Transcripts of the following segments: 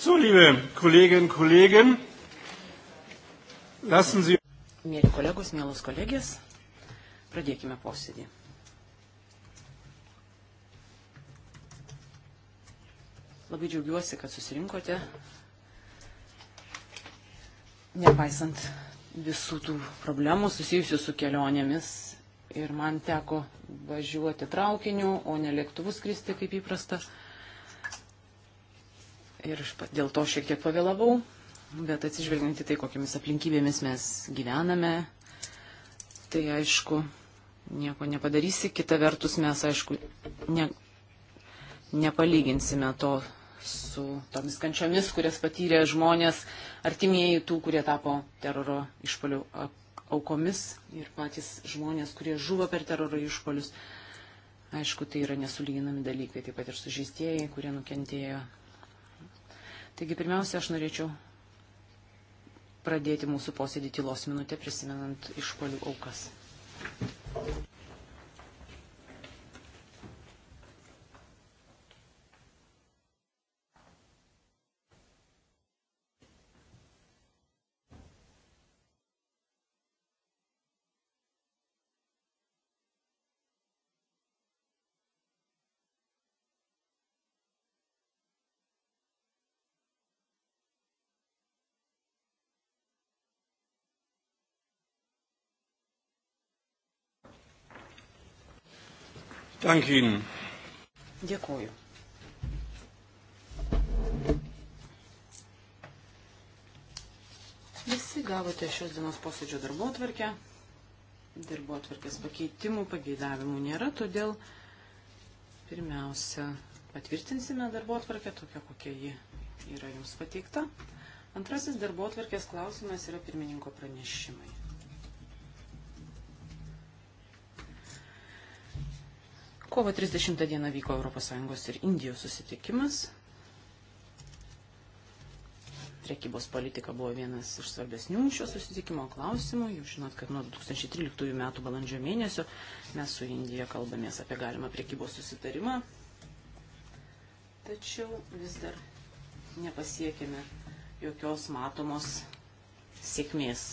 So, liebe Kolleginnen und Kollegen, lassen Sie. Mėly kolegos, mėlos kolegės, pradėkime posėdį. Labai džiaugiuosi, kad susirinkote, nepaisant visų tų problemų susijusių su kelionėmis. Ir man teko važiuoti traukiniu, o ne lėktuvus kristi kaip įprasta ir dėl to šiek tiek pavėlavau, bet atsižvelgiant į tai, kokiamis aplinkybėmis mes gyvename, tai aišku, nieko nepadarysi. Kita vertus, mes aišku, ne, nepalyginsime to su tomis kančiomis, kurias patyrė žmonės, artimieji tų, kurie tapo teroro išpolių aukomis ir patys žmonės, kurie žuvo per teroro išpolius. Aišku, tai yra nesulyginami dalykai, taip pat ir sužeistieji, kurie nukentėjo Taigi pirmiausia, aš norėčiau pradėti mūsų posėdį tylos minutę prisimenant išpolių aukas. Dankin. Dėkuoju. Visi gavote šios dienos posėdžio darbo atvarkę. Darbo atvarkės pakeitimų, pageidavimų nėra, todėl pirmiausia patvirtinsime darbo atvarkę tokią, kokia ji yra jums pateikta. Antrasis darbo atvarkės klausimas yra pirmininko pranešimai. Kovo 30 dieną vyko ES ir Indijos susitikimas. Prekybos politika buvo vienas iš svarbesnių šio susitikimo klausimų. Jūs žinot, kad nuo 2013 metų balandžio mėnesio mes su Indija kalbamės apie galimą prekybos susitarimą. Tačiau vis dar nepasiekėme jokios matomos sėkmės.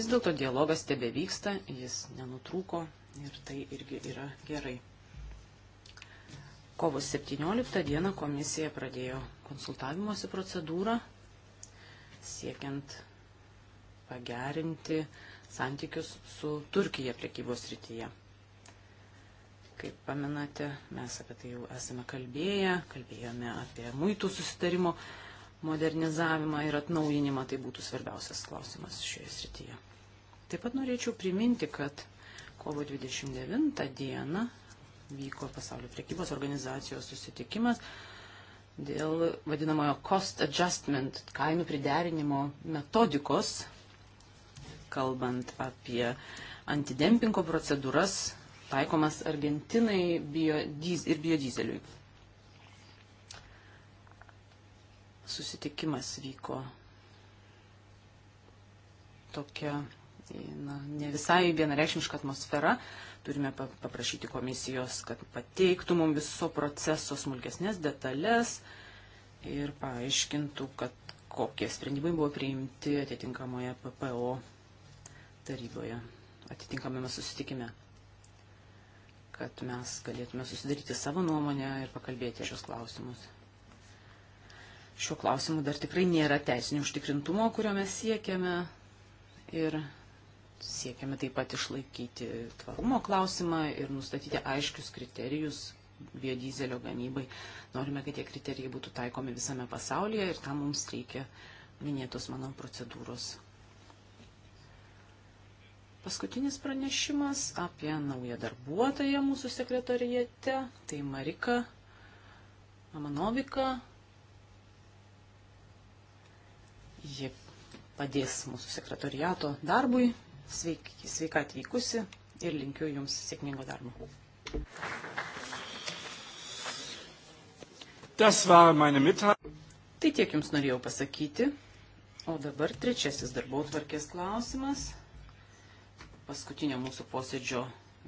Vis dėlto dialogas tebe vyksta, jis nenutrūko ir tai irgi yra gerai. Kovo 17 dieną komisija pradėjo konsultavimuose procedūrą, siekiant pagerinti santykius su Turkija priekybos rytyje. Kaip pamenate, mes apie tai jau esame kalbėję, kalbėjome apie muitų susitarimo modernizavimą ir atnaujinimą, tai būtų svarbiausias klausimas šioje srityje. Taip pat norėčiau priminti, kad kovo 29 dieną vyko pasaulio priekybos organizacijos susitikimas dėl vadinamojo cost adjustment, kainų priderinimo metodikos, kalbant apie antidempingo procedūras taikomas Argentinai biodiz ir biodizeliui. Susitikimas vyko tokia na, ne visai vienareikšmiška atmosfera, Turime paprašyti komisijos, kad pateiktų mums viso proceso smulkesnės detalės ir paaiškintų, kad kokie sprendimai buvo priimti atitinkamoje PPO taryboje, atitinkamame susitikime kad mes galėtume susidaryti savo nuomonę ir pakalbėti šios klausimus. Šiuo klausimu dar tikrai nėra teisinio užtikrintumo, kurio mes siekiame ir Siekiame taip pat išlaikyti tvarumo klausimą ir nustatyti aiškius kriterijus biodizelio gamybai. Norime, kad tie kriterijai būtų taikomi visame pasaulyje ir tam mums reikia minėtos mano procedūros. Paskutinis pranešimas apie naują darbuotoją mūsų sekretorijete, tai Marika Amanovika. Ji padės mūsų sekretoriato darbui Sveik, sveika atvykusi ir linkiu Jums sėkmingo darbo. Tai tiek Jums norėjau pasakyti. O dabar trečiasis darbo tvarkės klausimas. Paskutinio mūsų posėdžio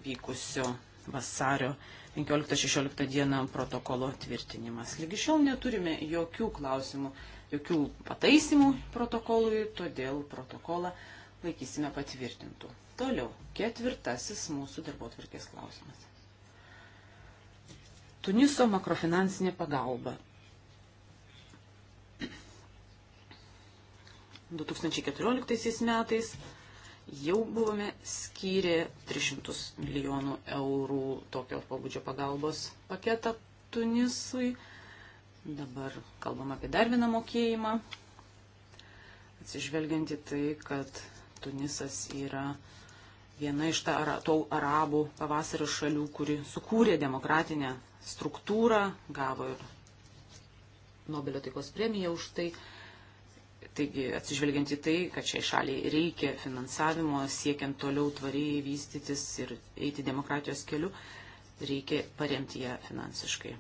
vykusio vasario 15-16 dieną protokolo tvirtinimas. Lygi šiol neturime jokių klausimų, jokių pataisimų protokolui, todėl protokolą laikysime patvirtintų. Toliau, ketvirtasis mūsų darbo tvarkės klausimas. Tuniso makrofinansinė pagalba. 2014 metais jau buvome skyrę 300 milijonų eurų tokio pobūdžio pagalbos paketą Tunisui. Dabar kalbam apie dar vieną mokėjimą. Atsižvelgiant į tai, kad Tunisas yra viena iš ta, to arabų pavasario šalių, kuri sukūrė demokratinę struktūrą, gavo ir Nobelio taikos premiją už tai. Taigi, atsižvelgiant į tai, kad šiai šaliai reikia finansavimo, siekiant toliau tvariai vystytis ir eiti demokratijos keliu, reikia paremti ją finansiškai.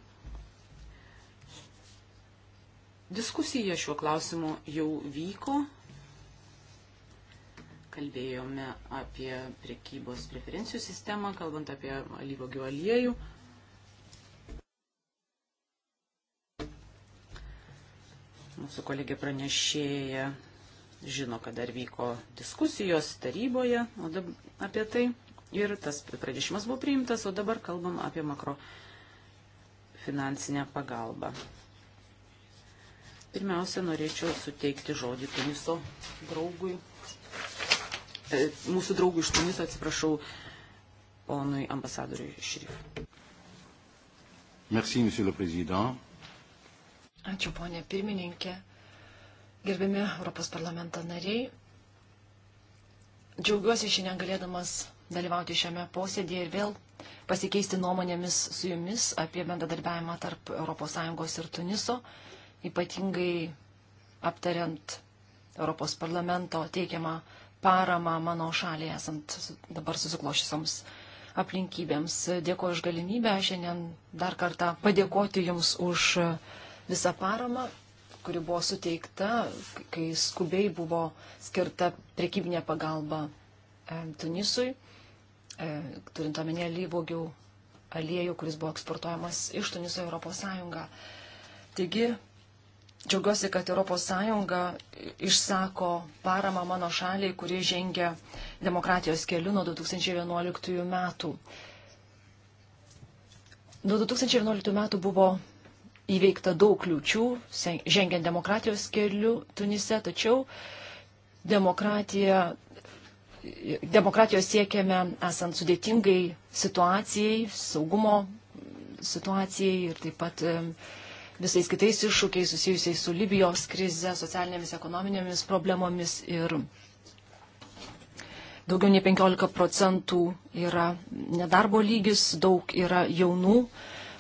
Diskusija šiuo klausimu jau vyko kalbėjome apie prekybos preferencijų sistemą, kalbant apie alyvogių aliejų. Mūsų kolegė pranešėja žino, kad dar vyko diskusijos taryboje apie tai ir tas pranešimas buvo priimtas, o dabar kalbam apie makrofinansinę pagalbą. Pirmiausia, norėčiau suteikti žodį teniso draugui E, mūsų draugų iš Tuniso, atsiprašau, ponui ambasadoriui Šrif. Merci, monsieur le président. Ačiū, ponė pirmininkė. Gerbiami Europos parlamento nariai, džiaugiuosi šiandien galėdamas dalyvauti šiame posėdėje ir vėl pasikeisti nuomonėmis su jumis apie bendradarbiavimą tarp ES ir Tuniso, ypatingai aptariant Europos parlamento teikiamą paramą mano šaliai esant dabar susiklošysioms aplinkybėms. Dėkuoju už galimybę šiandien dar kartą padėkoti Jums už visą paramą, kuri buvo suteikta, kai skubiai buvo skirta prekybinė pagalba e, Tunisui, e, turint omenyje lyvogių aliejų, kuris buvo eksportuojamas iš Tuniso Europos Sąjungą. Taigi Džiaugiuosi, kad ES išsako paramą mano šaliai, kuri žengia demokratijos keliu nuo 2011 metų. Nuo 2011 metų buvo įveikta daug kliučių, žengiant demokratijos keliu Tunise, tačiau demokratija, demokratijos siekiame esant sudėtingai situacijai, saugumo situacijai ir taip pat visais kitais iššūkiais susijusiais su Libijos krize, socialinėmis ekonominėmis problemomis ir daugiau nei 15 procentų yra nedarbo lygis, daug yra jaunų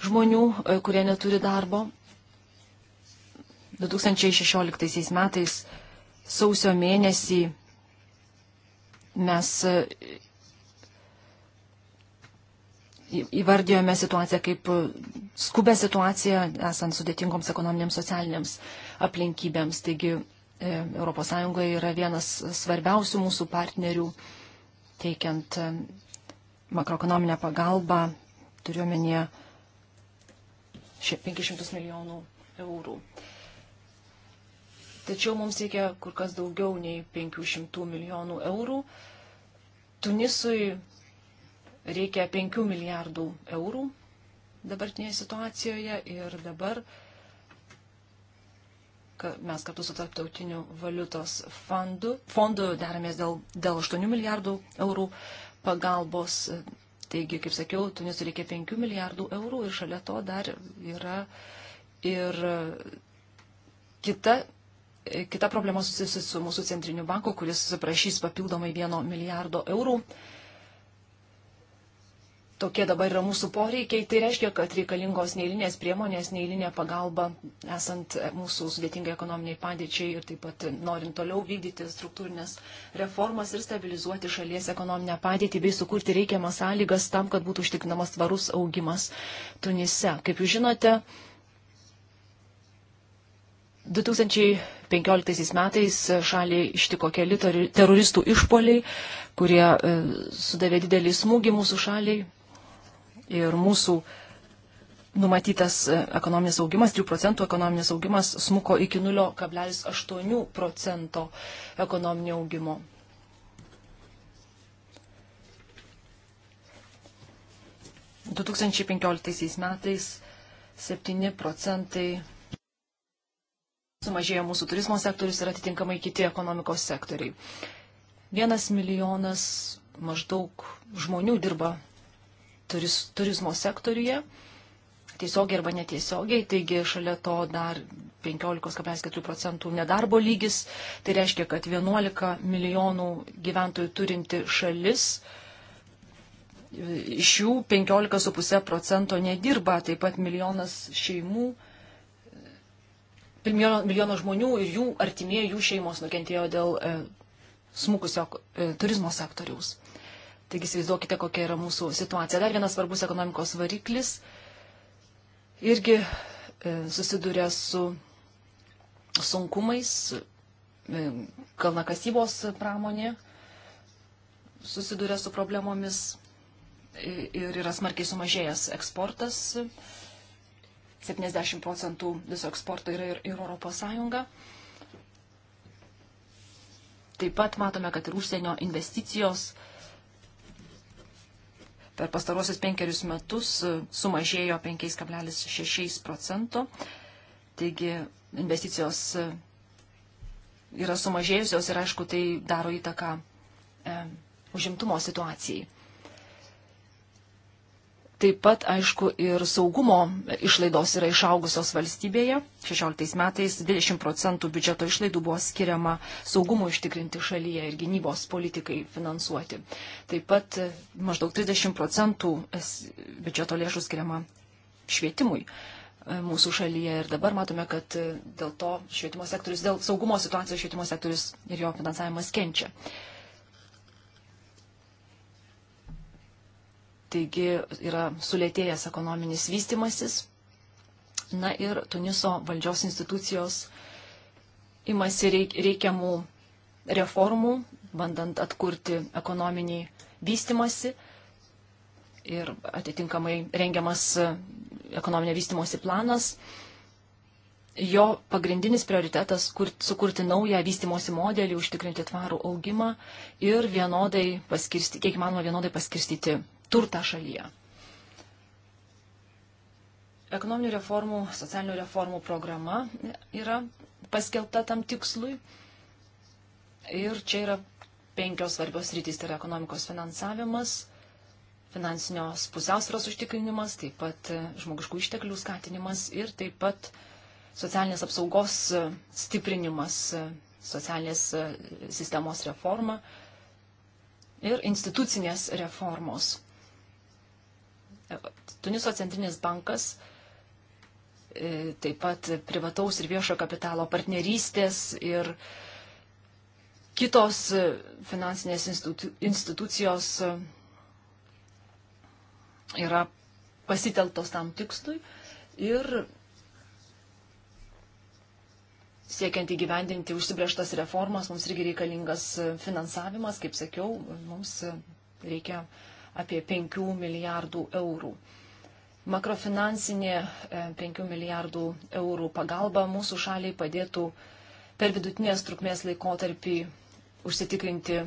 žmonių, e, kurie neturi darbo. 2016 metais sausio mėnesį mes e, įvardijome situaciją kaip skubę situaciją, esant sudėtingoms ekonominėms socialinėms aplinkybėms. Taigi ES yra vienas svarbiausių mūsų partnerių teikiant e, makroekonominę pagalbą, turiuomenė 500 milijonų eurų. Tačiau mums reikia kur kas daugiau nei 500 milijonų eurų. Tunisui reikia 5 milijardų eurų dabartinėje situacijoje ir dabar mes kartu su tarptautiniu valiutos fondu, fondu deramės dėl, dėl 8 milijardų eurų pagalbos. Taigi, kaip sakiau, Tunisui reikia 5 milijardų eurų ir šalia to dar yra ir kita, kita problema susijusi su mūsų centriniu banku, kuris prašys papildomai 1 milijardo eurų. Uh, tokie dabar yra mūsų poreikiai, tai reiškia, kad reikalingos neįlinės priemonės, neįlinė pagalba, esant mūsų sudėtingai ekonominiai padėčiai ir taip pat norint toliau vykdyti struktūrinės reformas ir stabilizuoti šalies ekonominę padėtį bei sukurti reikiamas sąlygas tam, kad būtų užtikrinamas tvarus augimas Tunise. Kaip jūs žinote, 2015 metais šaliai ištiko keli teroristų išpoliai, kurie e, sudavė didelį smūgį mūsų šaliai, ir mūsų numatytas ekonominis augimas, 3 procentų ekonominis augimas smuko iki 0,8 procento ekonominio augimo. – 2015 metais 7 procentai sumažėjo mūsų turizmo sektorius ir atitinkamai kiti ekonomikos sektoriai. Vienas milijonas maždaug žmonių dirba turis, turizmo sektoriuje, tiesiogiai arba netiesiogiai, taigi šalia to dar 15,4 procentų nedarbo lygis, tai reiškia, kad 11 milijonų gyventojų turinti šalis, iš jų 15,5 procento nedirba, taip pat milijonas šeimų milijono, milijono žmonių ir jų artimieji, jų šeimos nukentėjo dėl e, smukusio e, turizmo sektoriaus. Taigi įsivaizduokite, kokia yra mūsų situacija. Dar vienas svarbus ekonomikos variklis irgi e, susiduria su sunkumais. E, kalnakasybos pramonė susiduria su problemomis ir yra smarkiai sumažėjęs eksportas. 70 procentų viso eksporto yra ir, ir Europos Sąjunga. Taip pat matome, kad ir užsienio investicijos uh, per pastaruosius penkerius metus e, sumažėjo 5,6 procentų. Taigi investicijos e, yra sumažėjusios ir aišku, tai daro įtaką e, užimtumo situacijai. Taip pat, aišku, ir saugumo išlaidos yra išaugusios valstybėje. 16 metais 20 procentų biudžeto išlaidų buvo skiriama saugumo užtikrinti šalyje ir gynybos politikai finansuoti. Taip pat e, maždaug 30 procentų biudžeto lėšų skiriama švietimui e, mūsų šalyje. Ir dabar matome, kad e, dėl to švietimo sektorius, dėl saugumo situacijos švietimo sektorius ir jo finansavimas kenčia. Taigi yra sulėtėjęs ekonominis vystimasis. Na ir Tuniso valdžios institucijos imasi reikiamų reformų, bandant atkurti ekonominį vystimasi ir atitinkamai rengiamas ekonominio vystimosi planas. Jo pagrindinis prioritetas - sukurti naują vystimosi modelį, užtikrinti tvarų augimą ir vienodai paskirsti, kiek įmanoma vienodai paskirstyti turtą šalyje. Ekonominių reformų, socialinių reformų programa yra paskelbta tam tikslui. Ir čia yra penkios svarbios rytis, tai yra ekonomikos finansavimas, finansinios pusiausvėros užtikrinimas, taip pat žmogiškų išteklių skatinimas ir taip pat socialinės apsaugos stiprinimas, socialinės sistemos reforma ir institucinės reformos. Tuniso centrinis bankas e, taip pat privataus ir viešo kapitalo partnerystės ir kitos e, finansinės institu, institucijos e, yra pasiteltos tam tikslui ir siekiant įgyvendinti užsibrieštas reformas, mums irgi reikalingas finansavimas, kaip sakiau, mums reikia uh, apie 5 milijardų eurų. Makrofinansinė 5 e, milijardų eurų pagalba mūsų šaliai padėtų per vidutinės trukmės laikotarpį užsitikrinti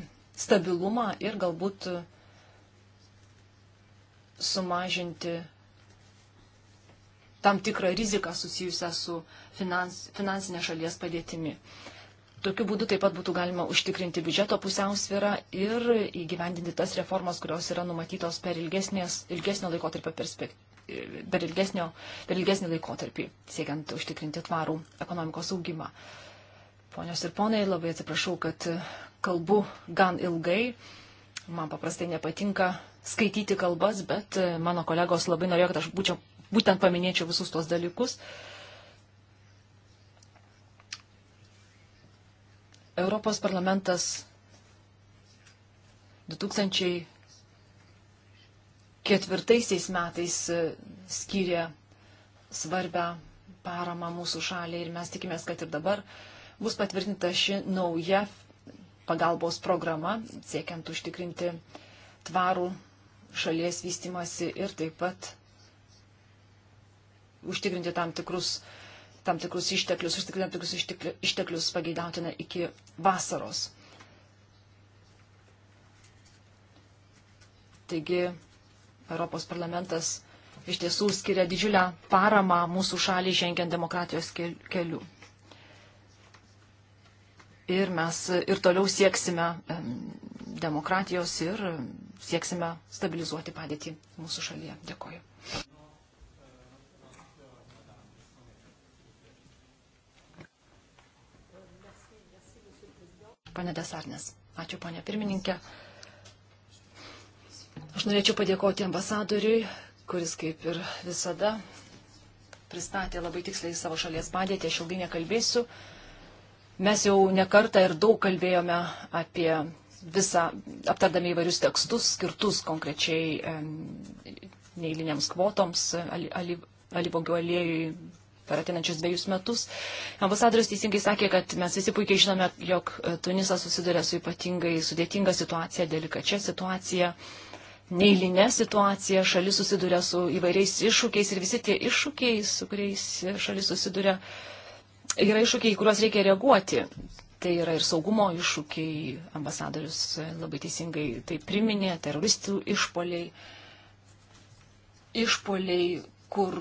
stabilumą ir galbūt sumažinti tam tikrą riziką susijusią su finans, finansinė šalies padėtimi. Tokiu būdu taip pat būtų galima užtikrinti biudžeto pusiausvyrą ir įgyvendinti tas reformas, kurios yra numatytos per, ilgesnio perspekt... per, ilgesnio, per ilgesnį laikotarpį, siekiant užtikrinti tvarų ekonomikos augimą. Ponios ir ponai, labai atsiprašau, kad kalbu gan ilgai. Man paprastai nepatinka skaityti kalbas, bet mano kolegos labai norėjo, kad aš būčiau, būtent paminėčiau visus tuos dalykus. Uh, Europos parlamentas 2004 metais e, skyrė svarbę paramą mūsų šaliai ir mes tikimės, kad ir dabar bus patvirtinta ši nauja pagalbos programa, siekiant užtikrinti tvarų šalies vystimasi ir taip pat užtikrinti tam tikrus uh, tam tikrus išteklius, užtikrinti tam tikrus išteklius pageidautina iki vasaros. Taigi Europos parlamentas iš tiesų skiria didžiulę paramą mūsų šaliai žengiant demokratijos keliu. Ir mes ir toliau sieksime demokratijos ir sieksime stabilizuoti padėtį mūsų šalyje. Dėkoju. Pane Desarnės. Ačiū, ponė pirmininkė. Aš norėčiau padėkoti ambasadoriui, kuris kaip ir visada pristatė labai tiksliai savo šalies padėtį, aš ilgai nekalbėsiu. Mes jau nekartą ir daug kalbėjome apie visą, aptardami įvairius tekstus, skirtus konkrečiai neįliniams kvotoms, alyvogių aliejui, per atinančius dviejus metus. Ambasadorius teisingai sakė, kad mes visi puikiai žinome, jog e, Tunisas susiduria su ypatingai sudėtinga situacija, delikačia situacija, neįlinė situacija, šalis susiduria su įvairiais iššūkiais ir visi tie iššūkiai, su kuriais šalis susiduria, yra iššūkiai, į kuriuos reikia reaguoti. Tai yra ir saugumo iššūkiai, ambasadorius e, labai teisingai tai priminė, teroristų išpoliai, išpoliai, kur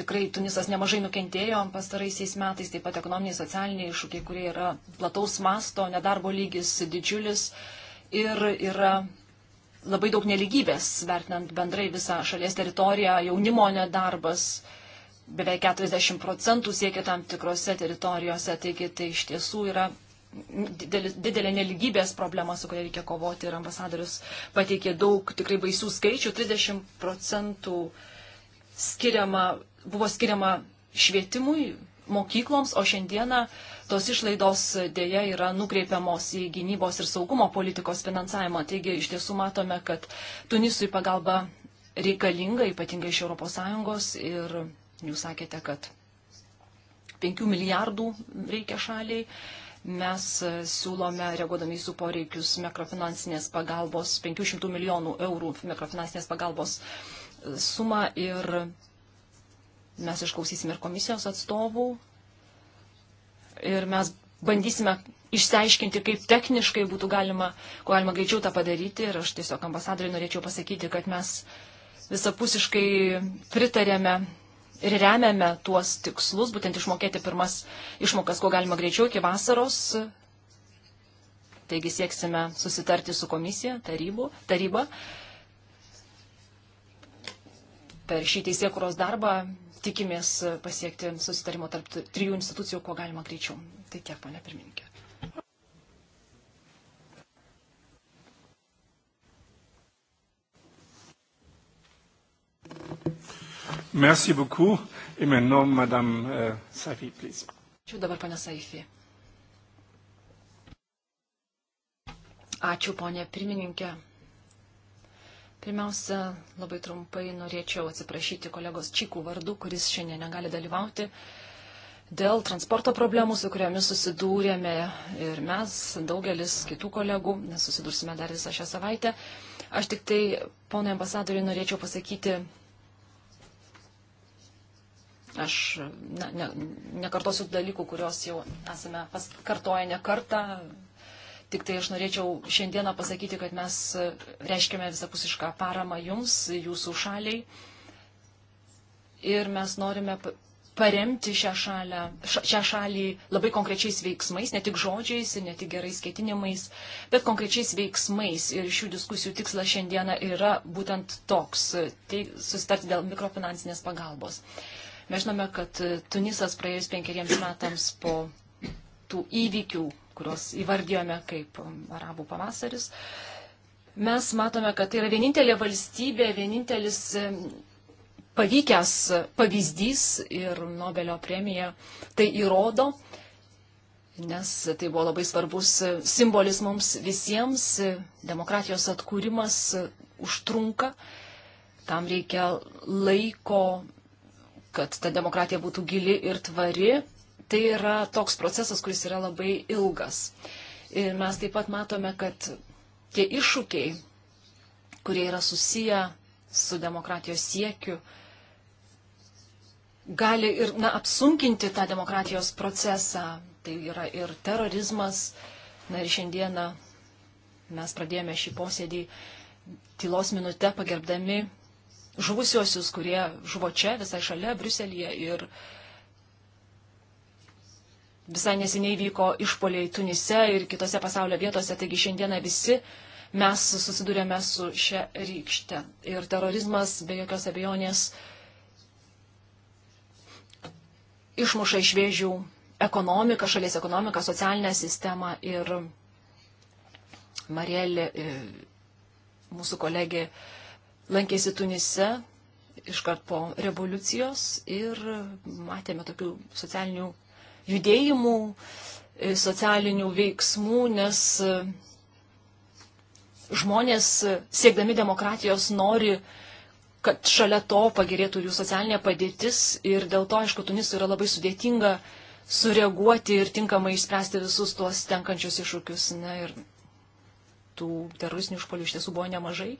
tikrai Tunisas nemažai nukentėjo pastaraisiais metais, taip pat ekonominiai, socialiniai iššūkiai, kurie yra plataus masto, nedarbo lygis didžiulis ir yra labai daug neligybės, vertinant bendrai visą šalies teritoriją, jaunimo nedarbas beveik 40 procentų siekia tam tikrose teritorijose, taigi tai iš tiesų yra didelė neligybės problema, su kuria reikia kovoti ir ambasadorius pateikė daug tikrai baisių skaičių, 30 procentų skiriama buvo skiriama švietimui, mokykloms, o šiandieną tos išlaidos dėja yra nukreipiamos į gynybos ir saugumo politikos finansavimą. Taigi iš tiesų matome, kad Tunisui pagalba reikalinga, ypatingai iš ES ir jūs sakėte, kad 5 milijardų reikia šaliai. Mes siūlome, reaguodami į jų poreikius, mikrofinansinės pagalbos, 500 milijonų eurų mikrofinansinės pagalbos sumą ir Mes išklausysime ir komisijos atstovų. Ir mes bandysime išsiaiškinti, kaip techniškai būtų galima, kuo galima greičiau tą padaryti. Ir aš tiesiog ambasadoriai norėčiau pasakyti, kad mes visapusiškai pritarėme ir remiame tuos tikslus, būtent išmokėti pirmas išmokas, kuo galima greičiau iki vasaros. Taigi sieksime susitarti su komisija, tarybu, taryba. Per šį teisėkuros darbą tikimės pasiekti susitarimo tarp trijų institucijų, kuo galima greičiau. Tai tiek, ponia pirmininkė. Merci beaucoup. Et maintenant, Madame euh, Safi, please. Ačiū dabar, ponia Saifi. Ačiū, ponia pirmininkė. Pirmiausia, labai trumpai norėčiau atsiprašyti kolegos Čikų vardu, kuris šiandien negali dalyvauti. Dėl transporto problemų, su kuriomis susidūrėme ir mes, daugelis kitų kolegų, nes susidursime dar visą šią savaitę, aš tik tai, ponai ambasadoriai, norėčiau pasakyti aš ne, ne, nekartosiu dalykų, kuriuos jau esame kartoję ne kartą, Tik tai aš norėčiau šiandieną pasakyti, kad mes e, reiškiame visapusišką paramą jums, jūsų šaliai. Ir mes norime paremti šią, šalę, šią šalį labai konkrečiais veiksmais, ne tik žodžiais ir ne tik gerais ketinimais, bet konkrečiais veiksmais. Ir šių diskusijų tikslas šiandieną yra būtent toks e, - tai susitarti dėl mikrofinansinės pagalbos. Mes žinome, kad e, Tunisas praėjus penkeriems metams po tų įvykių kuriuos įvardijome kaip arabų pavasaris, mes matome, kad tai yra vienintelė valstybė, vienintelis e, pavykęs pavyzdys ir Nobelio premija tai įrodo, nes tai buvo labai svarbus simbolis mums visiems. Demokratijos atkūrimas užtrunka, tam reikia laiko, kad ta demokratija būtų gili ir tvari tai yra toks procesas, kuris yra labai ilgas. Ir mes taip pat matome, kad tie iššūkiai, kurie yra susiję su demokratijos siekiu, gali ir na, apsunkinti tą demokratijos procesą. Tai yra ir terorizmas. Na ir šiandieną mes pradėjome šį posėdį tylos minutę pagerbdami žuvusiuosius, kurie žuvo čia, visai šalia, Bruselėje. Ir uh, Visai neseniai vyko išpoliai Tunise ir kitose pasaulio vietose, taigi šiandieną visi mes susidurėme su šia rykšte. Ir terorizmas be jokios abejonės išmuša iš vėžių ekonomiką, šalies ekonomiką, socialinę sistemą ir Marielė, e, mūsų kolegė, lankėsi Tunise iškart po revoliucijos ir matėme tokių socialinių judėjimų, e, socialinių veiksmų, nes e, žmonės e, siekdami demokratijos nori, kad šalia to pagerėtų jų socialinė padėtis ir dėl to, aišku, Tunisui yra labai sudėtinga sureaguoti ir tinkamai išspręsti visus tuos tenkančius iššūkius. Na, ir tų teroristinių išpolių iš tiesų buvo nemažai.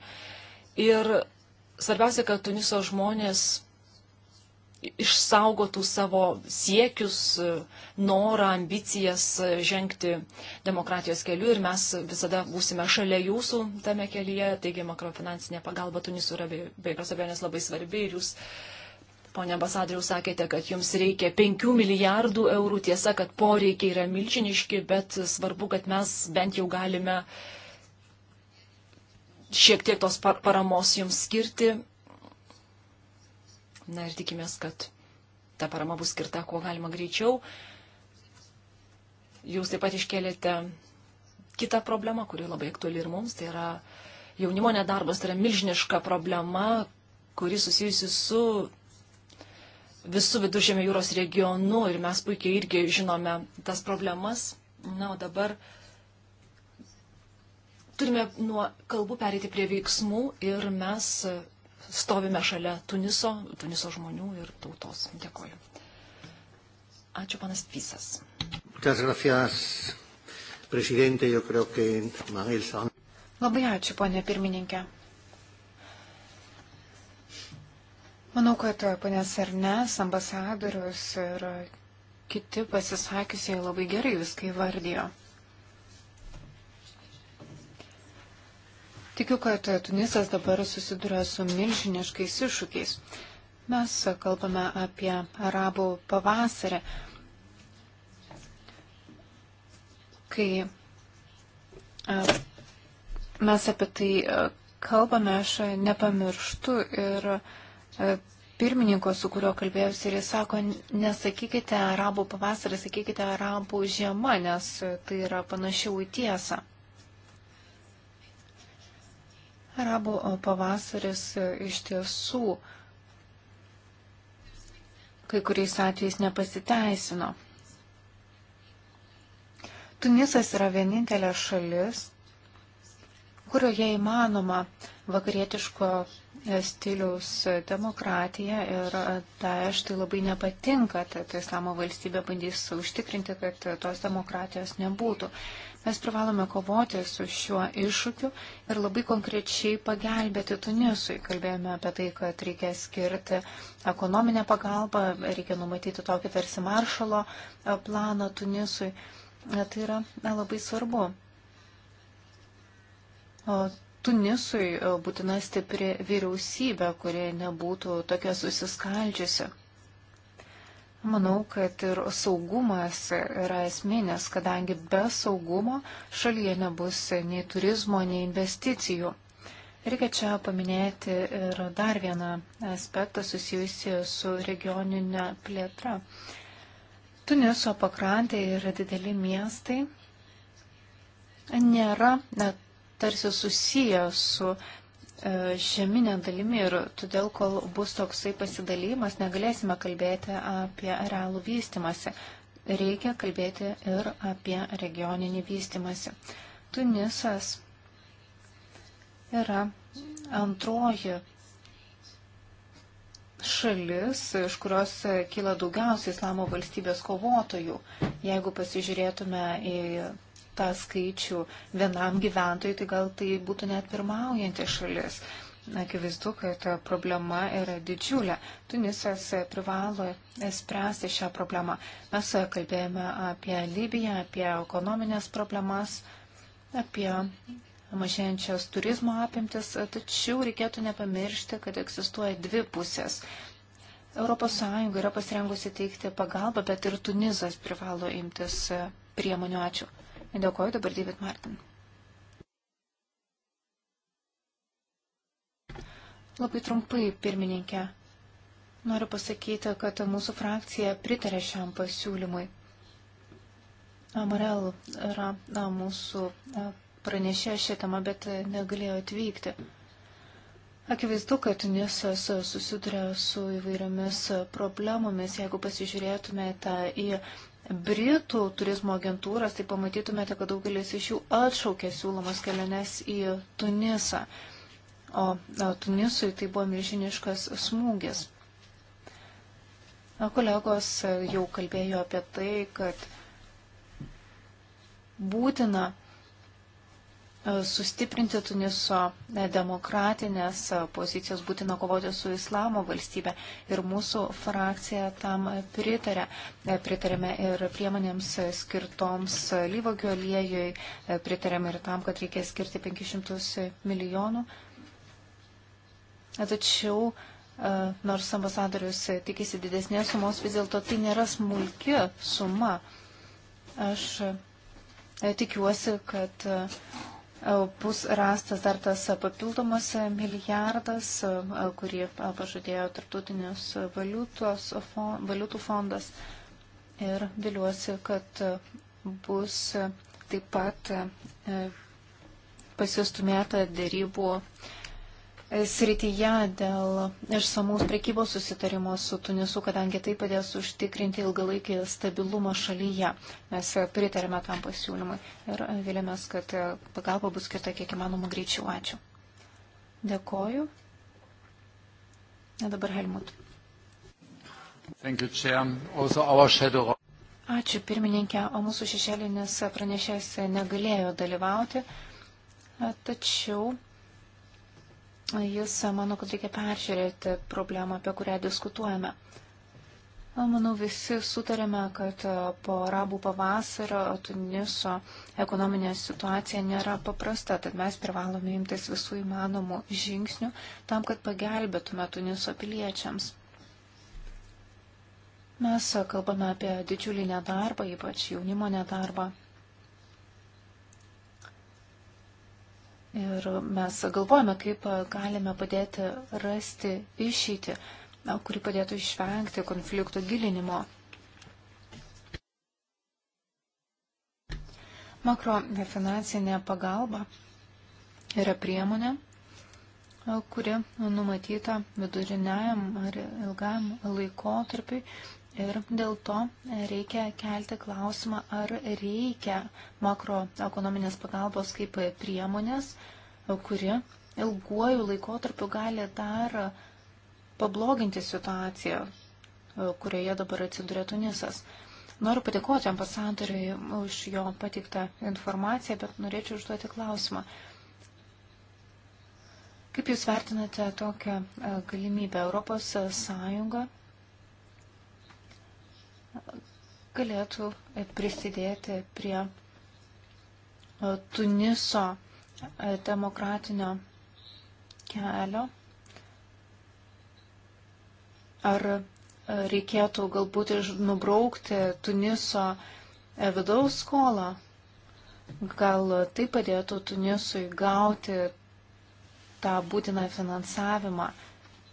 Ir svarbiausia, kad Tuniso žmonės išsaugotų savo siekius, norą, ambicijas žengti demokratijos keliu ir mes visada būsime šalia jūsų tame kelyje. Taigi makrofinansinė pagalba Tunisų yra be, be jokios abejonės labai svarbi ir jūs, ponė ambasadoriau, sakėte, kad jums reikia 5 milijardų eurų. Tiesa, kad poreikiai yra milžiniški, bet svarbu, kad mes bent jau galime šiek tiek tos paramos jums skirti Na ir tikimės, kad ta parama bus skirta kuo galima greičiau. Jūs taip pat iškėlėte kitą problemą, kuri labai aktuali ir mums, tai yra jaunimo nedarbas, tai yra milžiniška problema, kuri susijusi su visų viduržėmio jūros regionu ir mes puikiai irgi žinome tas problemas. Na, o dabar turime nuo kalbų perėti prie veiksmų ir mes stovime šalia Tuniso, Tuniso žmonių ir tautos. Dėkoju. Ačiū, panas Pisas. Labai ačiū, ponė pirmininkė. Manau, kad ponės Arnes, ambasadorius ir kiti pasisakiusiai labai gerai viską įvardijo. Tikiu, kad Tunisas dabar susiduria su milžiniškais iššūkiais. Mes kalbame apie arabų pavasarį, kai e, mes apie tai e, kalbame, aš nepamirštu ir e, pirmininko, su kuriuo kalbėjausi, ir jis sako, nesakykite arabų pavasarį, sakykite arabų žiemą, nes tai yra panašiau į tiesą. Arabų pavasaris iš tiesų kai kuriais atvejais nepasiteisino. Tunisas yra vienintelė šalis, kurioje įmanoma vakarietiško stiliaus demokratija ir Daesh tai, tai labai nepatinka, kad islamo valstybė bandys užtikrinti, kad tos demokratijos nebūtų. Mes privalome kovoti su šiuo iššūkiu ir labai konkrečiai pagelbėti Tunisui. Kalbėjome apie tai, kad reikia skirti ekonominę pagalbą, reikia numatyti tokį tarsi maršalo planą Tunisui. Tai yra labai svarbu. O Tunisui e, būtina stipri vyriausybė, kurie nebūtų tokia susiskaldžiusi. Manau, kad ir saugumas yra esminės, kadangi be saugumo šalyje nebus nei turizmo, nei investicijų. Reikia čia paminėti ir dar vieną aspektą susijusi su regioninė plėtra. Tuniso pakrantė ir dideli miestai nėra net tarsi susiję su e, žeminė dalimi ir todėl, kol bus toksai pasidalymas, negalėsime kalbėti apie realų vystimąsi. Reikia kalbėti ir apie regioninį vystimąsi. Tunisas yra antroji šalis, iš kurios kyla daugiausiai islamo valstybės kovotojų. Jeigu pasižiūrėtume į tą skaičių vienam gyventojui, tai gal tai būtų net pirmaujanti šalis. Akivaizdu, kad problema yra didžiulė. Tunisas privalo spręsti šią problemą. Mes kalbėjome apie Libiją, apie ekonominės problemas, apie mažėjančias turizmo apimtis, tačiau reikėtų nepamiršti, kad egzistuoja dvi pusės. ES yra pasirengusi teikti pagalbą, bet ir Tunizas privalo imtis priemonių. Ačiū. Dėkoju dabar David Martin. Labai trumpai, pirmininkė. Noriu pasakyti, kad mūsų frakcija pritarė šiam pasiūlymui. Amarel yra na, mūsų pranešė šią temą, bet negalėjo atvykti. Akivaizdu, kad Tunisas susiduria su įvairiomis problemomis. Jeigu pasižiūrėtumėte į Britų turizmo agentūras, tai pamatytumėte, kad daugelis iš jų atšaukė siūlomas keliones į Tunisą. O, o Tunisui tai buvo milžiniškas smūgis. Kolegos jau kalbėjo apie tai, kad būtina E, sustiprinti Tuniso e, demokratinės e, pozicijos, būtina kovoti su islamo valstybe. Ir mūsų frakcija tam pritarė. Pritarėme ir priemonėms skirtoms lyvogių aliejui, pritarėme ir tam, kad reikia skirti 500 milijonų. Tačiau, nors ambasadorius tikisi didesnės sumos, vis dėlto tai nėra smulki suma. Aš tikiuosi, kad bus rastas dar tas papildomas milijardas, kurį pažadėjo Tartutinis valiutų fondas. Ir viliuosi, kad bus taip pat e, pasistumėta dėrybų srityje dėl išsamaus prekybos susitarimo su Tunisu, kadangi tai padės užtikrinti ilgalaikį stabilumą šalyje. Mes pritarėme tam pasiūlymui ir vėliamės, kad pagalba bus skirta kiek įmanoma greičiau. Ačiū. Dėkoju. Na dabar Helmut. Ačiū pirmininkė, o mūsų šešėlinis pranešės negalėjo dalyvauti, tačiau Jis mano, kad reikia peržiūrėti problemą, apie kurią diskutuojame. Manau, visi sutarėme, kad po arabų pavasario Tuniso ekonominė situacija nėra paprasta, tad mes privalome imtis visų įmanomų žingsnių tam, kad pagelbėtume Tuniso piliečiams. Mes kalbame apie didžiulį nedarbą, ypač jaunimo nedarbą. Ir mes galvojame, kaip galime padėti rasti išeitį, kuri padėtų išvengti konflikto gilinimo. Makrofinansinė pagalba yra priemonė, kuri numatyta viduriniajam ar ilgam laikotarpiui Ir dėl to reikia kelti klausimą, ar reikia makroekonominės pagalbos kaip priemonės, kuri ilguoju laikotarpiu gali dar pabloginti situaciją, kurioje dabar atsiduria Tunisas. Noriu padėkoti ambasadoriui už jo patiktą informaciją, bet norėčiau užduoti klausimą. Kaip Jūs vertinate tokią e, galimybę Europos Sąjungą galėtų e, prisidėti prie e, Tuniso e, demokratinio kelio. Ar reikėtų galbūt nubraukti Tuniso vidaus skolą? Gal tai padėtų Tunisui gauti tą būtiną finansavimą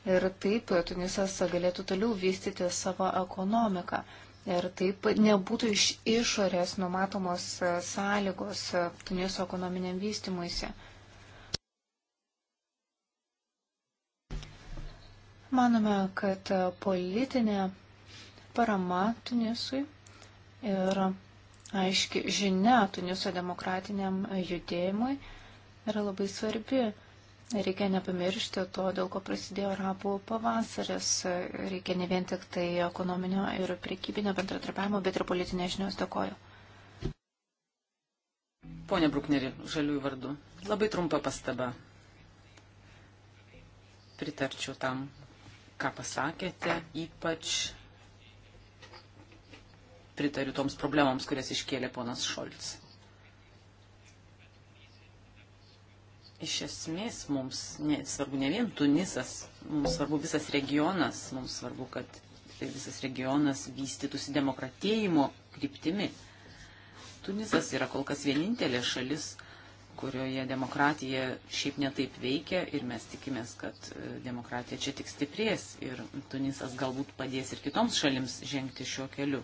ir taip Tunisas galėtų toliau vystyti savo ekonomiką ir taip nebūtų iš išorės numatomos e, sąlygos e, Tuniso ekonominiam vystimuisi. Manome, kad e, politinė parama Tunisui ir aiški žinia Tuniso demokratiniam judėjimui yra labai svarbi. Reikia nepamiršti to, dėl ko prasidėjo arabų pavasaris. Reikia ne vien tik tai ekonominio ir prekybinio bendratarpiavimo, bet ir politinės žinios. Dėkoju. Pone Brukneri, žaliųjų vardu. Labai trumpa pastaba. Pritarčiau tam, ką pasakėte, ypač pritariu toms problemams, kurias iškėlė ponas Šolts. iš esmės mums ne, svarbu ne vien Tunisas, mums svarbu visas regionas, mums svarbu, kad tai visas regionas vystytųsi demokratėjimo kryptimi. Tunisas yra kol kas vienintelė šalis, kurioje demokratija šiaip netaip veikia ir mes tikimės, kad e, demokratija čia tik stiprės ir Tunisas galbūt padės ir kitoms šalims žengti šiuo keliu.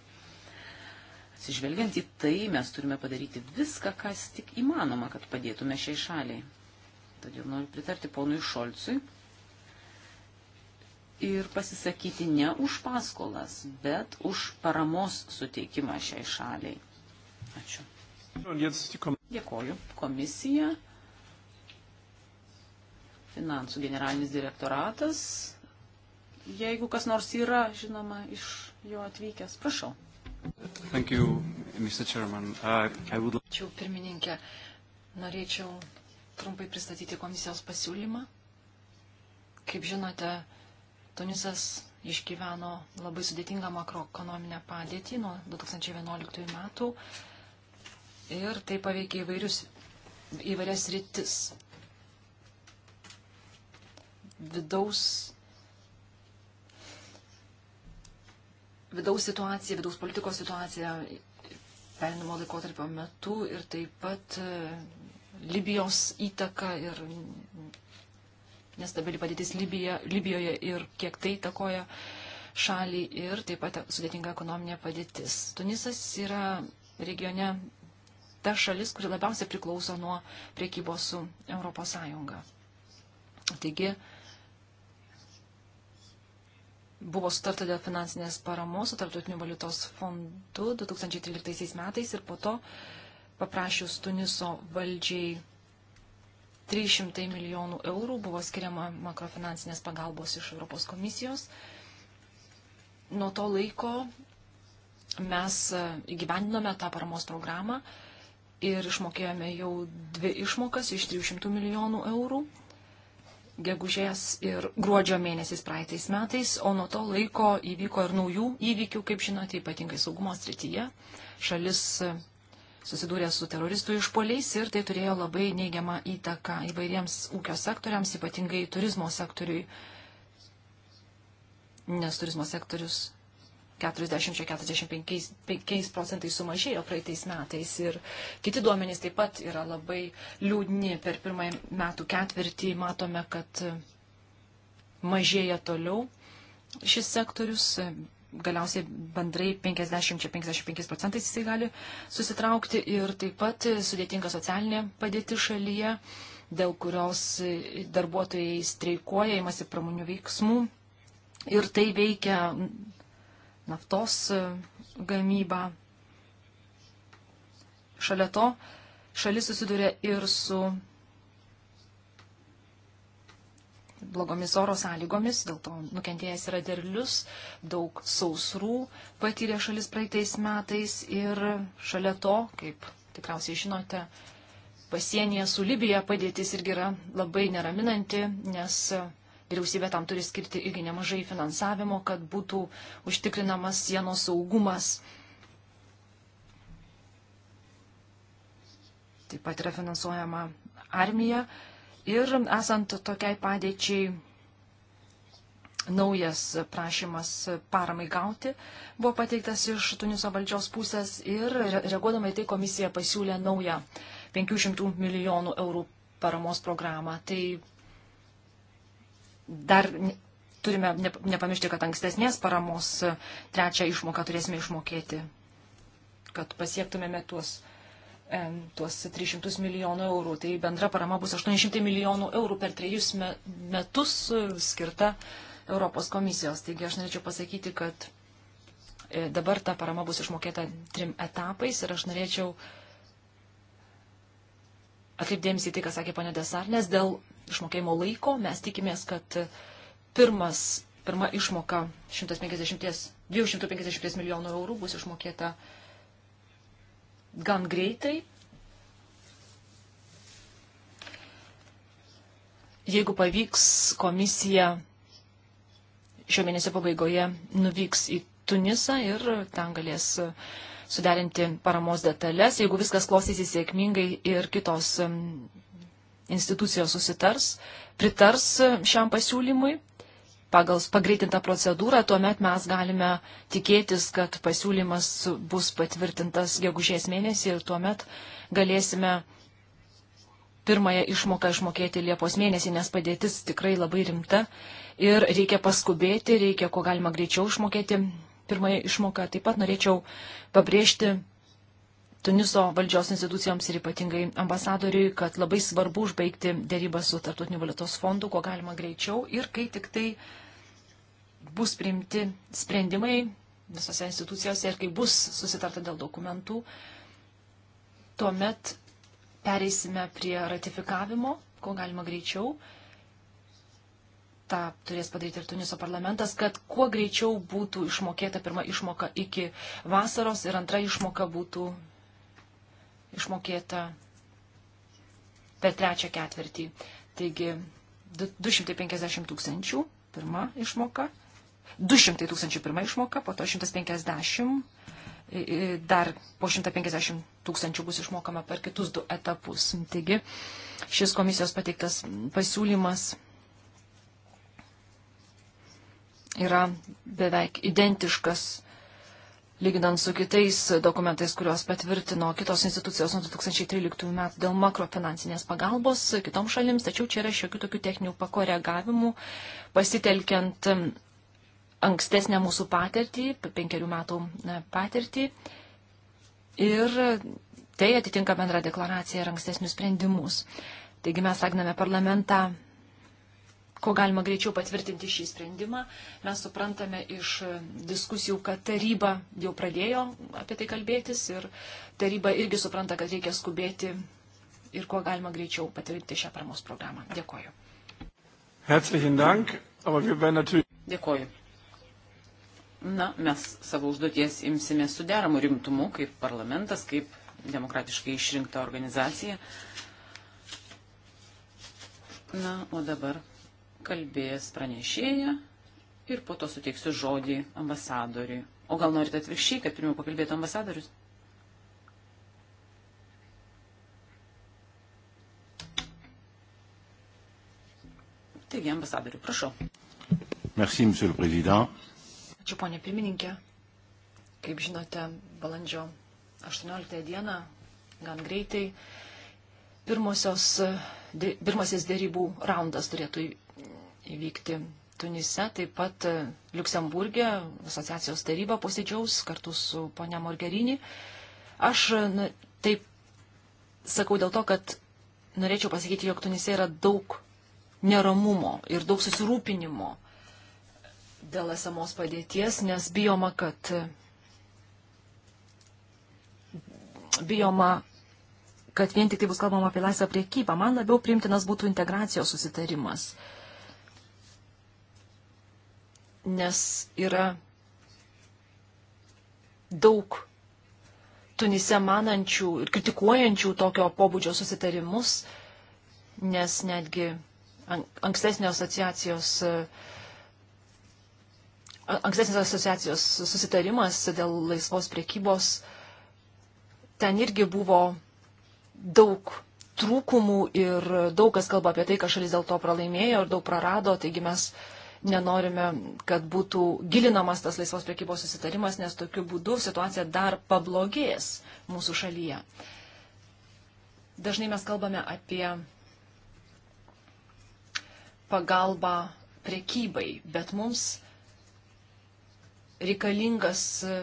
Atsižvelgiant į tai, mes turime padaryti viską, kas tik įmanoma, kad padėtume šiai šaliai. Todėl noriu pritarti ponui Šolcui ir pasisakyti ne už paskolas, bet už paramos suteikimą šiai šaliai. Ačiū. Dėkoju. Komisija, finansų generalinis direktoratas. Jeigu kas nors yra, žinoma, iš jo atvykęs, prašau. Thank you, Mr. Chairman. Uh, I would... Ačiū, pirmininkė. Norėčiau trumpai pristatyti komisijos pasiūlymą. Kaip žinote, Tunisas išgyveno labai sudėtingą makroekonominę padėtį nuo 2011 metų ir tai paveikė įvairius, įvairias rytis. Vidaus, vidaus situacija, vidaus politikos situacija perinimo laikotarpio metu ir taip pat Libijos įtaka ir nestabili padėtis Libija, Libijoje ir kiek tai įtakoja šalį ir taip pat sudėtinga ekonominė padėtis. Tunisas yra regione ta šalis, kuri labiausiai priklauso nuo priekybos su ES. Taigi buvo sutarta dėl finansinės paramos su Tartutiniu valiutos fondu 2013 metais ir po to uh, paprašius Tuniso valdžiai 300 milijonų eurų buvo skiriama makrofinansinės pagalbos iš Europos komisijos. Nuo to laiko mes įgyvendinome tą paramos programą ir išmokėjome jau dvi išmokas iš 300 milijonų eurų gegužės ir gruodžio mėnesiais praeitais metais, o nuo to laiko įvyko ir naujų įvykių, kaip žinote, ypatingai saugumo srityje. Šalis susidūrė su teroristų išpoliais ir tai turėjo labai neigiamą įtaką įvairiems ūkio sektoriams, ypatingai turizmo sektoriui, nes turizmo sektorius 40-45 procentais sumažėjo praeitais metais ir kiti duomenys taip pat yra labai liūdni. Per pirmąjį metų ketvirtį matome, kad mažėja toliau šis sektorius, galiausiai bendrai 50-55 procentais jisai gali susitraukti ir taip pat sudėtinga socialinė padėti šalyje, dėl kurios darbuotojai streikuoja, imasi pramonių veiksmų ir tai veikia naftos gamybą. Šalia to šalis susiduria ir su blogomis oro sąlygomis, dėl to nukentėjęs yra derlius, daug sausrų patyrė šalis praeitais metais ir šalia to, kaip tikriausiai žinote, pasienyje su Libija padėtis irgi yra labai neraminanti, nes vyriausybė tam turi skirti irgi nemažai finansavimo, kad būtų užtikrinamas sienos saugumas. Taip pat yra finansuojama armija Ir esant tokiai padėčiai naujas prašymas paramai gauti buvo pateiktas iš Tuniso valdžios pusės ir reaguodama į tai komisija pasiūlė naują 500 milijonų eurų paramos programą. Tai dar turime nepamiršti, kad ankstesnės paramos trečią išmoką turėsime išmokėti, kad pasiektumėme tuos E, tuos 300 milijonų eurų. Tai bendra parama bus 800 milijonų eurų per trejus metus e, skirta Europos komisijos. Taigi aš norėčiau pasakyti, kad e, dabar ta parama bus išmokėta trim etapais ir aš norėčiau atkreipdėmės į tai, ką sakė ponė Desarnės, dėl išmokėjimo laiko mes tikimės, kad pirmas, pirma išmoka 150, 250 milijonų eurų bus išmokėta gan greitai. Jeigu pavyks, komisija šio mėnesio pabaigoje nuvyks į Tunisą ir ten galės suderinti paramos detalės. Jeigu viskas klostysis sėkmingai ir kitos institucijos susitars, pritars šiam pasiūlymui, pagal pagreitintą procedūrą, tuomet mes galime tikėtis, kad pasiūlymas bus patvirtintas gegužės mėnesį ir tuomet galėsime pirmąją išmoką išmokėti Liepos mėnesį, nes padėtis tikrai labai rimta ir reikia paskubėti, reikia kuo galima greičiau išmokėti pirmąją išmoką. Taip pat norėčiau pabrėžti Tuniso valdžios institucijoms ir ypatingai ambasadoriui, kad labai svarbu užbaigti dėrybą su Tartutiniu valiutos fondu, kuo galima greičiau ir kai tik tai bus priimti sprendimai visose institucijose ir kai bus susitarta dėl dokumentų, tuomet pereisime prie ratifikavimo, ko galima greičiau. Ta turės padaryti ir Tuniso parlamentas, kad kuo greičiau būtų išmokėta pirma išmoka iki vasaros ir antra išmoka būtų išmokėta per trečią ketvirtį. Taigi 250 tūkstančių pirma išmoka 200 tūkstančių pirmą išmoką, po to 150, dar po 150 tūkstančių bus išmokama per kitus du etapus. Taigi šis komisijos pateiktas pasiūlymas yra beveik identiškas lyginant su kitais dokumentais, kuriuos patvirtino kitos institucijos nuo 2013 metų dėl makrofinansinės pagalbos kitoms šalims, tačiau čia yra šiokių tokių techninių pakoregavimų, pasitelkiant ankstesnę mūsų patirtį, penkerių metų patirtį. Ir tai atitinka bendrą deklaraciją ir ankstesnius sprendimus. Taigi mes ragname parlamentą, ko galima greičiau patvirtinti šį sprendimą. Mes suprantame iš diskusijų, kad taryba jau pradėjo apie tai kalbėtis ir taryba irgi supranta, kad reikia skubėti ir kuo galima greičiau patvirtinti šią paramos programą. Dėkoju. Herzlichen Dank, aber wir werden natürlich. Dėkoju. Na, mes savo užduoties imsime su deramu rimtumu, kaip parlamentas, kaip demokratiškai išrinkta organizacija. Na, o dabar kalbės pranešėja ir po to suteiksiu žodį ambasadoriui. O gal norite atvirkščiai, kad pirmiau pakalbėtų ambasadorius? Taigi, ambasadoriu, prašau. Merci, monsieur le président. Ačiū, ponė pirmininkė. Kaip žinote, balandžio 18 dieną, gan greitai, pirmosios, pirmasis dėrybų raundas turėtų įvykti Tunise, taip pat Luksemburgė, asociacijos taryba posėdžiaus kartu su ponia Morgerini. Aš na, taip sakau dėl to, kad norėčiau pasakyti, jog Tunise yra daug neramumo ir daug susirūpinimo dėl esamos padėties, nes bijoma, kad bijoma, kad vien tik tai bus kalbama apie laisvą priekybą. Man labiau priimtinas būtų integracijos susitarimas. Nes yra daug Tunise manančių ir kritikuojančių tokio pobūdžio susitarimus, nes netgi ankstesnio asociacijos uh, ankstesnis asociacijos susitarimas dėl laisvos priekybos, ten irgi buvo daug trūkumų ir daug kas kalba apie tai, kad šalis dėl to pralaimėjo ir daug prarado, taigi mes nenorime, kad būtų gilinamas tas laisvos priekybos susitarimas, nes tokiu būdu situacija dar pablogės mūsų šalyje. Dažnai mes kalbame apie pagalbą priekybai, bet mums reikalingas e,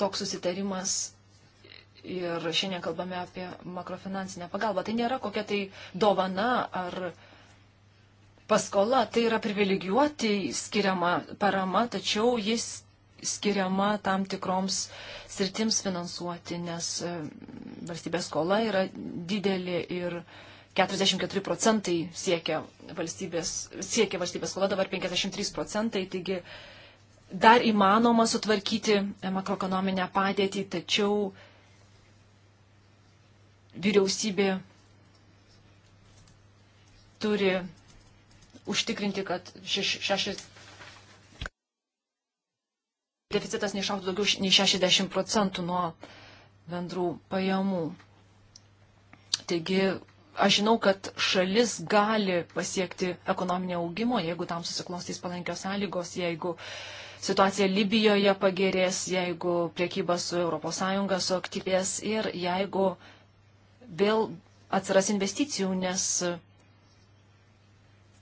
toks susitarimas ir šiandien kalbame apie makrofinansinę pagalbą. Tai nėra kokia tai dovana ar paskola, tai yra privilegijuoti skiriama parama, tačiau jis skiriama tam tikroms sritims finansuoti, nes e, valstybės skola yra didelė ir 44 procentai siekia valstybės, siekia valstybės skola, dabar 53 procentai, taigi dar įmanoma sutvarkyti e, makroekonominę padėtį, tačiau vyriausybė turi užtikrinti, kad šeš, šešis deficitas neišauktų daugiau nei 60 procentų nuo bendrų pajamų. Taigi, aš žinau, kad šalis gali pasiekti ekonominio augimo, jeigu tam susiklostys palankios sąlygos, jeigu uh, situacija Libijoje pagerės, jeigu priekyba su ES suaktyvės ir jeigu vėl atsiras investicijų, nes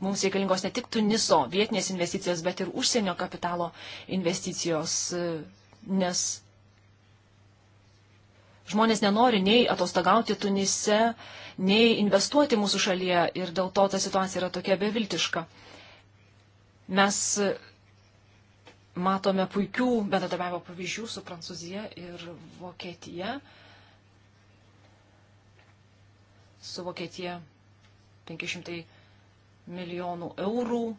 mums reikalingos ne tik Tuniso vietinės investicijos, bet ir užsienio kapitalo investicijos, nes žmonės nenori nei atostogauti Tunise, nei investuoti mūsų šalyje ir dėl to ta situacija yra tokia beviltiška. Mes matome puikių bendradarbiavimo pavyzdžių su Prancūzija ir Vokietija. Su Vokietija 500 milijonų eurų e,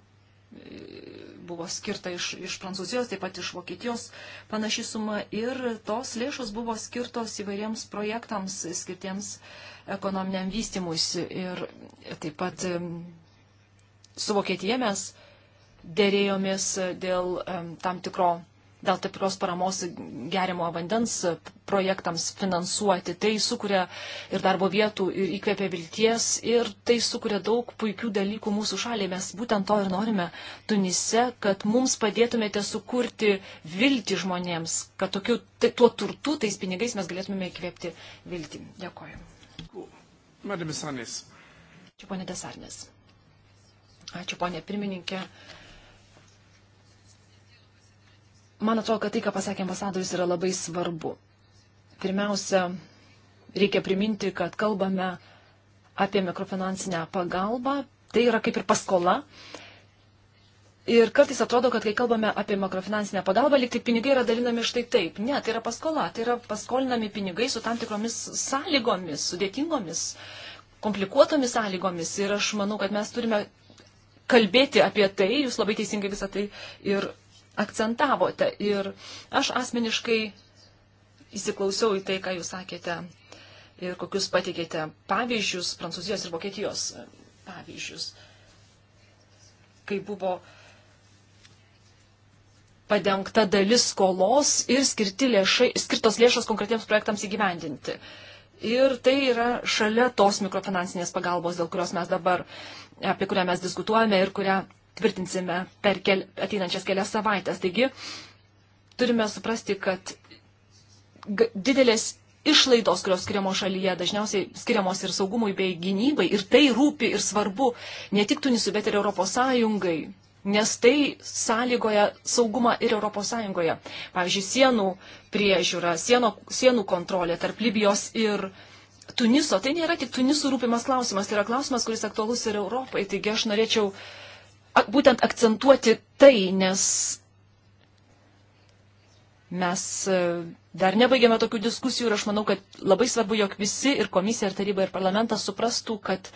buvo skirta iš, iš Prancūzijos, taip pat iš Vokietijos panaši suma ir tos lėšos buvo skirtos įvairiems projektams skirtiems ekonominiam vystimuisi ir taip pat e, su Vokietija mes uh, dėrėjomės dėl tam tikro dėl tikros paramos gerimo vandens projektams finansuoti. Tai sukuria ir darbo vietų, ir įkvėpia vilties, ir tai sukuria daug puikių dalykų mūsų šaliai. Mes būtent to ir norime Tunise, kad mums padėtumėte sukurti viltį žmonėms, kad tokiu, tai, tuo turtu, tais pinigais mes galėtumėme įkvėpti viltį. Dėkoju. Madame Sanės. Čia ponė Desarnės. Ačiū ponė pirmininkė. Uh, man atrodo, kad tai, ką pasakė ambasadorius, yra labai svarbu. Pirmiausia, reikia priminti, kad kalbame apie mikrofinansinę pagalbą, tai yra kaip ir paskola. Ir kartais atrodo, kad kai kalbame apie makrofinansinę pagalbą, liktai pinigai yra dalinami štai taip. Ne, tai yra paskola, tai yra paskolinami pinigai su tam tikromis sąlygomis, sudėtingomis, komplikuotomis sąlygomis. Ir aš manau, kad mes turime kalbėti apie tai, jūs labai teisingai visą tai ir akcentavote. Ir aš asmeniškai įsiklausiau į tai, ką jūs sakėte ir kokius pateikėte pavyzdžius, Prancūzijos ir Vokietijos pavyzdžius, kai buvo padengta dalis skolos ir lėšai, skirtos lėšos konkretiems projektams įgyvendinti. Ir tai yra šalia tos mikrofinansinės pagalbos, dėl kurios mes dabar, apie kurią mes diskutuojame ir kurią tvirtinsime per kel, ateinančias kelias savaitės. Taigi turime suprasti, kad didelės išlaidos, kurios skiriamos šalyje, dažniausiai skiriamos ir saugumui bei gynybai. Ir tai rūpi ir svarbu ne tik Tunisui, bet ir Europos Sąjungai. Nes tai sąlygoja saugumą ir Europos Sąjungoje. Pavyzdžiui, sienų priežiūra, sieno, sienų kontrolė tarp Libijos ir Tuniso. Tai nėra tik Tunisų rūpimas klausimas, tai yra klausimas, kuris aktualus ir Europai. Taigi aš norėčiau uh, būtent akcentuoti tai, nes mes e, dar nebaigėme tokių diskusijų ir aš manau, kad labai svarbu, jog visi ir komisija, ir taryba, ir parlamentas suprastų, kad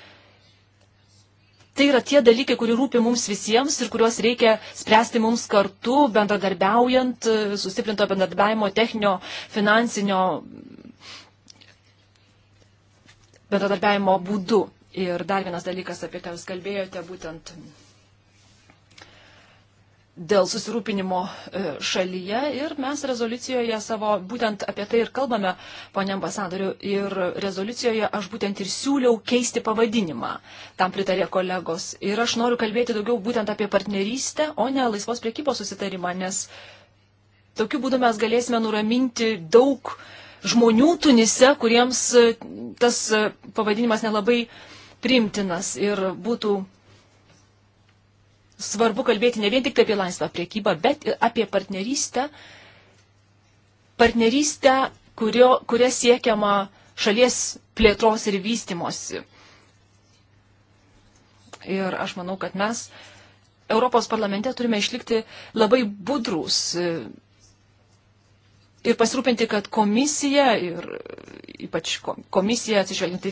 tai yra tie dalykai, kurie rūpi mums visiems ir kuriuos reikia spręsti mums kartu, bendradarbiaujant, e, sustiprinto bendradarbiavimo, techninio, finansinio bendradarbiavimo būdu. Ir dar vienas dalykas, apie ką jūs kalbėjote, būtent dėl susirūpinimo e, šalyje ir mes rezoliucijoje savo būtent apie tai ir kalbame, ponė ambasadoriu, ir rezoliucijoje aš būtent ir siūliau keisti pavadinimą, tam pritarė kolegos. Ir aš noriu kalbėti daugiau būtent apie partnerystę, o ne laisvos priekybos susitarimą, nes tokiu būdu mes galėsime nuraminti daug žmonių Tunise, kuriems e, tas e, pavadinimas nelabai primtinas ir būtų svarbu kalbėti ne vien tik apie laisvą priekybą, bet ir apie partnerystę, partnerystę, kurio, kuria siekiama šalies plėtros ir vystimosi. Ir aš manau, kad mes Europos parlamente turime išlikti labai budrus, ir pasirūpinti, kad komisija ir ypač komisija atsižvelgiant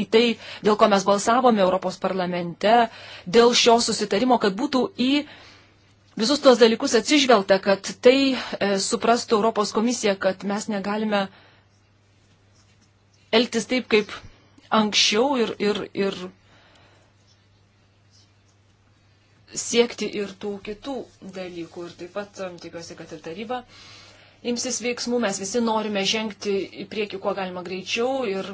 į tai, dėl ko mes balsavome Europos parlamente, dėl šio susitarimo, kad būtų į visus tuos dalykus atsižvelgta, kad tai e, suprastų Europos komisija, kad mes negalime elgtis taip, kaip anksčiau ir, ir, ir siekti ir tų kitų dalykų. Ir taip pat e, tikiuosi, kad ir taryba. E, imsis veiksmų, mes visi norime žengti į priekį kuo galima greičiau ir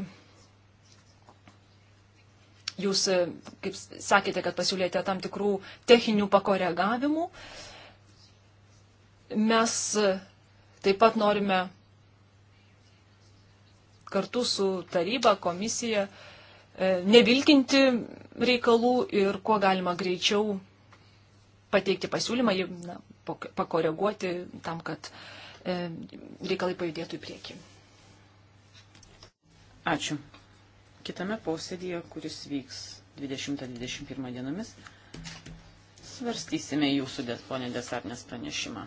jūs, e, kaip sakėte, kad pasiūlėte tam tikrų techninių pakoregavimų. Mes e, taip pat norime kartu su taryba, komisija e, nevilkinti reikalų ir kuo galima greičiau pateikti pasiūlymą, jį na, pakoreguoti tam, kad uh, E, reikalai pajudėtų į priekį. Ačiū. Kitame posėdėje, kuris vyks 20-21 dienomis, svarstysime jūsų, ponė Desarnės, pranešimą.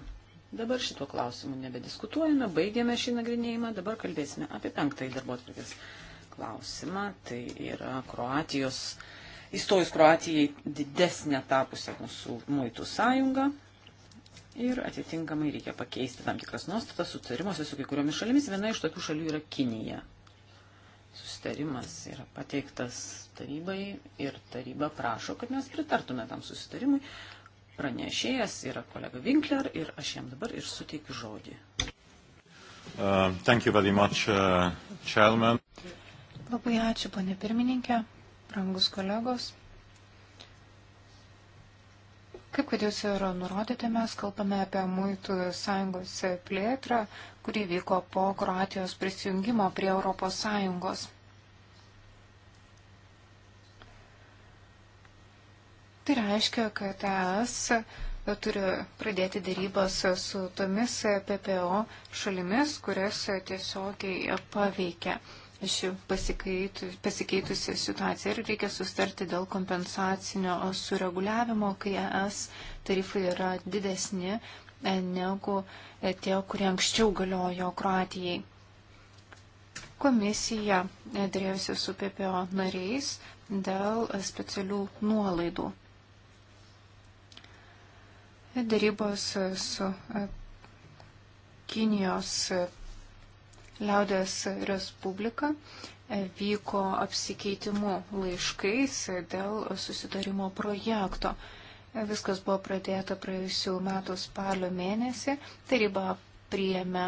Dabar šituo klausimu nebediskutuojame, baigėme šį nagrinėjimą, dabar kalbėsime apie penktąjį darbo atvarkės klausimą. Tai yra Kroatijos, įstojus Kroatijai didesnė tapusią mūsų muitų sąjungą ir atitinkamai reikia pakeisti tam tikras nuostatas sutarimuose su kai kuriomis šalimis. Viena iš tokių šalių yra Kinija. Susitarimas yra pateiktas tarybai ir taryba prašo, kad mes pritartume tam susitarimui. Pranešėjas yra kolega Winkler ir aš jam dabar ir suteikiu žodį. Uh, thank you very much, uh, Chairman. Labai ačiū, ponė pirmininkė, brangus kolegos. Kaip kad jūs ir nurodėte, mes kalbame apie muitų sąjungos plėtrą, kuri vyko po Kroatijos prisijungimo prie Europos sąjungos. Tai reiškia, kad ES turi pradėti dėrybas su tomis PPO šalimis, kurias tiesiogiai paveikia ši pasikeitusi situacija ir reikia sustarti dėl kompensacinio sureguliavimo, kai ES tarifai yra didesni e, negu e, tie, kurie anksčiau galiojo Kroatijai. Komisija e, dėrėjusi su PPO nariais dėl specialių nuolaidų. Darybos su Kinijos Liaudės Respublika e, vyko apsikeitimu laiškais dėl susitarimo projekto. E, viskas buvo pradėta praėjusių metų spalio mėnesį, taryba priėmė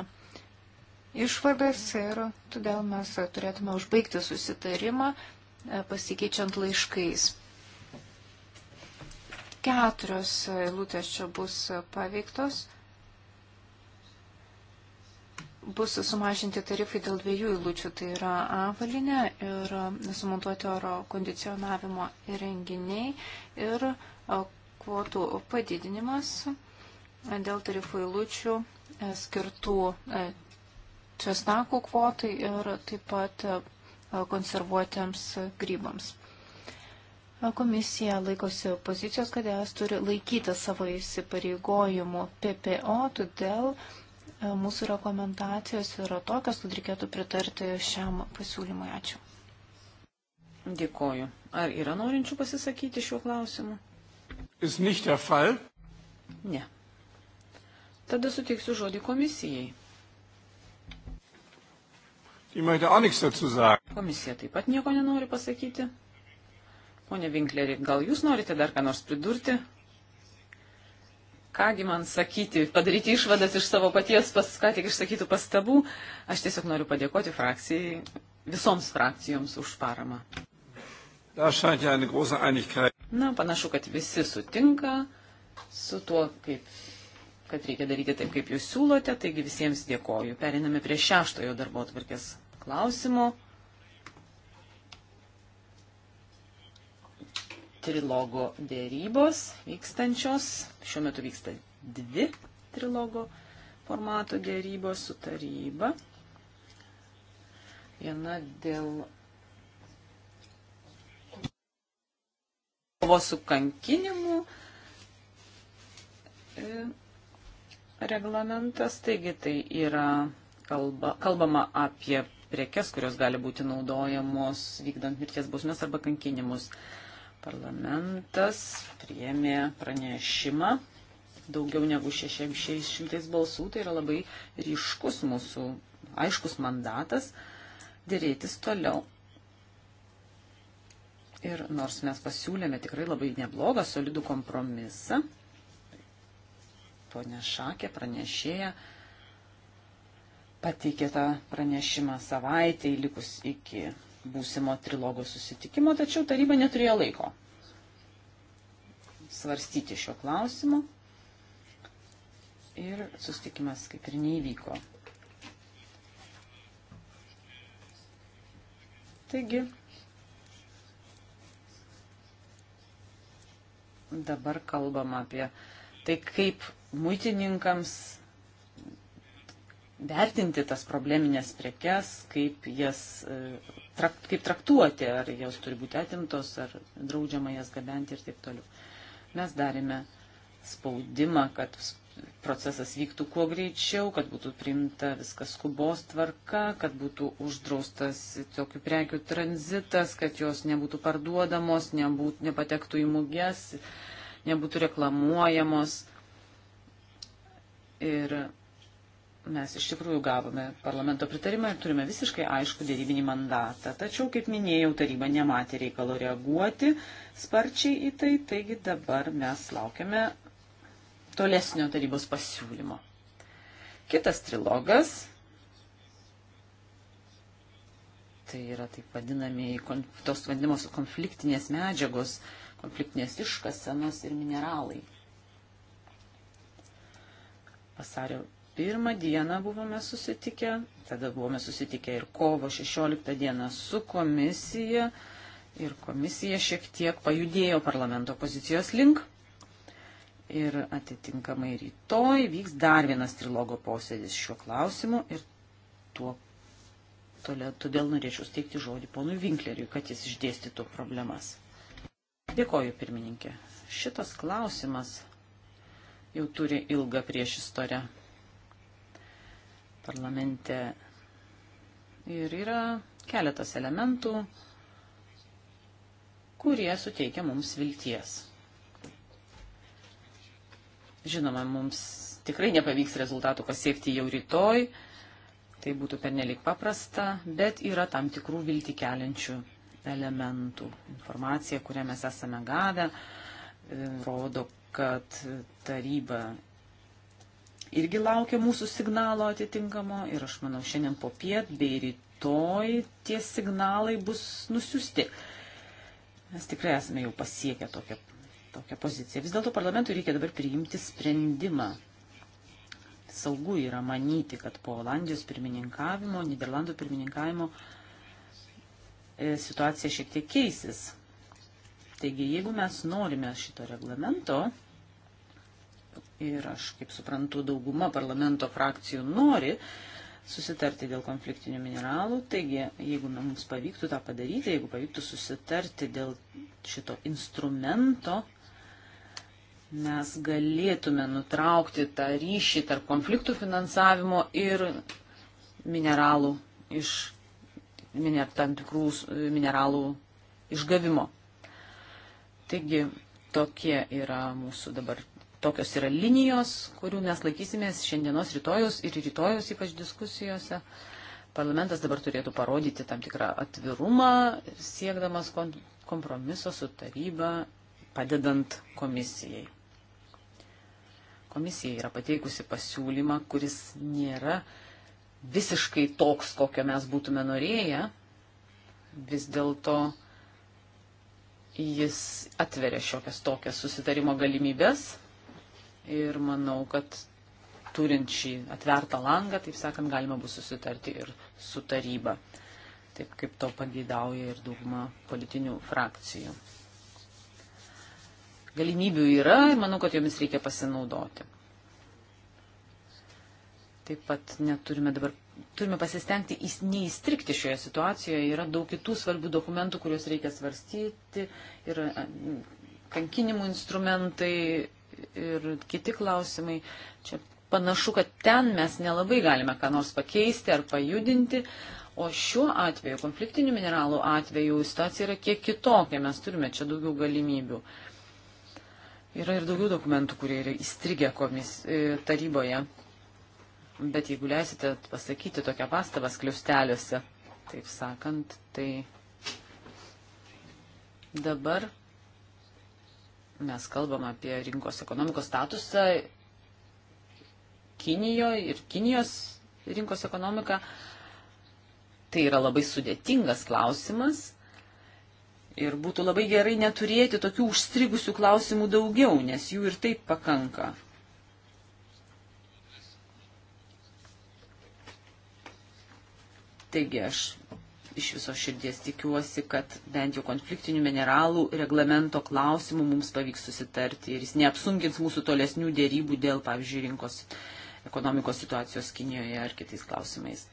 išvadas ir todėl mes turėtume užbaigti susitarimą e, pasikeičiant laiškais. Keturios eilutės čia bus paveiktos bus sumažinti tarifai dėl dviejų įlučių, tai yra avalinė ir sumontuoti oro kondicionavimo įrenginiai ir kvotų padidinimas dėl tarifų įlučių e, skirtų e, česnakų kvotai ir taip pat e, konservuotiems grybams. Komisija laikosi pozicijos, kad es turi laikyti savo įsipareigojimų PPO, todėl uh, E, mūsų rekomendacijos yra tokios, kad reikėtų pritarti šiam pasiūlymui. Ačiū. Dėkoju. Ar yra norinčių pasisakyti šiuo klausimu? Is nicht der Fall? Ne. Tada suteiksiu žodį komisijai. Die möchte auch nichts dazu sagen. Komisija taip pat nieko nenori pasakyti. Pone Vinkleri, gal jūs norite dar ką nors pridurti? kągi man sakyti, padaryti išvadas iš savo paties, pas, ką tik išsakytų pastabų. Aš tiesiog noriu padėkoti frakcijai, visoms frakcijoms už paramą. Na, panašu, kad visi sutinka su tuo, kaip, kad reikia daryti taip, kaip jūs siūlote, taigi visiems dėkoju. Periname prie šeštojo darbo atvarkės klausimo. trilogo dėrybos vykstančios. Šiuo metu vyksta dvi trilogo formato dėrybos su taryba. Viena dėl kovos su kankinimu e, reglamentas, taigi tai yra kalba, kalbama apie priekes, kurios gali būti naudojamos vykdant mirties bausmės arba kankinimus. Parlamentas priėmė pranešimą daugiau negu 600 balsų, tai yra labai ryškus mūsų aiškus mandatas dėrėtis toliau. Ir nors mes pasiūlėme tikrai labai neblogą, solidų kompromisą, ponia Šakė pranešėja pateikė tą pranešimą savaitę, likus iki būsimo trilogo susitikimo, tačiau taryba neturėjo laiko svarstyti šio klausimo ir susitikimas kaip ir neįvyko. Taigi, dabar kalbam apie tai, kaip muitininkams vertinti tas probleminės prekes, kaip jas e, trakt, kaip traktuoti, ar jos turi būti atimtos, ar draudžiama jas gabenti ir taip toliau. Mes darėme spaudimą, kad procesas vyktų kuo greičiau, kad būtų priimta viskas skubos tvarka, kad būtų uždraustas tokių prekių tranzitas, kad jos nebūtų parduodamos, nebūt, nepatektų į muges, nebūtų reklamuojamos. Ir mes iš tikrųjų gavome parlamento pritarimą ir turime visiškai aišku dėrybinį mandatą. Tačiau, kaip minėjau, taryba nematė reikalo reaguoti sparčiai į tai, taigi dabar mes laukiame tolesnio tarybos pasiūlymo. Kitas trilogas. Tai yra taip vadinami, tos vadinamos konfliktinės medžiagos, konfliktinės iškasenos ir mineralai. Vasario 31 dieną buvome susitikę, tada buvome susitikę ir kovo 16 dieną su komisija ir komisija šiek tiek pajudėjo parlamento pozicijos link. Ir atitinkamai rytoj vyks dar vienas trilogo posėdis šiuo klausimu ir tuo tolė, todėl norėčiau steigti žodį ponui Vinkleriui, kad jis išdėstytų problemas. Dėkoju, pirmininkė. Šitas klausimas jau turi ilgą priešistorę parlamente. Ir yra keletas elementų, kurie suteikia mums vilties. Žinoma, mums tikrai nepavyks rezultatų pasiekti jau rytoj, tai būtų pernelik paprasta, bet yra tam tikrų vilti keliančių elementų. Informacija, kurią mes esame gavę, e, rodo, kad taryba irgi laukia mūsų signalo atitinkamo ir aš manau šiandien po piet bei rytoj tie signalai bus nusiusti. Mes tikrai esame jau pasiekę tokią, tokią poziciją. Vis dėlto parlamentui reikia dabar priimti sprendimą. Saugu yra manyti, kad po Olandijos pirmininkavimo, Niderlandų pirmininkavimo e, situacija šiek tiek keisis. Taigi, jeigu mes norime šito reglamento, ir aš, kaip suprantu, dauguma parlamento frakcijų nori susitarti dėl konfliktinių mineralų. Taigi, jeigu mums pavyktų tą padaryti, jeigu pavyktų susitarti dėl šito instrumento, mes galėtume nutraukti tą ryšį tarp konfliktų finansavimo ir mineralų iš miner, tam tikrų e, mineralų išgavimo. Taigi, tokie yra mūsų dabar Tokios yra linijos, kurių mes laikysimės šiandienos rytojus ir rytojus ypač diskusijose. Parlamentas dabar turėtų parodyti tam tikrą atvirumą, siekdamas kompromiso su taryba, padedant komisijai. Komisija yra pateikusi pasiūlymą, kuris nėra visiškai toks, kokio mes būtume norėję, vis dėlto jis atveria šiokias tokias susitarimo galimybės ir manau, kad turint šį atvertą langą, taip sakant, galima bus susitarti ir su taryba, taip kaip to pageidauja ir dauguma politinių frakcijų. Galimybių yra ir manau, kad jomis reikia pasinaudoti. Taip pat neturime dabar, turime pasistengti neįstrikti šioje situacijoje. Yra daug kitų svarbių dokumentų, kuriuos reikia svarstyti. Yra kankinimų instrumentai, ir kiti klausimai. Čia panašu, kad ten mes nelabai galime ką nors pakeisti ar pajudinti. O šiuo atveju, konfliktinių mineralų atveju, situacija yra kiek kitokia, mes turime čia daugiau galimybių. Yra ir daugiau dokumentų, kurie yra įstrigę komis, e, taryboje. Bet jeigu leisite pasakyti tokią pastabą skliusteliuose, taip sakant, tai dabar Mes kalbam apie rinkos ekonomikos statusą Kinijoje ir Kinijos rinkos ekonomiką. Tai yra labai sudėtingas klausimas ir būtų labai gerai neturėti tokių užstrigusių klausimų daugiau, nes jų ir taip pakanka. Taigi aš iš viso širdies tikiuosi, kad bent jau konfliktinių mineralų reglamento klausimų mums pavyks susitarti ir jis neapsunkins mūsų tolesnių dėrybų dėl, pavyzdžiui, rinkos ekonomikos situacijos Kinijoje ar kitais klausimais.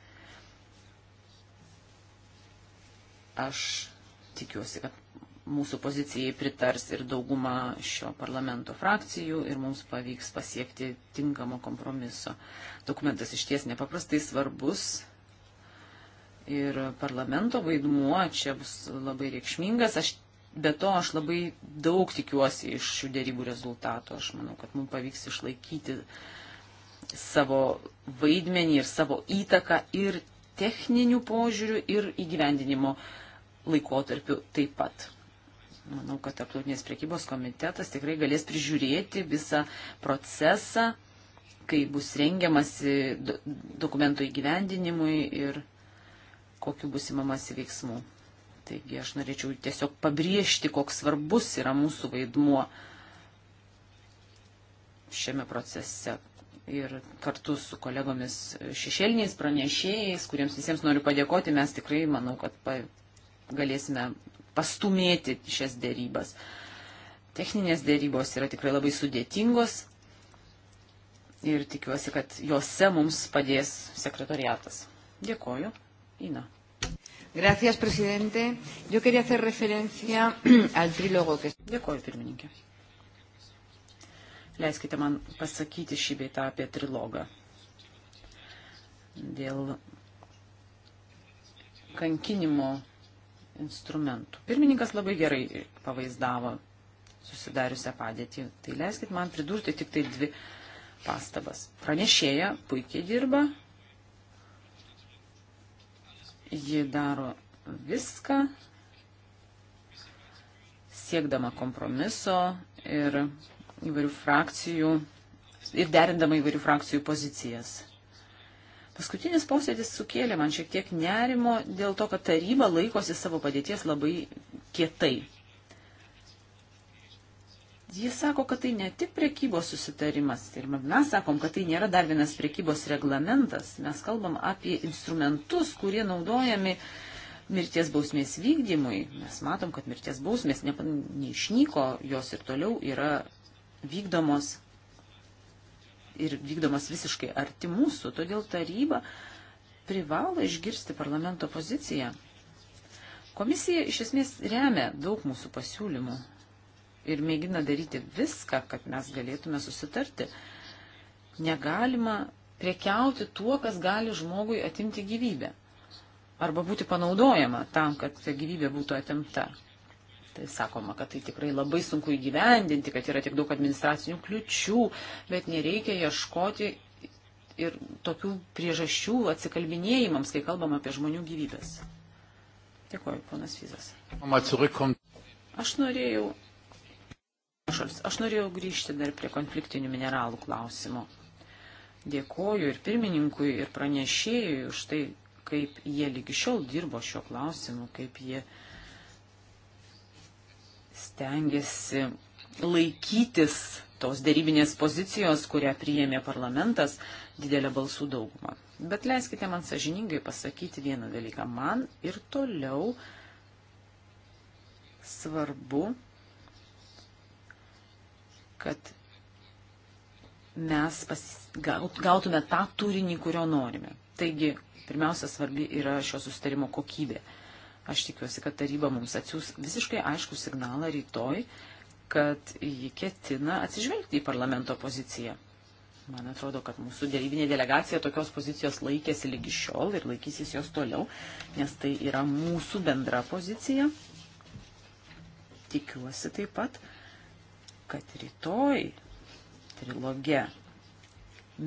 Aš tikiuosi, kad mūsų pozicijai pritars ir dauguma šio parlamento frakcijų ir mums pavyks pasiekti tinkamo kompromiso. Dokumentas iš ties nepaprastai svarbus ir parlamento vaidmuo čia bus labai reikšmingas. Aš, be to, aš labai daug tikiuosi iš šių dėrybų rezultatų. Aš manau, kad mums pavyks išlaikyti savo vaidmenį ir savo įtaką ir techninių požiūrių, ir įgyvendinimo laikotarpių taip pat. Manau, kad Tarptautinės priekybos komitetas tikrai galės prižiūrėti visą procesą, kai bus rengiamasi dokumentų įgyvendinimui ir kokiu bus įmamasi veiksmų. Taigi aš norėčiau tiesiog pabrėžti, koks svarbus yra mūsų vaidmuo šiame procese. Ir kartu su kolegomis šešėliniais pranešėjais, kuriems visiems noriu padėkoti, mes tikrai, manau, kad pa, galėsime pastumėti šias dėrybas. Techninės dėrybos yra tikrai labai sudėtingos ir tikiuosi, kad juose mums padės sekretoriatas. Dėkoju. Ina. Gracias, presidente. Yo quería hacer referencia al trilogo. Que... Dėkoju, pirmininkė. Leiskite man pasakyti šį beitą apie trilogą. Dėl kankinimo instrumentų. Pirmininkas labai gerai pavaizdavo susidariusią padėtį. Tai leiskit man pridurti tik tai dvi pastabas. Pranešėja puikiai dirba, Ji daro viską, siekdama kompromiso ir įvairių frakcijų ir derindama įvairių frakcijų pozicijas. Paskutinis posėdis sukėlė man šiek tiek nerimo dėl to, kad taryba laikosi savo padėties labai kietai. Jis sako, kad tai ne tik prekybos susitarimas. Ir mes sakom, kad tai nėra dar vienas prekybos reglamentas. Mes kalbam apie instrumentus, kurie naudojami mirties bausmės vykdymui. Mes matom, kad mirties bausmės ne, neišnyko, jos ir toliau yra vykdomos ir vykdomas visiškai arti mūsų. Todėl taryba privalo išgirsti parlamento poziciją. Komisija iš esmės remia daug mūsų pasiūlymų ir mėgina daryti viską, kad mes galėtume susitarti. Negalima priekiauti tuo, kas gali žmogui atimti gyvybę. Arba būti panaudojama tam, kad gyvybė būtų atimta. Tai sakoma, kad tai tikrai labai sunku įgyvendinti, kad yra tiek daug administracinių kliučių, bet nereikia ieškoti ir tokių priežasčių atsikalbinėjimams, kai kalbam apie žmonių gyvybės. Dėkuoju, ponas Fizas. Aš norėjau Aš norėjau grįžti dar prie konfliktinių mineralų klausimo. Dėkoju ir pirmininkui, ir pranešėjui už tai, kaip jie lygi šiol dirbo šio klausimu, kaip jie stengiasi laikytis tos dėrybinės pozicijos, kurią priėmė parlamentas didelę balsų daugumą. Bet leiskite man sažiningai pasakyti vieną dalyką. Man ir toliau svarbu kad mes pas, gautume tą turinį, kurio norime. Taigi, pirmiausia, svarbi yra šio sustarimo kokybė. Aš tikiuosi, kad taryba mums atsiūs visiškai aišku signalą rytoj, kad ji ketina atsižvelgti į parlamento poziciją. Man atrodo, kad mūsų dėrybinė delegacija tokios pozicijos laikėsi lygi šiol ir laikysis jos toliau, nes tai yra mūsų bendra pozicija. Tikiuosi taip pat, kad rytoj trilogė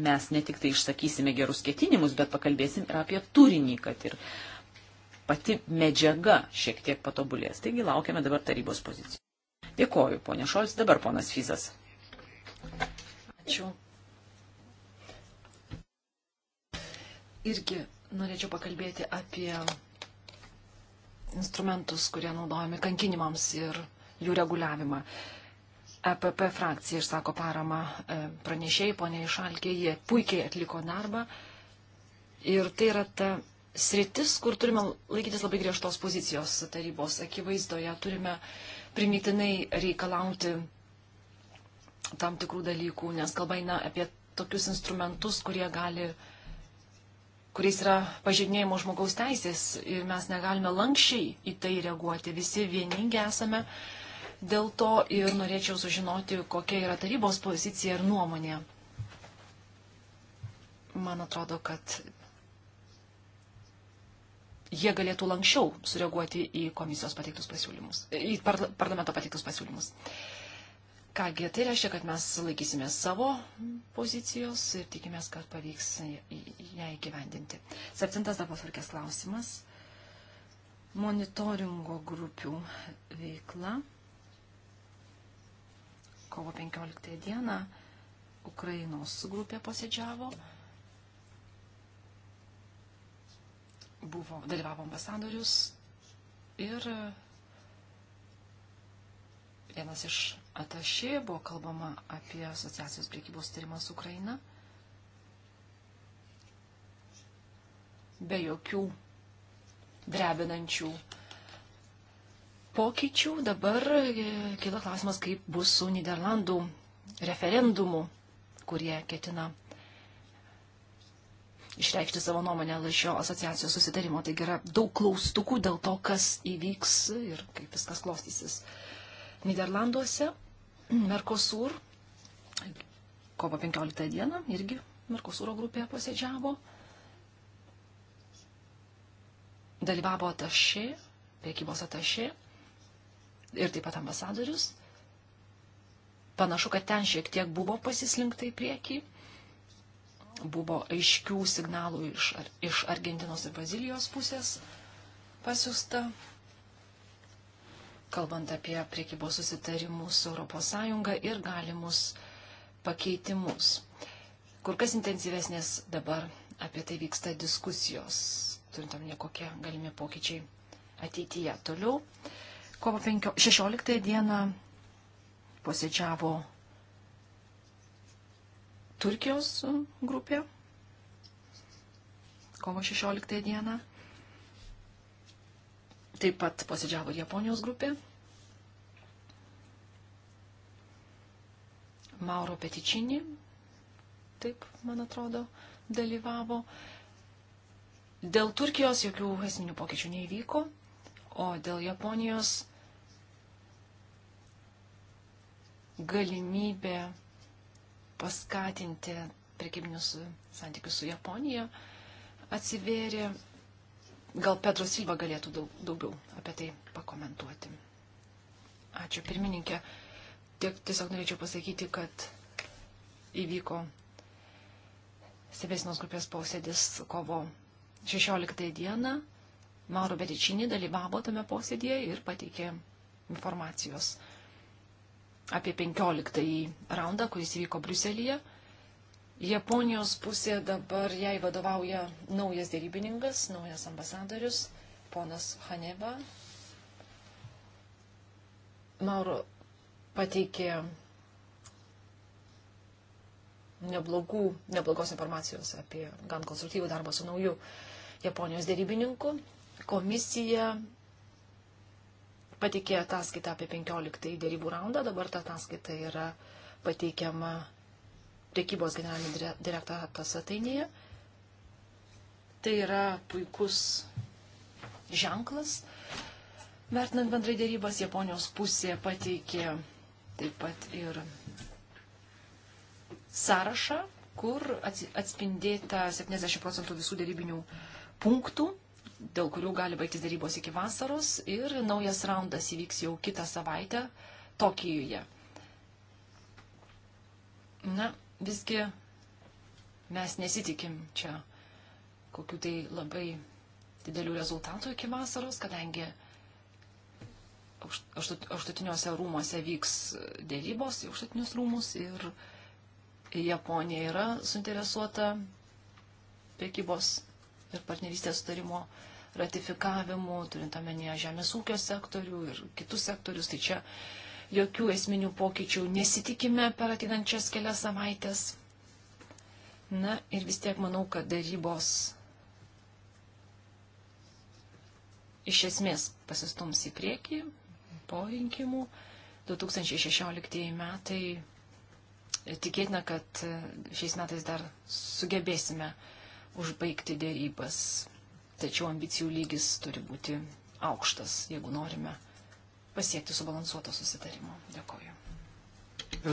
mes ne tik tai išsakysime gerus ketinimus, bet pakalbėsim ir apie turinį, kad ir pati medžiaga šiek tiek patobulės. Taigi laukiame dabar tarybos pozicijų. Dėkoju, ponė Šolis, dabar ponas Fizas. Ačiū. Irgi norėčiau pakalbėti apie instrumentus, kurie naudojami kankinimams ir jų reguliavimą. EPP frakcija išsako paramą e, pranešėjai, ponė Išalkė, jie puikiai atliko darbą. Ir tai yra ta sritis, kur turime laikytis labai griežtos pozicijos tarybos akivaizdoje, turime primiktinai reikalauti tam tikrų dalykų, nes kalba eina apie tokius instrumentus, kurie gali, kuriais yra pažeidinėjimo žmogaus teisės ir mes negalime lankščiai į tai reaguoti. Visi vieningi esame. Uh, dėl to ir norėčiau sužinoti, kokia yra tarybos pozicija ir nuomonė. Man atrodo, kad jie galėtų lankščiau sureaguoti į komisijos pateiktus pasiūlymus, į parlamento pateiktus pasiūlymus. Kągi, tai reiškia, kad mes laikysime savo pozicijos ir tikimės, kad pavyks ją įgyvendinti. Septintas darbo tvarkės klausimas. Monitoringo grupių veikla kovo 15 dieną Ukrainos grupė posėdžiavo. Buvo, dalyvavo ambasadorius ir vienas iš atašė buvo kalbama apie asociacijos priekybos tarimą su Ukraina. Be jokių drebinančių uh, pokyčių. Dabar e, kyla klausimas, kaip bus su Niderlandų referendumu, kurie ketina išreikšti savo nuomonę dėl šio asociacijos susitarimo. Taigi yra daug klaustukų dėl to, kas įvyks ir kaip viskas klostysis. Niderlanduose Mercosur kovo 15 dieną irgi Mercosuro grupė posėdžiavo. Dalyvavo atašė, priekybos atašė ir taip pat ambasadorius. Panašu, kad ten šiek tiek buvo pasislinkta į priekį. Buvo aiškių signalų iš, iš Argentinos ir Brazilijos pusės pasiusta, kalbant apie priekybos susitarimus su ES ir galimus pakeitimus. Kur kas intensyvesnės dabar apie tai vyksta diskusijos, turintam nekokie galimi pokyčiai ateityje. Toliau Kovo 16 dieną posėdžiavo Turkijos grupė. Kovo 16 dieną. Taip pat posėdžiavo Japonijos grupė. Mauro Petičinį, taip, man atrodo, dalyvavo. Dėl Turkijos jokių esminių pokyčių neįvyko, o dėl Japonijos galimybė paskatinti prekybinius santykius su Japonija atsivėrė. Gal Petras Silva galėtų daug, daugiau apie tai pakomentuoti. Ačiū pirmininkė. Tiek tiesiog norėčiau pasakyti, kad įvyko stebėsinos grupės posėdis kovo 16 dieną. Mauro Beričinį dalyvavo tame posėdėje ir pateikė informacijos. Uh, apie 15 raundą, kuris vyko Bruselėje. Japonijos pusė dabar jai vadovauja naujas dėrybininkas, naujas ambasadorius, ponas Haneba. Mauro pateikė neblogų, neblogos informacijos apie gan konstruktyvų darbą su nauju Japonijos dėrybininku. Komisija pateikė ataskaitą apie 15 dėrybų raundą, dabar ta ataskaita yra pateikiama priekybos generalinio direktorato svetainėje. Tai yra puikus ženklas. Vertinant bendrai dėrybas, Japonijos pusė pateikė taip pat ir sąrašą, kur atspindėta 70 procentų visų dėrybinių punktų dėl kurių gali baigtis darybos iki vasaros ir naujas raundas įvyks jau kitą savaitę Tokijuje. Na, visgi mes nesitikim čia kokiu tai labai didelių rezultatų iki vasaros, kadangi aukštutiniuose rūmuose vyks dėrybos į aukštutinius rūmus ir Japonija yra suinteresuota priekybos ir partnerystės sutarimo ratifikavimu, turint omenyje žemės ūkio sektorių ir kitus sektorius, tai čia jokių esminių pokyčių nesitikime per ateinančias kelias savaitės. Na ir vis tiek manau, kad darybos iš esmės pasistums į priekį po rinkimų. 2016 metai tikėtina, kad šiais metais dar sugebėsime užbaigti dėrybas Tačiau ambicijų lygis turi būti aukštas, jeigu norime pasiekti subalansuoto susitarimo. Dėkoju.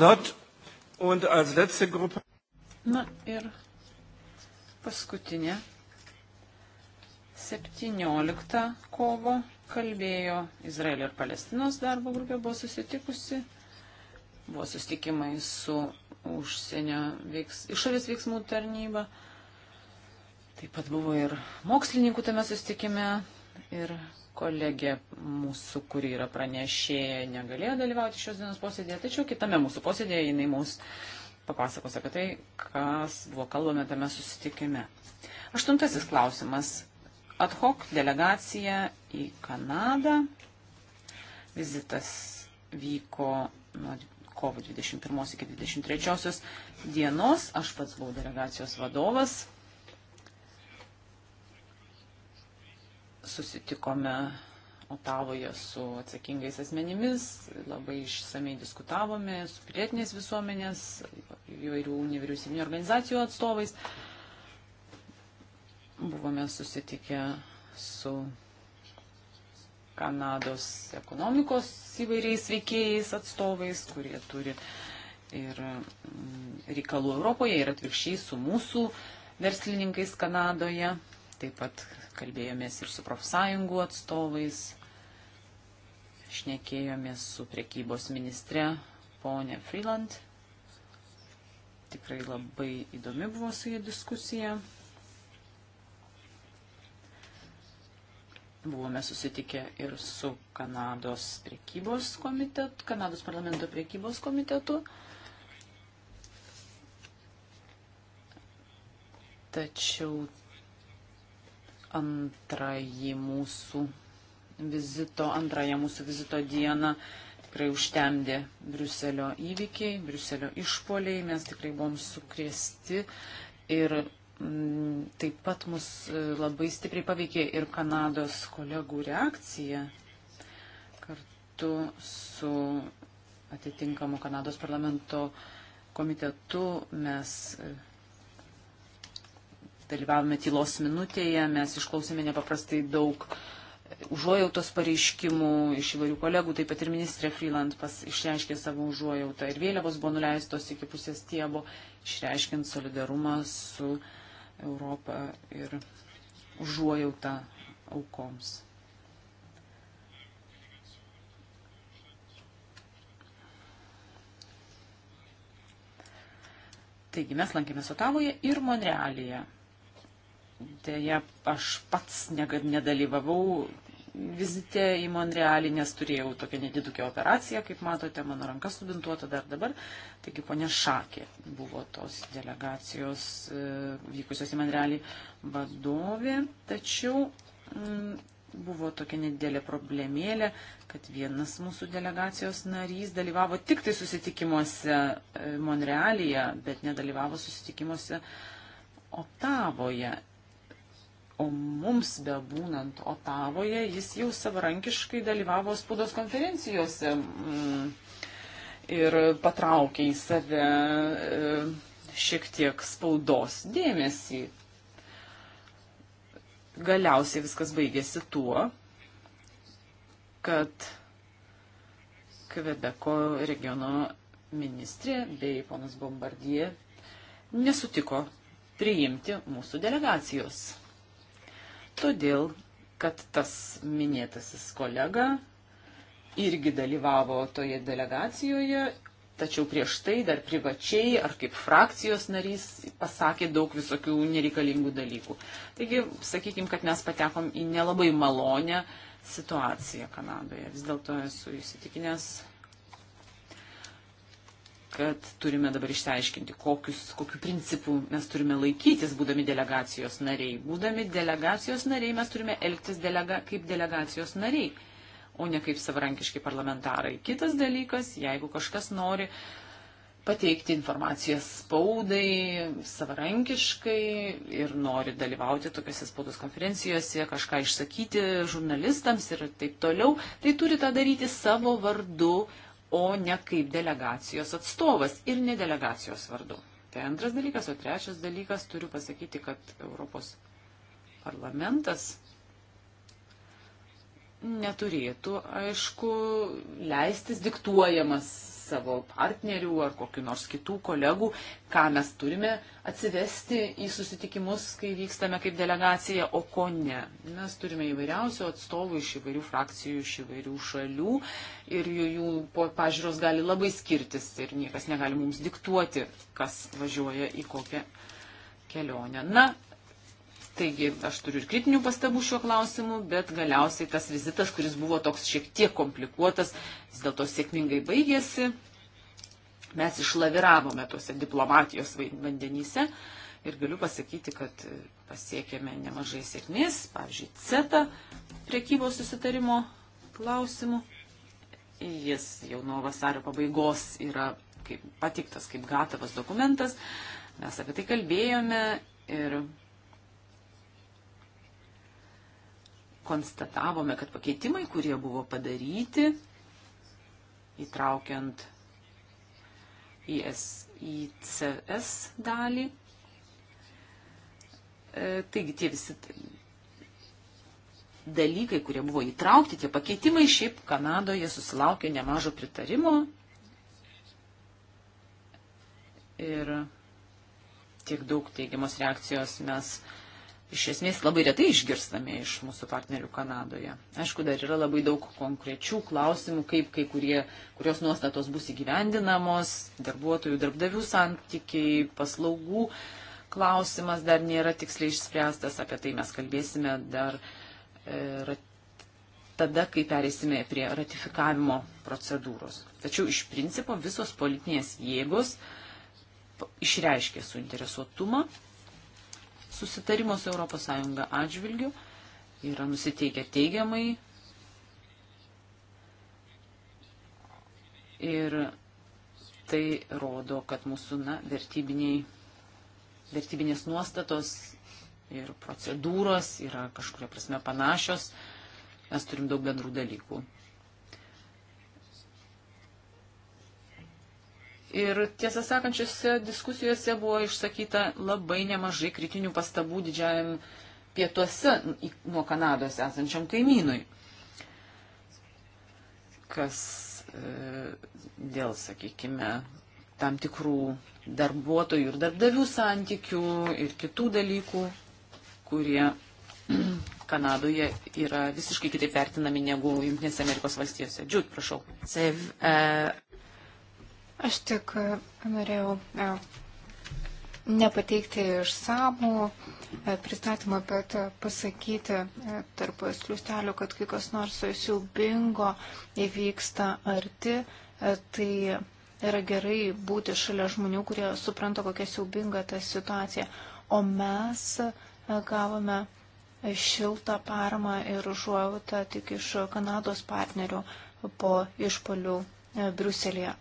Lot. Und als letzte Gruppe. Na ir paskutinė. 17 kovo kalbėjo Izraelio ir Palestinos darbo grupė, buvo susitikusi, buvo susitikimai su užsienio veiks, išorės veiksmų tarnyba. Taip pat buvo ir mokslininkų tame sustikime, ir kolegė mūsų, kuri yra pranešėja, negalėjo dalyvauti šios dienos posėdėje, tačiau kitame mūsų posėdėje jinai mums papasakos apie tai, kas buvo kalbame tame susitikime. Aštuntasis klausimas. Ad hoc delegacija į Kanadą. Vizitas vyko nuo kovo 21 iki 23 dienos. Aš pats buvau delegacijos vadovas. susitikome Otavoje su atsakingais asmenimis, labai išsamei diskutavome su pilietinės visuomenės, įvairių nevyriausybinio organizacijų atstovais. Buvome susitikę su Kanados ekonomikos įvairiais veikėjais atstovais, kurie turi ir mm, reikalų Europoje ir atvirkščiai su mūsų verslininkais Kanadoje. Taip pat kalbėjomės ir su profsąjungų atstovais, šnekėjomės su prekybos ministre ponė Freeland. Tikrai labai įdomi buvo su jie diskusija. Buvome susitikę ir su Kanados prekybos komitetu, Kanados parlamento prekybos komitetu. Tačiau antrąjį mūsų vizito, antrąją mūsų vizito dieną tikrai užtemdė Briuselio įvykiai, Briuselio išpoliai, mes tikrai buvom sukrėsti ir m, mm, taip pat mus e, labai stipriai paveikė ir Kanados kolegų reakcija kartu su atitinkamu Kanados parlamento komitetu mes e, dalyvavome tylos minutėje, mes išklausėme nepaprastai daug užuojautos pareiškimų iš įvairių kolegų, taip pat ir ministrė Freeland pas, išreiškė savo užuojautą ir vėliavos buvo nuleistos iki pusės tiebo, išreiškint solidarumą su Europą ir užuojautą aukoms. Taigi mes lankėmės Otavoje ir Monrealyje. Deja, aš pats negad nedalyvavau vizite į Monrealį, nes turėjau tokią nedidukę operaciją, kaip matote, mano ranka subintuota dar dabar. Taigi ponė Šakė buvo tos delegacijos e, vykusios į Monrealį vadovė, tačiau m, mm, buvo tokia nedidelė problemėlė, kad vienas mūsų delegacijos narys dalyvavo tik tai susitikimuose e, Monrealyje, bet nedalyvavo susitikimuose Otavoje. O mums bebūnant Otavoje, jis jau savarankiškai dalyvavo spaudos konferencijose mm, ir patraukė į save e, šiek tiek spaudos dėmesį. Galiausiai viskas baigėsi tuo, kad Kvebeko regiono ministrė bei ponas Bombardie nesutiko priimti mūsų delegacijos todėl kad tas minėtasis kolega irgi dalyvavo toje delegacijoje, tačiau prieš tai dar privačiai ar kaip frakcijos narys pasakė daug visokių nereikalingų dalykų. Taigi, sakykime, kad mes patekom į nelabai malonę situaciją Kanadoje. Vis dėlto esu įsitikinęs, kad turime dabar išsiaiškinti, kokius, kokiu principu mes turime laikytis, būdami delegacijos nariai. Būdami delegacijos nariai mes turime elgtis delega, kaip delegacijos nariai, o ne kaip savarankiški parlamentarai. Kitas dalykas, jeigu kažkas nori pateikti informaciją spaudai savarankiškai ir nori dalyvauti tokiuose spaudos konferencijose, kažką išsakyti žurnalistams ir taip toliau, tai turi tą daryti savo vardu o ne kaip delegacijos atstovas ir ne delegacijos vardu. Tai antras dalykas, o trečias dalykas turiu pasakyti, kad Europos parlamentas neturėtų, aišku, leistis diktuojamas savo partnerių ar kokiu nors kitų kolegų, ką mes turime atsivesti į susitikimus, kai vykstame kaip delegacija, o ko ne. Mes turime įvairiausių atstovų iš įvairių frakcijų, iš įvairių šalių ir jų, jų pažiūros gali labai skirtis ir niekas negali mums diktuoti, kas važiuoja į kokią kelionę. Na, Taigi aš turiu ir kritinių pastabų šiuo klausimu, bet galiausiai tas vizitas, kuris buvo toks šiek tiek komplikuotas, vis dėlto sėkmingai baigėsi. Mes išlaviravome tuose diplomatijos vandenyse ir galiu pasakyti, kad e, pasiekėme nemažai sėkmės, pavyzdžiui, CETA priekybos susitarimo klausimų. Jis jau nuo vasario pabaigos yra kaip, patiktas kaip gatavas dokumentas. Mes apie tai kalbėjome ir konstatavome, kad pakeitimai, kurie buvo padaryti, įtraukiant į, S, į CS dalį, e, taigi tie visi dalykai, kurie buvo įtraukti, tie pakeitimai šiaip Kanadoje susilaukė nemažo pritarimo. Ir tiek daug teigiamos reakcijos mes uh, iš esmės labai retai išgirstame iš mūsų partnerių Kanadoje. Aišku, dar yra labai daug konkrečių klausimų, kaip kai kurie, kurios nuostatos bus įgyvendinamos, darbuotojų, darbdavių santykiai, paslaugų klausimas dar nėra tiksliai išspręstas, apie tai mes kalbėsime dar e, tada, kai pereisime prie ratifikavimo procedūros. Tačiau iš principo visos politinės jėgos išreiškė suinteresuotumą susitarimo su ES atžvilgiu yra nusiteikę teigiamai ir tai rodo, kad mūsų na, vertybinės nuostatos ir procedūros yra kažkuria prasme panašios, mes turim daug bendrų dalykų. Ir tiesą sakant, šiuose diskusijose buvo išsakyta labai nemažai kritinių pastabų didžiajam pietuose nuo Kanados esančiam kaimynui. Kas e, dėl, sakykime, tam tikrų darbuotojų ir darbdavių santykių ir kitų dalykų, kurie Kanadoje yra visiškai kitaip vertinami negu Junktinėse Amerikos valstijose. Džiūt, prašau. Save, uh... Aš tik e, norėjau e, nepateikti išsamų e, pristatymą, bet pasakyti tarp sliustelių, kad kai kas nors siaubingo įvyksta arti, tai yra gerai būti šalia žmonių, kurie supranta, kokia siaubinga ta situacija. O mes gavome šiltą paramą ir užuojautą tik iš Kanados partnerių po išpolių Briuselėje.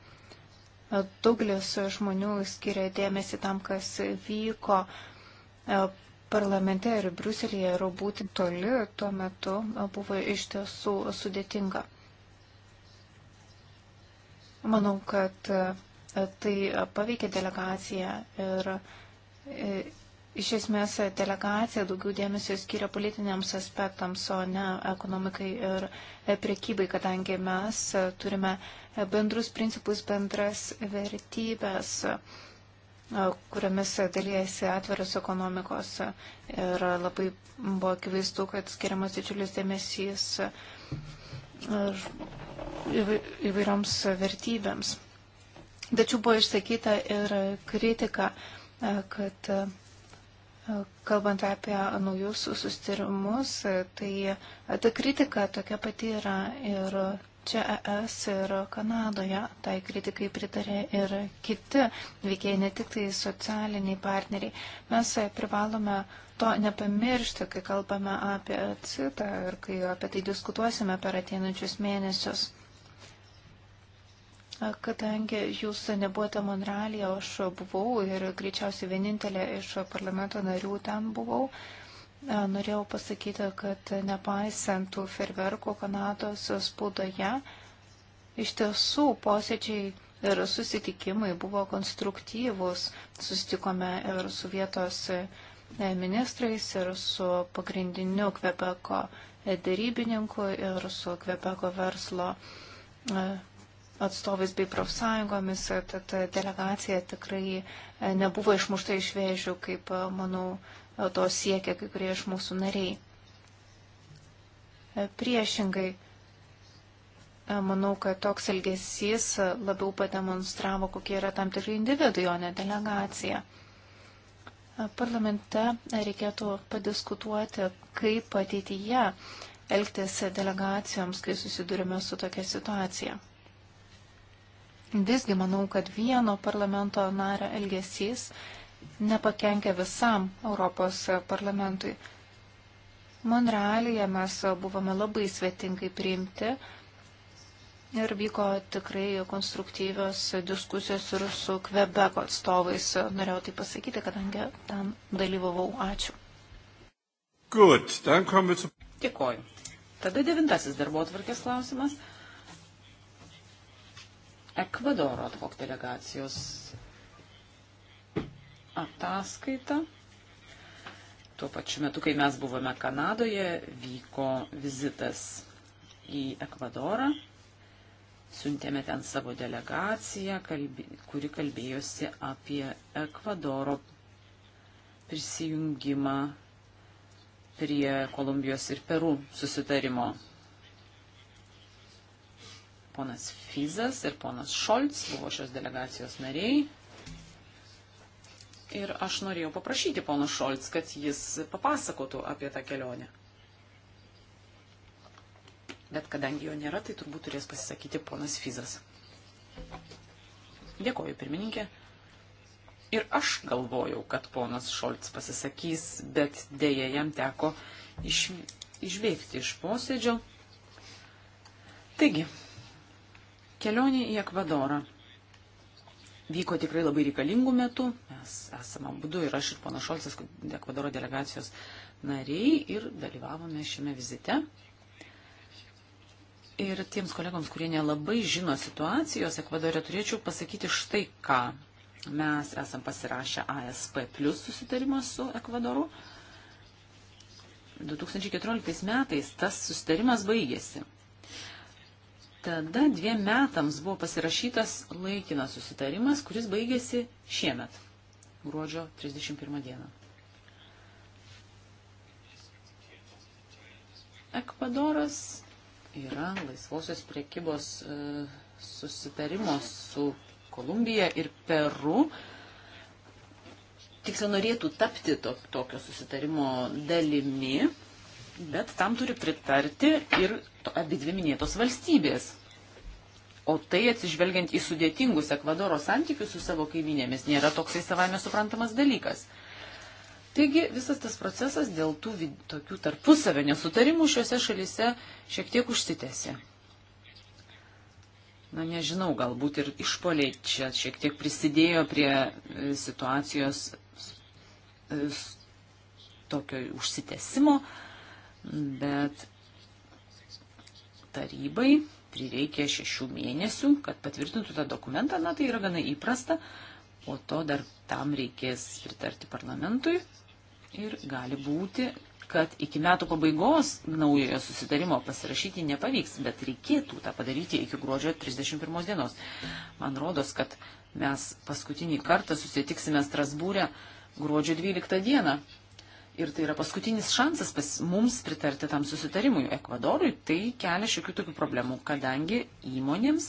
Daugelis žmonių skiria dėmesį tam, kas vyko e, parlamente ir Bruselėje, ir būti toli tuo metu e, buvo iš tiesų sudėtinga. Manau, kad e, tai paveikė delegaciją ir Iš esmės delegacija daugiau dėmesio skiria politiniams aspektams, o ne ekonomikai ir e, priekybai, kadangi mes e, turime e, bendrus principus, bendras vertybės, kuriamis dalyjasi atviros ekonomikos. Ir labai buvo akivaizdu, kad skiriamas didžiulis dėmesys įvairioms vertybėms. Tačiau buvo išsakyta ir kritika, kad Kalbant apie naujus sustarimus, tai ta kritika tokia pati yra ir čia ES ir Kanadoje. Tai kritikai pritarė ir kiti veikėjai, ne tik tai socialiniai partneriai. Mes privalome to nepamiršti, kai kalbame apie e CITA ir kai apie tai diskutuosime per ateinančius mėnesius. Kadangi jūs nebuvote Monrealėje, aš buvau ir greičiausiai vienintelė iš parlamento narių ten buvau, norėjau pasakyti, kad nepaisant tų ferverkų Kanados spaudoje, iš tiesų posėdžiai ir susitikimai buvo konstruktyvūs. Susitikome ir su vietos e, ministrais, ir su pagrindiniu Kvebeko e, dėrybininku, ir su Kvebeko verslo e, atstovais bei profsąjungomis, tad delegacija tikrai e, nebuvo išmušta iš vėžių, kaip, e, manau, e, to siekia kai kurie iš mūsų nariai. Priešingai, manau, kad toks elgesys labiau pademonstravo, kokie yra tam tikri individai, o ne delegacija. Parlamente reikėtų padiskutuoti, kaip ateityje elgtis delegacijoms, kai susidurime su tokia situacija. Visgi manau, kad vieno parlamento nario elgesys nepakenkia visam Europos parlamentui. Monrealyje mes buvome labai svetingai priimti ir vyko tikrai konstruktyvios diskusijos ir su Kvebeko atstovais. Norėjau tai pasakyti, kadangi ten dalyvavau. Ačiū. Good, Dėkoju. Tada devintasis darbo atvarkės klausimas. Ekvadoro ad hoc delegacijos ataskaitą. Tuo pačiu metu, kai mes buvome Kanadoje, vyko vizitas į Ekvadorą. Siuntėme ten savo delegaciją, kalbė, kuri kalbėjosi apie Ekvadoro prisijungimą prie Kolumbijos ir Peru susitarimo Ponas Fizas ir ponas Šolts buvo šios delegacijos nariai. Ir aš norėjau paprašyti pono Šolts, kad jis papasakotų apie tą kelionę. Bet kadangi jo nėra, tai turbūt turės pasisakyti ponas Fizas. Dėkoju, pirmininkė. Ir aš galvojau, kad ponas Šolts pasisakys, bet dėja jam teko iš, išveikti iš posėdžio. Taigi, Kelionė į Ekvadorą vyko tikrai labai reikalingų metų. Mes esame būdu ir aš ir pana Šolcas, Ekvadoro delegacijos nariai ir dalyvavome šiame vizite. Ir tiems kolegoms, kurie nelabai žino situacijos Ekvadore, turėčiau pasakyti štai ką. Mes esam pasirašę ASP plus susitarimą su Ekvadoru. 2014 metais tas susitarimas baigėsi. Tada dviem metams buvo pasirašytas laikinas susitarimas, kuris baigėsi šiemet, gruodžio 31 dieną. Ekvadoras yra laisvosios priekybos e, susitarimo su Kolumbija ir Peru. Tiksliau norėtų tapti to, tokio susitarimo dalimi bet tam turi pritarti ir abi dvi minėtos valstybės. O tai atsižvelgiant į sudėtingus Ekvadoro santykius su savo kaiminėmis nėra toksai savame suprantamas dalykas. Taigi visas tas procesas dėl tų vid, tokių tarpusavio nesutarimų šiuose šalyse šiek tiek užsitęsė. Na nežinau, galbūt ir išpoliai čia šiek tiek prisidėjo prie e, situacijos e, tokio užsitęsimo. Uh, bet tarybai prireikė šešių mėnesių, kad patvirtintų tą dokumentą, na tai yra gana įprasta, po to dar tam reikės pritarti parlamentui ir gali būti, kad iki metų pabaigos naujojo susitarimo pasirašyti nepavyks, bet reikėtų tą padaryti iki gruodžio 31 dienos. Man rodos, kad mes paskutinį kartą susitiksime Strasbūrę gruodžio 12 dieną. Ir tai yra paskutinis šansas pas mums pritarti tam susitarimui. Ekvadorui tai kelia šiokių tokių problemų, kadangi įmonėms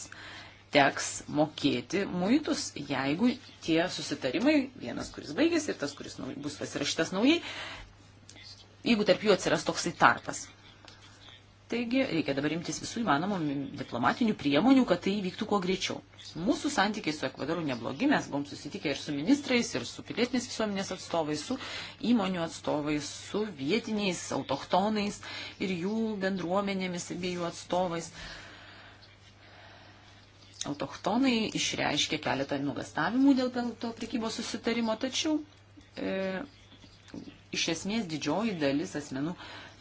teks mokėti muitus, jeigu tie susitarimai, vienas, kuris baigėsi ir tas, kuris bus pasirašytas naujai, jeigu tarp jų atsiras toksai tarpas. Taigi reikia dabar imtis visų įmanomų diplomatinių priemonių, kad tai įvyktų kuo greičiau. Mūsų santykiai su Ekvadoru neblogi, mes buvom susitikę ir su ministrais, ir su pilietinės visuomenės atstovais, su įmonių atstovais, su vietiniais autochtonais ir jų bendruomenėmis bei jų atstovais. Autochtonai išreiškė keletą nugastavimų dėl to prekybos susitarimo, tačiau e, iš esmės didžioji dalis asmenų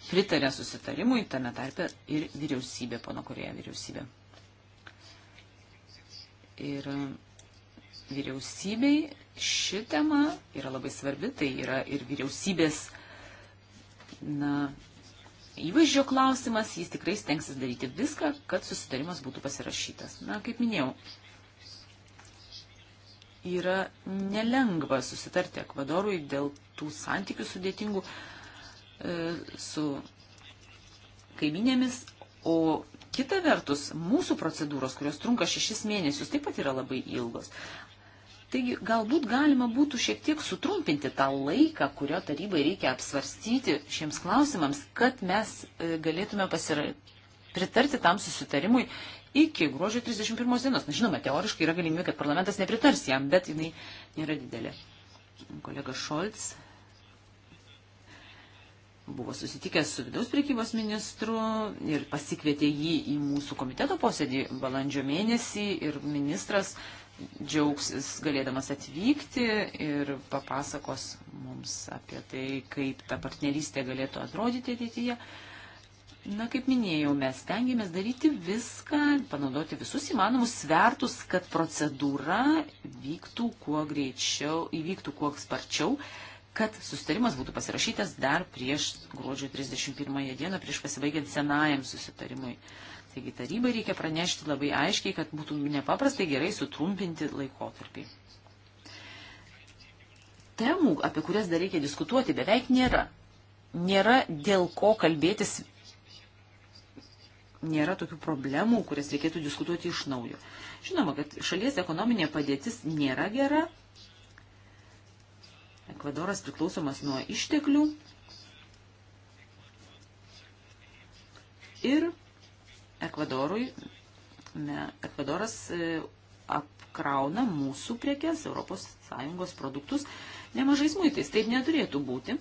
pritarė susitarimui, tame tarpe ir vyriausybė, pono kurioje vyriausybė. Ir vyriausybei ši tema yra labai svarbi, tai yra ir vyriausybės na, įvaizdžio klausimas, jis tikrai stengsis daryti viską, kad susitarimas būtų pasirašytas. Na, kaip minėjau, yra nelengva susitarti Ekvadorui dėl tų santykių sudėtingų, E, su kaiminėmis, o kita vertus, mūsų procedūros, kurios trunka šešis mėnesius, taip pat yra labai ilgos. Taigi galbūt galima būtų šiek tiek sutrumpinti tą laiką, kurio tarybai reikia apsvarstyti šiems klausimams, kad mes e, galėtume pasira... pritarti tam susitarimui iki gruodžio 31 dienos. Na, žinoma, teoriškai yra galimybė, kad parlamentas nepritars jam, bet jinai nėra didelė. Kolega Šolts buvo susitikęs su vidaus priekybos ministru ir pasikvietė jį į mūsų komiteto posėdį balandžio mėnesį ir ministras džiaugsis galėdamas atvykti ir papasakos mums apie tai, kaip ta partnerystė galėtų atrodyti ateityje. Na, kaip minėjau, mes tengiamės daryti viską, panaudoti visus įmanomus svertus, kad procedūra vyktų kuo greičiau, įvyktų kuo sparčiau kad susitarimas būtų pasirašytas dar prieš gruodžio 31 dieną, prieš pasibaigiant senajam susitarimui. Taigi tarybai reikia pranešti labai aiškiai, kad būtų nepaprastai gerai sutrumpinti laikotarpį. Temų, apie kurias dar reikia diskutuoti, beveik nėra. Nėra dėl ko kalbėtis, nėra tokių problemų, kurias reikėtų diskutuoti iš naujo. Žinoma, kad šalies ekonominė padėtis nėra gera, Ekvadoras priklausomas nuo išteklių ir Ekvadorui, ne, Ekvadoras e, apkrauna mūsų prekes, ES produktus nemažais muitais. Taip neturėtų būti.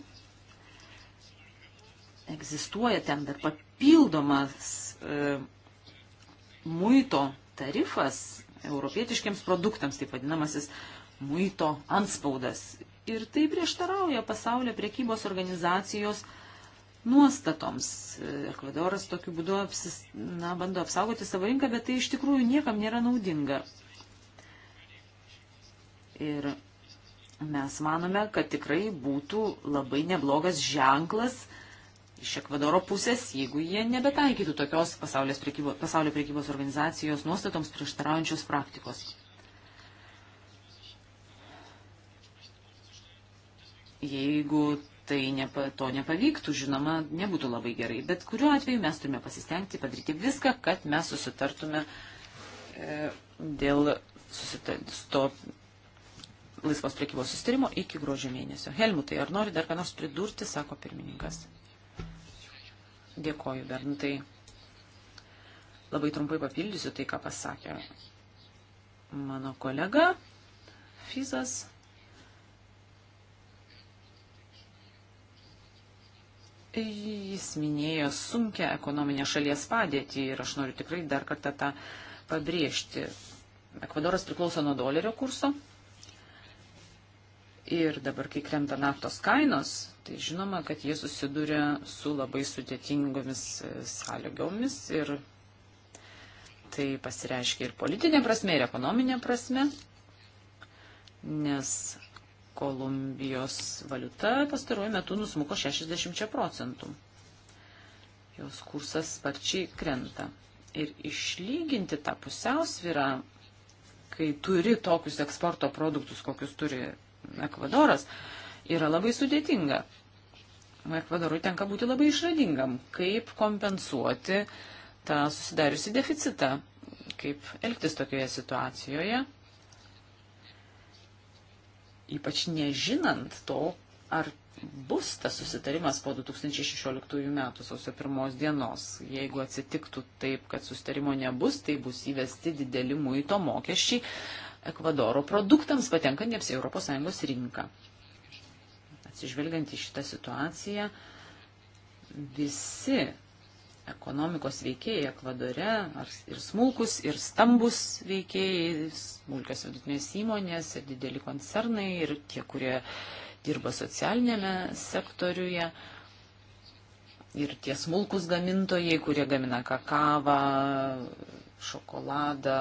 Egzistuoja ten dar papildomas e, muito tarifas europietiškiams produktams, taip vadinamasis muito anspaudas ir tai prieštarauja pasaulio priekybos organizacijos nuostatoms. Ekvadoras tokiu būdu apsis, na, bando apsaugoti savo rinką, bet tai iš tikrųjų niekam nėra naudinga. Ir mes manome, kad tikrai būtų labai neblogas ženklas iš Ekvadoro pusės, jeigu jie nebetaikytų tokios pasaulio priekybos organizacijos nuostatoms prieštaraujančios praktikos. jeigu tai nepa, to nepavyktų, žinoma, nebūtų labai gerai. Bet kuriuo atveju mes turime pasistengti padaryti viską, kad mes susitartume e, dėl susita, to laisvos priekybos sustarimo iki gruožio mėnesio. Helmutai, ar nori dar ką nors pridurti, sako pirmininkas. Dėkoju, Bernutai. Labai trumpai papildysiu tai, ką pasakė mano kolega Fizas. Jis minėjo sunkia ekonominė šalies padėtį ir aš noriu tikrai dar kartą tą pabrėžti. Ekvadoras priklauso nuo dolerio kurso. Ir dabar, kai krenta naftos kainos, tai žinoma, kad jie susiduria su labai sudėtingomis e, sąlygomis ir tai pasireiškia ir politinė prasme, ir ekonominė prasme, nes Kolumbijos valiuta pastaruoju metu nusmuko 60 procentų. Jos kursas sparčiai krenta. Ir išlyginti tą pusiausvyrą, kai turi tokius eksporto produktus, kokius turi Ekvadoras, yra labai sudėtinga. Ekvadorui tenka būti labai išradingam, kaip kompensuoti tą susidariusi deficitą, kaip elgtis tokioje situacijoje ypač nežinant to, ar bus tas susitarimas po 2016 metų sausio pirmos dienos. Jeigu atsitiktų taip, kad susitarimo nebus, tai bus įvesti dideli muito mokesčiai Ekvadoro produktams patenkantiems į ES rinką. Atsižvelgiant į šitą situaciją, visi ekonomikos veikėjai Ekvadore, ar ir smulkus, ir stambus veikėjai, smulkios vidutinės įmonės, ir dideli koncernai, ir tie, kurie dirba socialinėme sektoriuje, ir tie smulkus gamintojai, kurie gamina kakavą, šokoladą,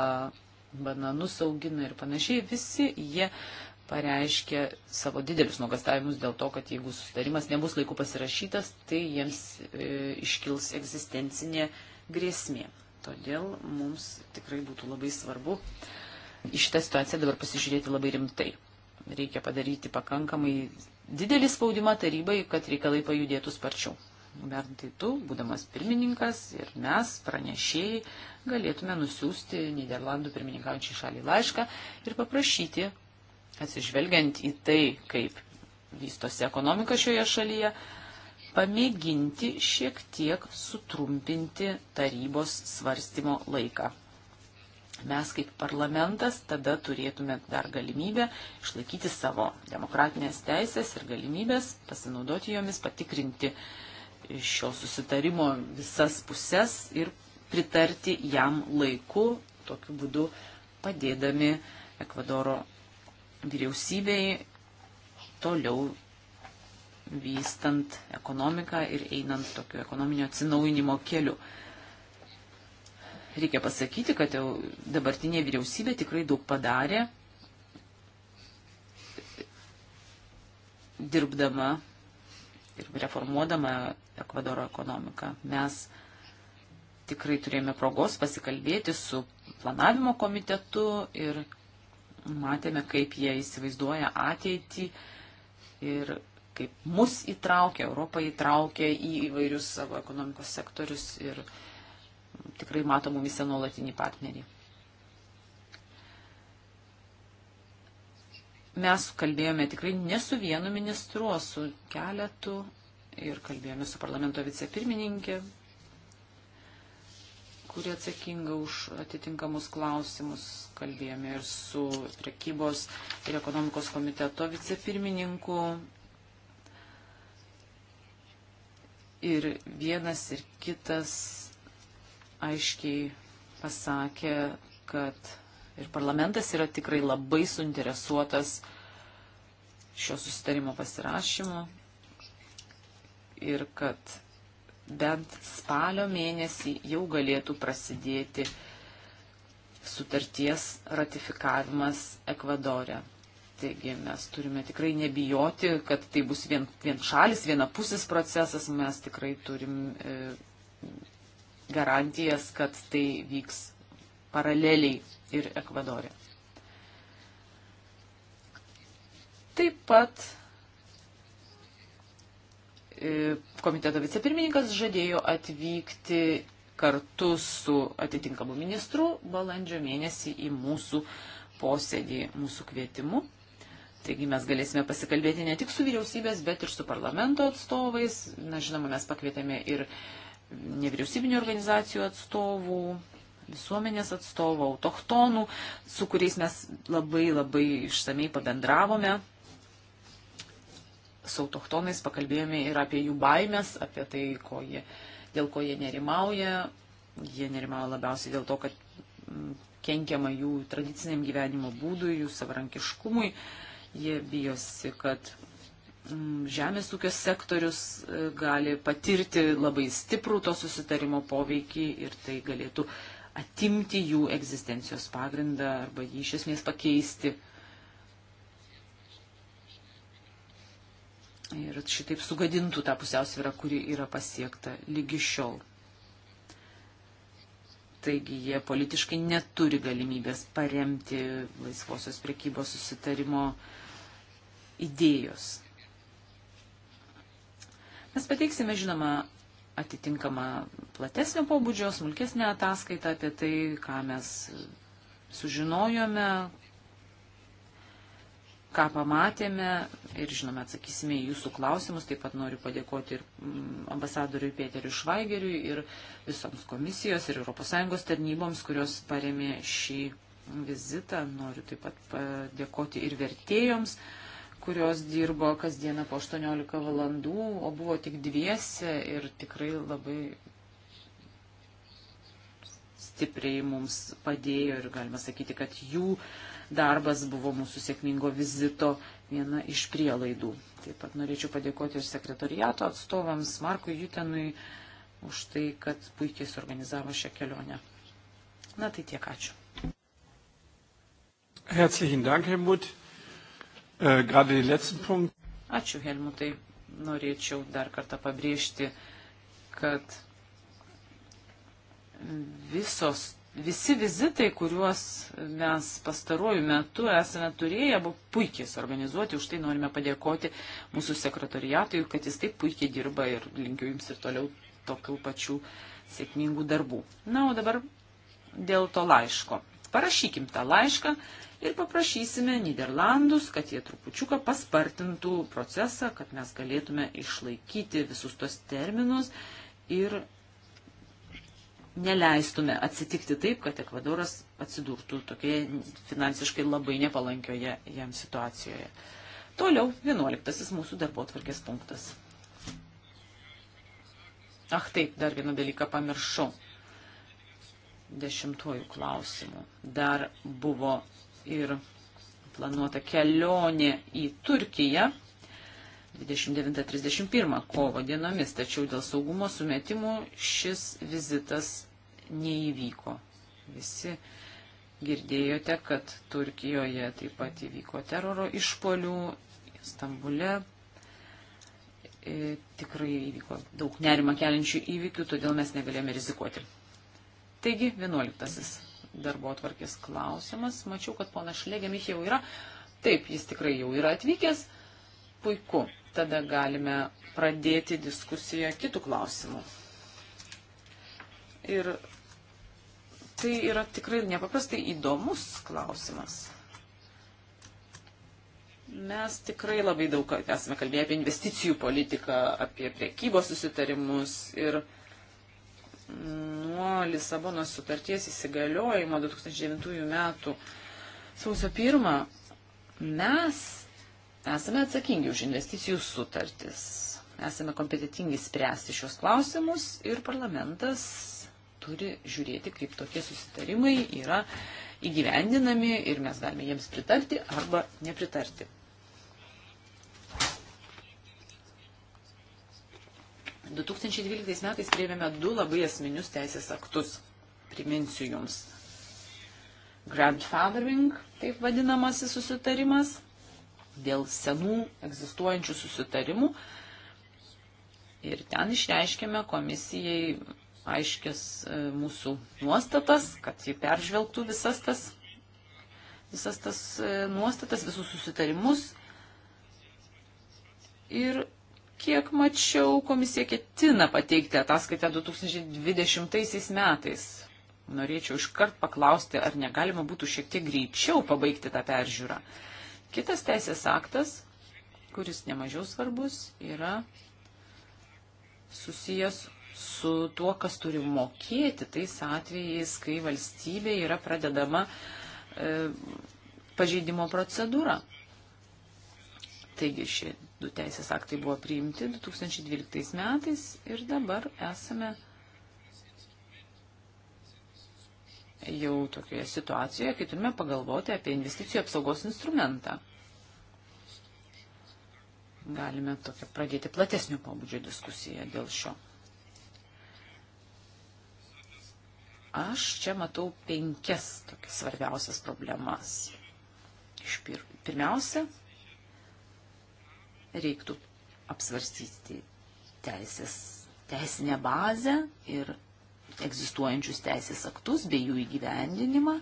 bananus augina ir panašiai, visi jie uh, pareiškė savo didelius nuogastavimus dėl to, kad jeigu sustarimas nebus laiku pasirašytas, tai jiems e, iškils egzistencinė grėsmė. Todėl mums tikrai būtų labai svarbu į šitą situaciją dabar pasižiūrėti labai rimtai. Reikia padaryti pakankamai didelį spaudimą tarybai, kad reikalai pajudėtų sparčiau. Bertai, tu, būdamas pirmininkas ir mes, pranešėjai, galėtume nusiųsti Niderlandų pirmininkaujančiai šaliai laišką ir paprašyti atsižvelgiant į tai, kaip vystosi ekonomika šioje šalyje, pamėginti šiek tiek sutrumpinti tarybos svarstymo laiką. Mes kaip parlamentas tada turėtume dar galimybę išlaikyti savo demokratinės teisės ir galimybės, pasinaudoti jomis, patikrinti šio susitarimo visas puses ir pritarti jam laiku, tokiu būdu padėdami Ekvadoro vyriausybei toliau vystant ekonomiką ir einant tokiu ekonominio atsinaujinimo keliu. Reikia pasakyti, kad jau dabartinė vyriausybė tikrai daug padarė, dirbdama ir reformuodama Ekvadoro ekonomiką. Mes tikrai turėjome progos pasikalbėti su planavimo komitetu ir matėme, kaip jie įsivaizduoja ateitį ir kaip mus įtraukia, Europą įtraukia į įvairius savo ekonomikos sektorius ir tikrai mato mumise nuolatinį partnerį. Mes kalbėjome tikrai ne su vienu ministru, o su keletu ir kalbėjome su parlamento vicepirmininkė, kuri atsakinga už atitinkamus klausimus. Kalbėjome ir su prekybos ir ekonomikos komiteto vicepirmininku. Ir vienas ir kitas aiškiai pasakė, kad ir parlamentas yra tikrai labai suinteresuotas šio susitarimo pasirašymu ir kad bent spalio mėnesį jau galėtų prasidėti sutarties ratifikavimas Ekvadore. Taigi mes turime tikrai nebijoti, kad tai bus vien, vien šalis, vienapusis procesas, mes tikrai turim e, garantijas, kad tai vyks paraleliai ir Ekvadore. Taip pat E, komiteto vicepirmininkas žadėjo atvykti kartu su atitinkamu ministru balandžio mėnesį į mūsų posėdį mūsų kvietimu. Taigi mes galėsime pasikalbėti ne tik su vyriausybės, bet ir su parlamento atstovais. Na, žinoma, mes pakvietėme ir nevyriausybinio organizacijų atstovų, visuomenės atstovų, autochtonų, su kuriais mes labai labai išsamei pabendravome su autochtonais pakalbėjome ir apie jų baimės, apie tai, ko jie, dėl ko jie nerimauja. Jie nerimauja labiausiai dėl to, kad mm, kenkiama jų tradiciniam gyvenimo būdui, jų savarankiškumui. Jie bijosi, kad mm, žemės ūkio sektorius e, gali patirti labai stiprų to susitarimo poveikį ir tai galėtų atimti jų egzistencijos pagrindą arba jį iš esmės pakeisti. ir šitaip sugadintų tą pusiausvyrą, kuri yra pasiekta lygi šiol. Taigi jie politiškai neturi galimybės paremti laisvosios priekybos susitarimo idėjos. Mes pateiksime, žinoma, atitinkamą platesnio pobūdžio, smulkesnę ataskaitą apie tai, ką mes sužinojome, ką pamatėme ir, žinome, atsakysime į jūsų klausimus. Taip pat noriu padėkoti ir mm, ambasadoriui Pėteriu Švaigeriui ir visoms komisijos ir ES tarnyboms, kurios paremė šį vizitą. Noriu taip pat padėkoti ir vertėjoms, kurios dirbo kasdieną po 18 valandų, o buvo tik dviese ir tikrai labai stipriai mums padėjo ir galima sakyti, kad jų uh, darbas buvo mūsų sėkmingo vizito viena iš prielaidų. Taip pat norėčiau padėkoti ir sekretariato atstovams Markui Jutenui už tai, kad puikiai suorganizavo šią kelionę. Na tai tiek ačiū. Herzlichen Dank, Helmut. Äh, gerade den letzten Punkt. Ačiū, Helmutai. Norėčiau dar kartą pabrėžti, kad visos visi vizitai, kuriuos mes pastaruoju metu esame turėję, buvo puikiai suorganizuoti. Už tai norime padėkoti mūsų sekretoriatui, kad jis taip puikiai dirba ir linkiu jums ir toliau tokių pačių sėkmingų darbų. Na, o dabar dėl to laiško. Parašykim tą laišką ir paprašysime Niderlandus, kad jie trupučiuką paspartintų procesą, kad mes galėtume išlaikyti visus tos terminus ir neleistume atsitikti taip, kad Ekvadoras atsidurtų tokioje finansiškai labai nepalankioje jam situacijoje. Toliau, vienuoliktasis mūsų darbo tvarkės punktas. Ach taip, dar vieną dalyką pamiršau. Dešimtojų klausimų. Dar buvo ir planuota kelionė į Turkiją 29-31 kovo dienomis, tačiau dėl saugumo sumetimų šis vizitas neįvyko. Visi girdėjote, kad Turkijoje taip pat įvyko teroro išpolių, Stambule e, tikrai įvyko daug nerima keliančių įvykių, todėl mes negalėjome rizikuoti. Taigi, 11 darbo atvarkės klausimas. Mačiau, kad ponas Šlėgė Michėjau yra. Taip, jis tikrai jau yra atvykęs. Puiku tada galime pradėti diskusiją kitų klausimų. Ir tai yra tikrai nepaprastai įdomus klausimas. Mes tikrai labai daug esame kalbėję apie investicijų politiką, apie priekybos susitarimus ir nuo Lisabonos sutarties įsigaliojimo 2009 metų sausio 1 mes Esame atsakingi už investicijų sutartis. Esame kompetitingi spręsti šios klausimus ir parlamentas turi žiūrėti, kaip tokie susitarimai yra įgyvendinami ir mes galime jiems pritarti arba nepritarti. Du 2012 metais priėmėme du labai esminius teisės aktus. Priminsiu jums. Grandfathering, taip vadinamasis susitarimas dėl senų egzistuojančių susitarimų ir ten išreiškėme komisijai aiškis e, mūsų nuostatas, kad ji peržvelgtų visas tas, visas tas e, nuostatas, visus susitarimus. Ir kiek mačiau, komisija ketina pateikti ataskaitę 2020 metais. Norėčiau iškart paklausti, ar negalima būtų šiek tiek greičiau pabaigti tą peržiūrą. Kitas teisės aktas, kuris nemažiau svarbus, yra susijęs su tuo, kas turi mokėti tais atvejais, kai valstybė yra pradedama e, pažeidimo procedūra. Taigi šie du teisės aktai buvo priimti 2012 metais ir dabar esame jau tokioje situacijoje, kai turime pagalvoti apie investicijų apsaugos instrumentą. Galime tokią pradėti platesnio pobūdžio diskusiją dėl šio. Aš čia matau penkias tokias svarbiausias problemas. Pir pirmiausia, reiktų apsvarstyti teisės, teisinę bazę ir egzistuojančius teisės aktus bei jų įgyvendinimą,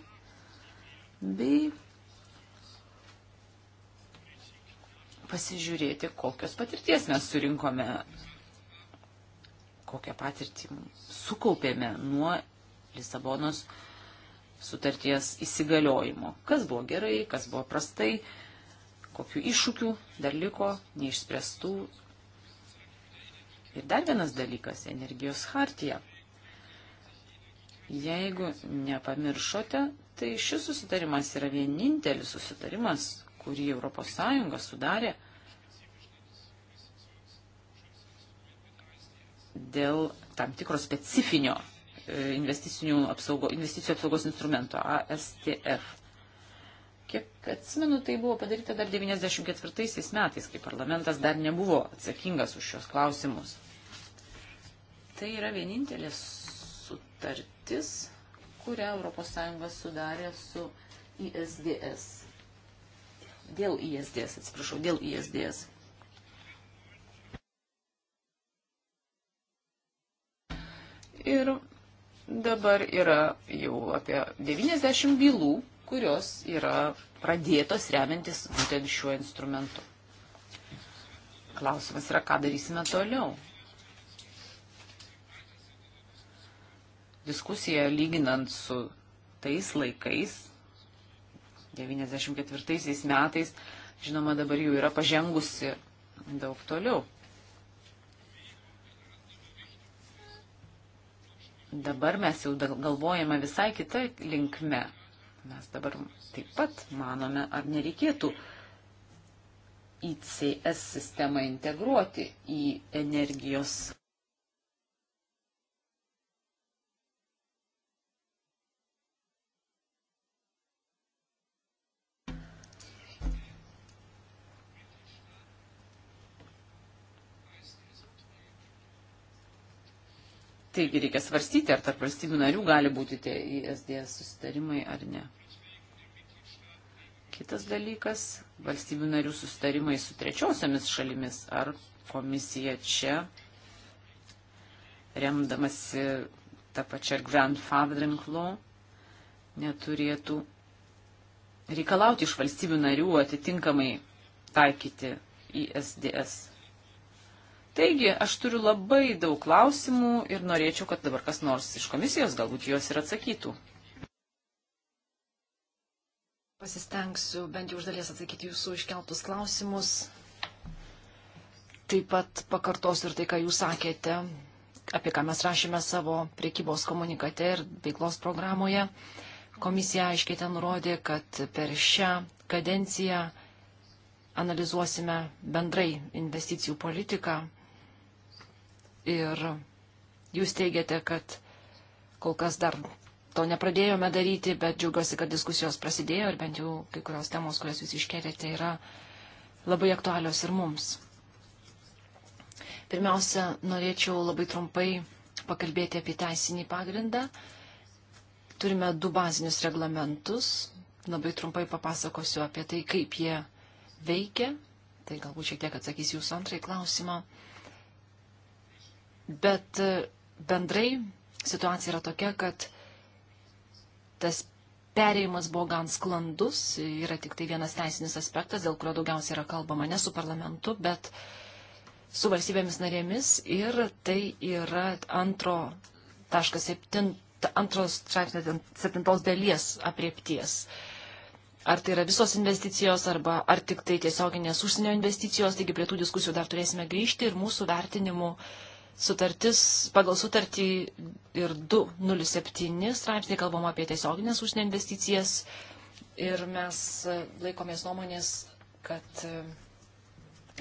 bei pasižiūrėti, kokios patirties mes surinkome, kokią patirtį sukaupėme nuo Lisabonos sutarties įsigaliojimo. Kas buvo gerai, kas buvo prastai, kokiu iššūkiu dar liko neišspręstų. Ir dar vienas dalykas - energijos hartija. Jeigu nepamiršote, tai šis susitarimas yra vienintelis susitarimas, kurį ES sudarė dėl tam tikro specifinio e, apsaugo, investicijų apsaugos instrumento ASTF. Kiek atsimenu, tai buvo padaryta dar 94 metais, kai parlamentas dar nebuvo atsakingas už šios klausimus. Tai yra vienintelis sutartis, kurią ES sudarė su ISDS. Dėl ISDS, atsiprašau, dėl ISDS. Ir dabar yra jau apie 90 bylų, kurios yra pradėtos remiantis būtent šiuo instrumentu. Klausimas yra, ką darysime toliau. diskusija lyginant su tais laikais, 94 metais, žinoma, dabar jau yra pažengusi daug toliau. Dabar mes jau galvojame visai kitą linkme. Mes dabar taip pat manome, ar nereikėtų ICS sistemą integruoti į energijos Taigi reikia svarstyti, ar tarp valstybių narių gali būti tie ISDS susitarimai ar ne. Kitas dalykas - valstybių narių susitarimai su trečiosiamis šalimis. Ar komisija čia, remdamasi tą pačią grandfathering law, neturėtų reikalauti iš valstybių narių atitinkamai taikyti ISDS Taigi, aš turiu labai daug klausimų ir norėčiau, kad dabar kas nors iš komisijos galbūt juos ir atsakytų. Pasistengsiu bent jau uždalies atsakyti jūsų iškeltus klausimus. Taip pat pakartosiu ir tai, ką jūs sakėte, apie ką mes rašėme savo priekybos komunikate ir veiklos programoje. Komisija aiškiai ten nurodė, kad per šią kadenciją analizuosime bendrai investicijų politiką Ir jūs teigiate, kad kol kas dar to nepradėjome daryti, bet džiaugiuosi, kad diskusijos prasidėjo ir bent jau kai kurios temos, kurias jūs iškėlėte, yra labai aktualios ir mums. Pirmiausia, norėčiau labai trumpai pakalbėti apie teisinį pagrindą. Turime du bazinius reglamentus. Labai trumpai papasakosiu apie tai, kaip jie veikia. Tai galbūt šiek tiek atsakys jūsų antrąjį klausimą. Bet e, bendrai situacija yra tokia, kad tas perėjimas buvo gan sklandus, yra tik tai vienas teisinis aspektas, dėl kurio daugiausiai yra kalbama ne su parlamentu, bet su valstybėmis narėmis ir tai yra antro taškas antros straipsnio septintos dalies apriepties. Ar tai yra visos investicijos, arba ar tik tai tiesioginės užsienio investicijos, taigi prie tų diskusijų dar turėsime grįžti ir mūsų vertinimu uh, sutartis, pagal sutartį ir 207 straipsnį kalbama apie tiesioginės užsienio investicijas ir mes e, laikomės nuomonės, kad, e,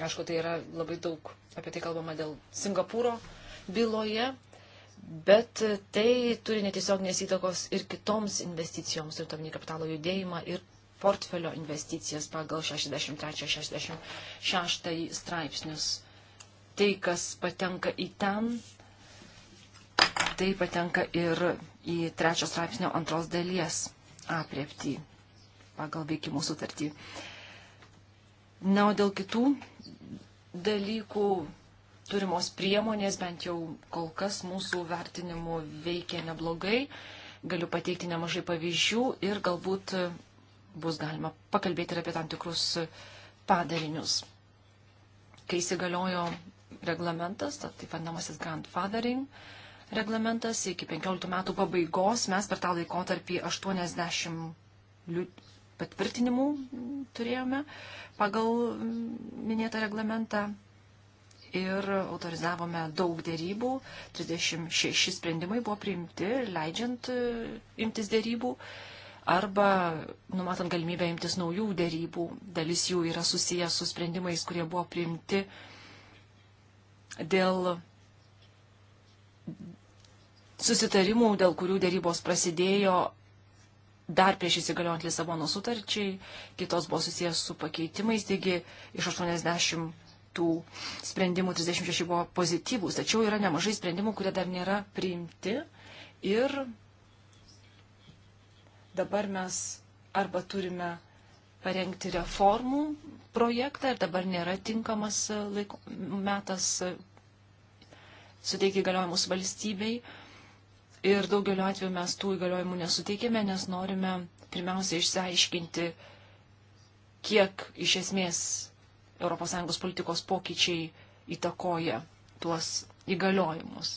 aišku, tai yra labai daug apie tai kalbama dėl Singapūro byloje, bet e, tai turi netiesioginės įtakos ir kitoms investicijoms, turint omeny kapitalo judėjimą ir portfelio investicijas pagal 63-66 straipsnius tai, kas patenka į ten, tai patenka ir į trečios straipsnio antros dalies apriepti pagal veikimų sutartį. Na, o dėl kitų dalykų turimos priemonės, bent jau kol kas mūsų vertinimu veikia neblogai. Galiu pateikti nemažai pavyzdžių ir galbūt bus galima pakalbėti ir apie tam tikrus padarinius. Kai įsigaliojo reglamentas, taip vadinamasis grandfathering reglamentas, iki 15 metų pabaigos mes per tą laikotarpį 80 patvirtinimų turėjome pagal minėtą reglamentą ir autorizavome daug dėrybų, 36 sprendimai buvo priimti, leidžiant e, imtis dėrybų arba numatant galimybę imtis naujų dėrybų. Dalis jų yra susijęs su sprendimais, kurie buvo priimti dėl susitarimų, dėl kurių dėrybos prasidėjo dar prieš įsigaliojant Lisabono sutarčiai, kitos buvo susijęs su pakeitimais, taigi iš 80 tų sprendimų 36 buvo pozityvūs, tačiau yra nemažai sprendimų, kurie dar nėra priimti ir dabar mes arba turime parengti reformų projektą ir dabar nėra tinkamas e, laiko, metas e, suteikti įgaliojimus valstybei. Ir daugeliu atveju mes tų įgaliojimų nesuteikėme, nes norime pirmiausia išsiaiškinti, kiek iš esmės ES politikos pokyčiai įtakoja tuos įgaliojimus.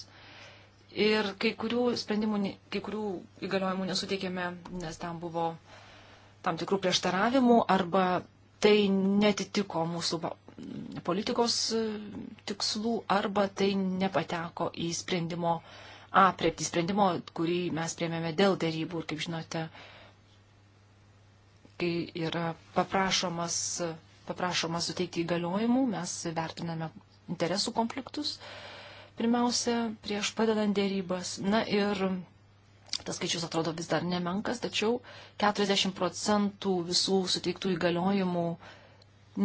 Ir kai kurių, kai kurių įgaliojimų nesuteikėme, nes tam buvo tam tikrų prieštaravimų arba tai netitiko mūsų politikos e, tikslų arba tai nepateko į sprendimo apriepti, sprendimo, kurį mes priemėme dėl dėrybų ir kaip žinote, kai yra paprašomas, paprašomas suteikti įgaliojimų, mes vertiname interesų konfliktus pirmiausia prieš padedant dėrybas. Na ir Tas skaičius atrodo vis dar nemenkas, tačiau 40 procentų visų suteiktų įgaliojimų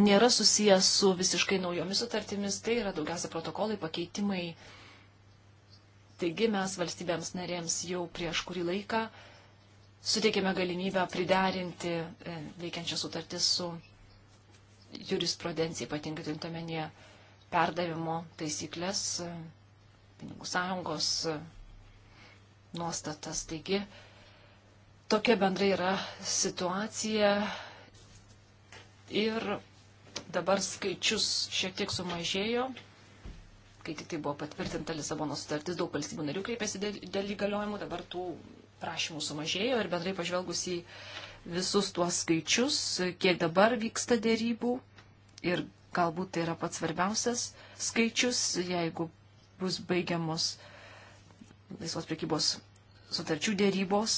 nėra susijęs su visiškai naujomis sutartimis, tai yra daugiausia protokolai, pakeitimai. Taigi mes valstybėms narėms jau prieš kurį laiką suteikėme galimybę priderinti e, veikiančią sutartį su jurisprudencija, ypatingai turintomenėje perdavimo taisyklės, e, pinigų sąjungos e, nuostatas. Taigi, tokia bendrai yra situacija ir dabar skaičius šiek tiek sumažėjo. Kai tik tai buvo patvirtinta Lisabono sutartis, daug valstybių narių kreipėsi dėl įgaliojimų, dabar tų prašymų sumažėjo ir bendrai pažvelgus į visus tuos skaičius, kiek dabar vyksta dėrybų ir galbūt tai yra pats svarbiausias skaičius, jeigu bus baigiamos laisvos priekybos sutarčių dėrybos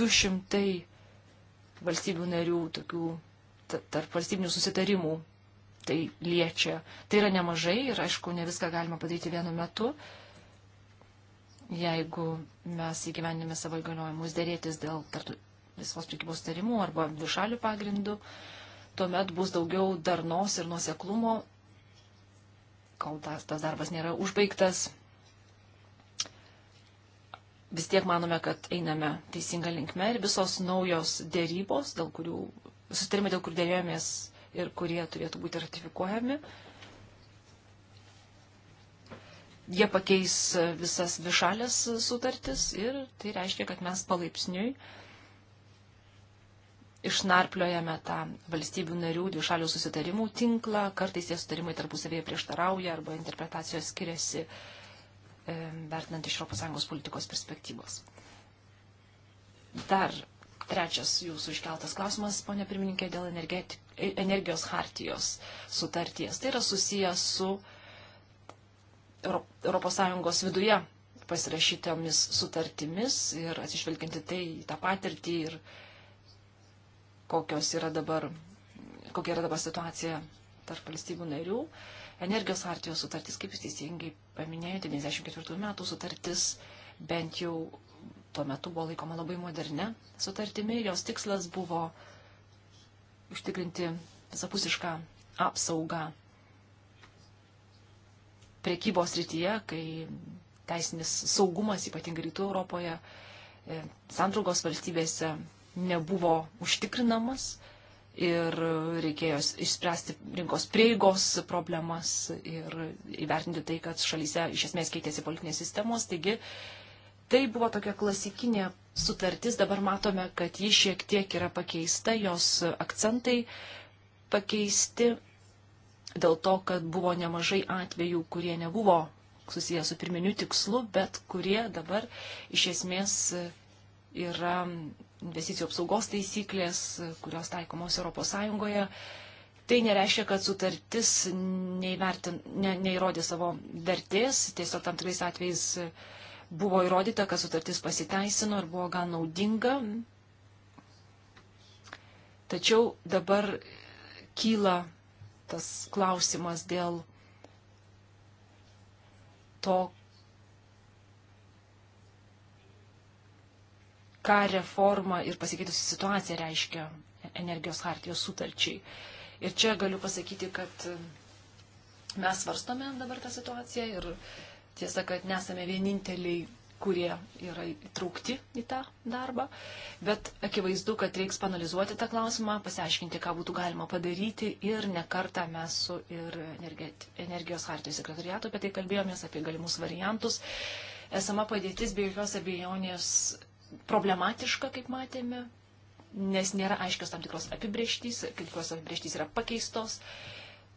200 valstybių narių tokių tarp valstybinių susitarimų tai liečia. Tai yra nemažai ir aišku, ne viską galima padaryti vienu metu. Jeigu mes įgyvendėme savo įgaliojimus dėrėtis dėl tartu, visos prikybos tarimų arba dvišalių pagrindų, tuomet bus daugiau darnos ir nuoseklumo, kol tas, tas darbas nėra užbaigtas, vis tiek manome, kad einame teisinga linkme ir visos naujos dėrybos, dėl kurių, sutarimai, dėl kurių dėrėjomės ir kurie turėtų būti ratifikuojami, jie pakeis visas višalės sutartis ir tai reiškia, kad mes palaipsniui išnarpliojame tą valstybių narių dvišalių susitarimų tinklą, kartais tie sutarimai tarpusavėje prieštarauja arba interpretacijos skiriasi. Uh, E, vertinant iš ES politikos perspektyvos. Dar trečias jūsų iškeltas klausimas, ponė pirmininkė, dėl e, energijos hartijos sutarties. Tai yra susijęs su ES viduje pasirašytomis sutartimis ir atsižvelginti tai į tą patirtį ir kokios yra dabar, kokia yra dabar situacija tarp valstybių narių. Uh, energijos artijos sutartis, kaip jūs teisingai paminėjote, 94 metų sutartis bent jau tuo metu buvo laikoma labai moderne sutartimi, jos tikslas buvo užtikrinti visapusišką apsaugą priekybos rytyje, kai teisinis saugumas, ypatingai rytų Europoje, e, sandraugos valstybėse nebuvo užtikrinamas, ir reikėjo išspręsti rinkos prieigos problemas ir įvertinti tai, kad šalyse iš esmės keitėsi politinės sistemos. Taigi tai buvo tokia klasikinė sutartis, dabar matome, kad ji šiek tiek yra pakeista, jos akcentai pakeisti dėl to, kad buvo nemažai atvejų, kurie nebuvo susiję su pirminiu tikslu, bet kurie dabar iš esmės yra investicijų apsaugos taisyklės, kurios taikomos ES. Tai nereiškia, kad sutartis neįvertin, ne, neįrodė savo vertės, tiesiog tam tikrais atvejais buvo įrodyta, kad sutartis pasiteisino ir buvo gan naudinga. Tačiau dabar kyla tas klausimas dėl to, ką reforma ir pasikeitusi situacija reiškia energijos hartijos sutarčiai. Ir čia galiu pasakyti, kad mes svarstome dabar tą situaciją ir tiesa, kad nesame vieninteliai, kurie yra įtraukti į tą darbą, bet akivaizdu, kad reiks panalizuoti tą klausimą, pasiaiškinti, ką būtų galima padaryti ir nekartą mes su ir energijos hartijos sekretariatu apie tai kalbėjomės, apie galimus variantus. Esama padėtis be jokios abejonės problematiška, kaip matėme, nes nėra aiškios tam tikros apibrieštys, kai kurios apibrieštys yra pakeistos.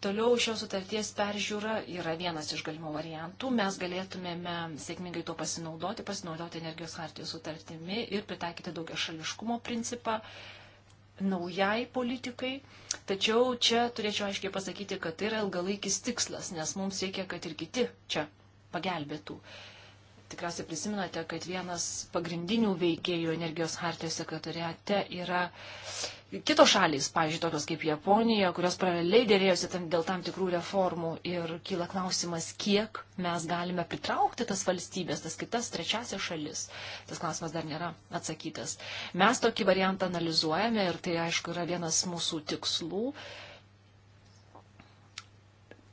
Toliau šios sutarties peržiūra yra vienas iš galimų variantų. Mes galėtumėme sėkmingai tuo pasinaudoti, pasinaudoti energijos hartijos sutartimi ir pritaikyti daugia šališkumo principą naujai politikai. Tačiau čia turėčiau aiškiai pasakyti, kad tai yra ilgalaikis tikslas, nes mums reikia, kad ir kiti čia pagelbėtų tikriausiai prisiminate, kad vienas pagrindinių veikėjų energijos hartijos sekretariate yra kitos šalys, pavyzdžiui, tokios kaip Japonija, kurios paraleliai dėrėjosi tam, dėl tam tikrų reformų ir kyla klausimas, kiek mes galime pritraukti tas valstybės, tas kitas trečiasias šalis. Tas klausimas dar nėra atsakytas. Mes tokį variantą analizuojame ir tai, aišku, yra vienas mūsų tikslų. Uh,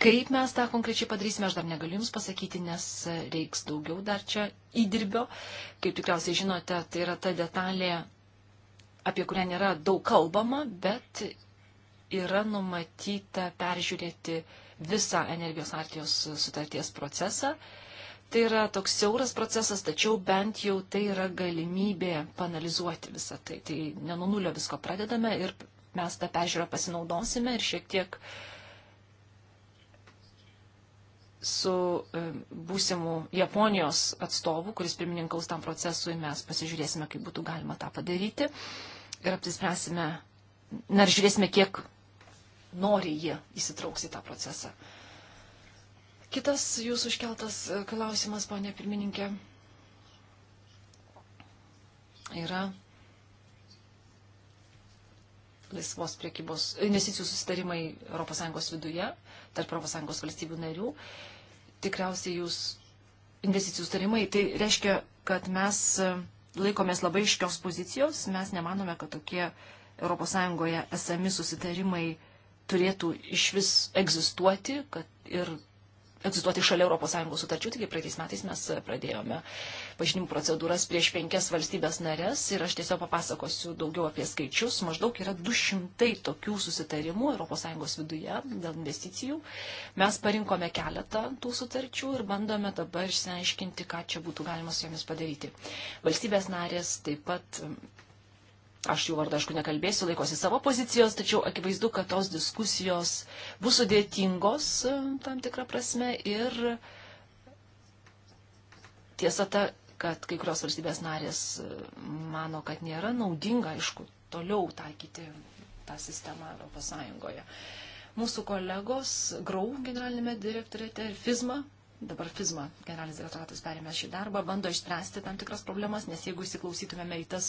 Kaip mes tą konkrečiai padarysime, aš dar negaliu Jums pasakyti, nes reiks daugiau dar čia įdirbio. Kaip tikriausiai žinote, tai yra ta detalė, apie kurią nėra daug kalbama, bet yra numatyta peržiūrėti visą energijos artijos sutarties procesą. Tai yra toks siauras procesas, tačiau bent jau tai yra galimybė panalizuoti visą tai. Tai nenunulio visko pradedame ir mes tą peržiūrą pasinaudosime ir šiek tiek uh, su e, būsimu Japonijos atstovu, kuris pirmininkaus tam procesui, mes pasižiūrėsime, kaip būtų galima tą padaryti ir apsispręsime, na ir žiūrėsime, kiek nori jie įsitrauks į tą procesą. Kitas jūsų iškeltas e, klausimas, ponė pirmininkė, yra laisvos priekybos investicijų susitarimai ES viduje, tarp ES valstybių narių tikriausiai jūs investicijų starimai, tai reiškia, kad mes e, laikomės labai iškios pozicijos, mes nemanome, kad tokie ES esami susitarimai turėtų iš vis egzistuoti, kad ir egzistuoti šalia ES sutarčių, taigi praeitais metais mes pradėjome pažinimų procedūras prieš penkias valstybės narės ir aš tiesiog papasakosiu daugiau apie skaičius. Maždaug yra 200 tokių susitarimų ES viduje dėl investicijų. Mes parinkome keletą tų sutarčių ir bandome dabar išsiaiškinti, ką čia būtų galima su jomis padaryti. Valstybės narės taip pat Aš jų vardu, aišku, nekalbėsiu, laikosi savo pozicijos, tačiau akivaizdu, kad tos diskusijos bus sudėtingos e, tam tikrą prasme ir tiesa ta, kad kai kurios valstybės narės e, mano, kad nėra naudinga, aišku, toliau taikyti tą sistemą Europos Sąjungoje. Mūsų kolegos Grau generalinėme direktorėte ir FISMA dabar FISMA generalinis direktoratas perėmė šį darbą, bando išspręsti tam tikras problemas, nes jeigu įsiklausytumėme į tas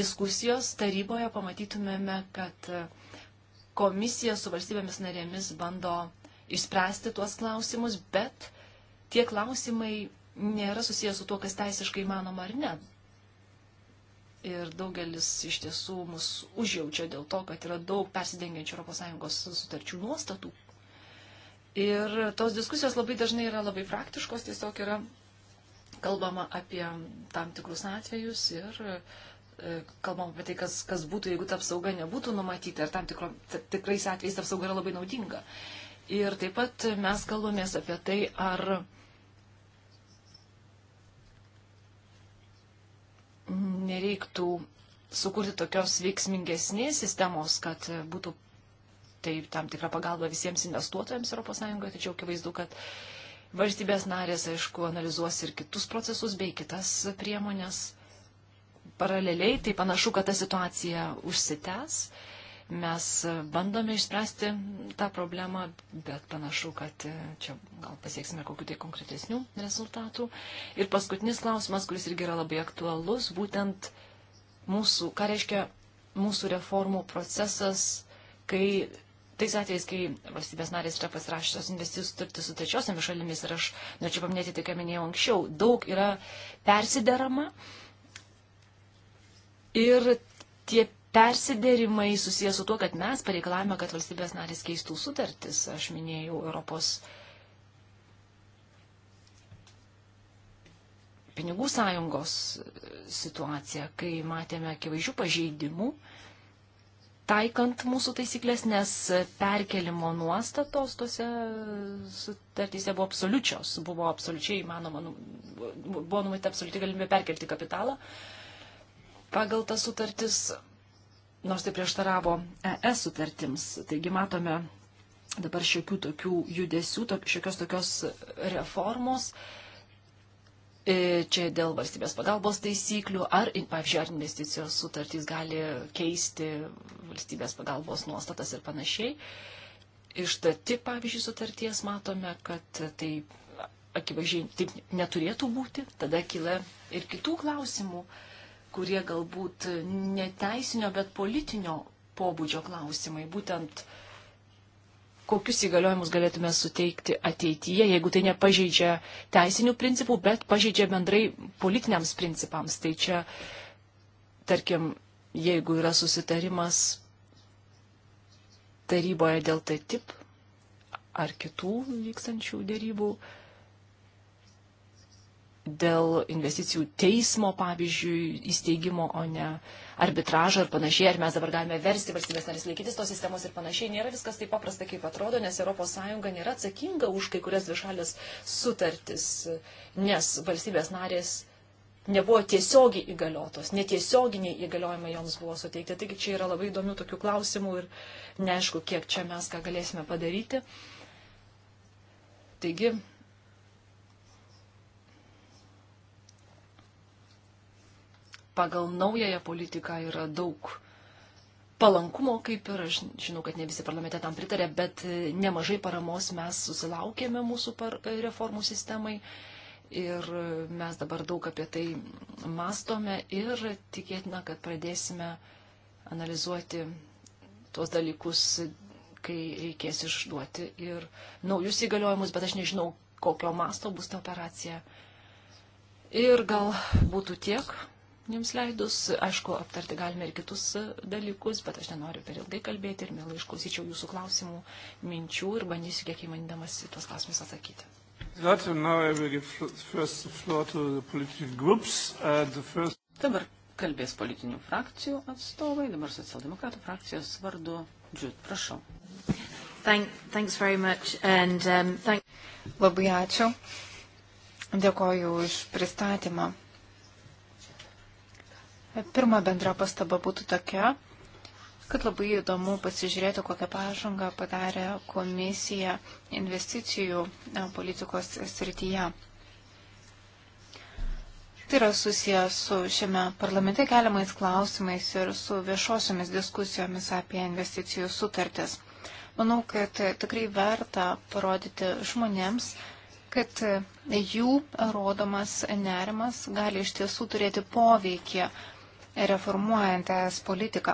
diskusijos taryboje, pamatytumėme, kad e, komisija su valstybėmis narėmis bando išspręsti tuos klausimus, bet tie klausimai nėra susijęs su tuo, kas teisiškai manoma ar ne. Ir daugelis iš tiesų mus užjaučia dėl to, kad yra daug persidengiančių ES sutarčių nuostatų, Ir tos diskusijos labai dažnai yra labai praktiškos, tiesiog yra kalbama apie tam tikrus atvejus ir e, kalbam apie tai, kas, kas būtų, jeigu ta apsauga nebūtų numatyta ir tam tikro, tikrais atvejais ta apsauga yra labai naudinga. Ir taip pat mes kalbamės apie tai, ar mm, nereiktų sukurti tokios veiksmingesnės sistemos, kad būtų tai tam tikra pagalba visiems investuotojams ES, tačiau akivaizdu, kad valstybės narės, aišku, analizuos ir kitus procesus bei kitas priemonės. Paraleliai, tai panašu, kad ta situacija užsitęs. Mes bandome išspręsti tą problemą, bet panašu, kad e, čia gal pasieksime kokiu tai konkretesnių rezultatų. Ir paskutinis klausimas, kuris irgi yra labai aktualus, būtent mūsų, ką reiškia mūsų reformų procesas, kai tais atvejais, kai valstybės narės yra pasirašytos investicijų sutartis su trečiosiamis šalimis ir aš norėčiau paminėti tai, ką minėjau anksčiau, daug yra persiderama ir tie persiderimai susijęs su tuo, kad mes pareikalavome, kad valstybės narės keistų sutartis. Aš minėjau Europos pinigų sąjungos situaciją, kai matėme akivaizdžių pažeidimų. Uh, taikant mūsų taisyklės, nes perkelimo nuostatos tose sutartyse buvo absoliučios, buvo absoliučiai įmanoma, nu, buvo numatyta absoliuti galimybė perkelti kapitalą. Pagal tas sutartis, nors tai prieštaravo ES sutartims, taigi matome dabar šiokių tokių judesių, šiokios tokios reformos. Uh, E, čia dėl valstybės pagalbos taisyklių, ar, pavyzdžiui, ar investicijos sutartys gali keisti valstybės pagalbos nuostatas ir panašiai. Iš TATI, pavyzdžiui, sutarties matome, kad tai akivaizdžiai taip neturėtų būti, tada kyla ir kitų klausimų, kurie galbūt neteisinio, bet politinio pobūdžio klausimai, būtent uh, kokius įgaliojimus galėtume suteikti ateityje, jeigu tai nepažeidžia teisinių principų, bet pažeidžia bendrai politiniams principams. Tai čia, tarkim, jeigu yra susitarimas taryboje dėl tai tip ar kitų vykstančių dėrybų, dėl investicijų teismo, pavyzdžiui, įsteigimo, o ne arbitražo ir panašiai, ar mes dabar galime versti valstybės narės laikytis tos sistemos ir panašiai. Nėra viskas taip paprasta, kaip atrodo, nes ES nėra atsakinga už kai kurias dvišalės sutartis, nes valstybės narės nebuvo tiesiogiai įgaliotos, netiesioginiai įgaliojimai joms buvo suteikti. Taigi čia yra labai įdomių tokių klausimų ir neaišku, kiek čia mes ką galėsime padaryti. Taigi, pagal naująją politiką yra daug palankumo, kaip ir aš žinau, kad ne visi parlamente tam pritarė, bet e, nemažai paramos mes susilaukėme mūsų e, reformų sistemai. Ir e, mes dabar daug apie tai mastome ir tikėtina, kad pradėsime analizuoti tuos dalykus, kai reikės išduoti ir naujus įgaliojimus, bet aš nežinau, kokio masto bus ta operacija. Ir gal būtų tiek. Jums leidus, aišku, aptarti galime ir kitus dalykus, bet aš nenoriu per ilgai kalbėti ir mielai išklausyčiau jūsų klausimų, minčių ir bandysiu kiek įmanydamas į tuos klausimus atsakyti. Uh, dabar kalbės politinių frakcijų atstovai, dabar socialdemokratų frakcijos vardu Džiut, prašau. Thank, thanks very much and um, thank... Labai ačiū. Dėkoju už pristatymą. Pirma bendra pastaba būtų tokia, kad labai įdomu pasižiūrėti, kokią pažangą padarė komisija investicijų e, politikos srityje. Tai yra susijęs su šiame parlamente keliamais klausimais ir su viešosiomis diskusijomis apie investicijų sutartis. Manau, kad tikrai verta parodyti žmonėms, kad jų rodomas nerimas gali iš tiesų turėti poveikį reformuojant ES politiką.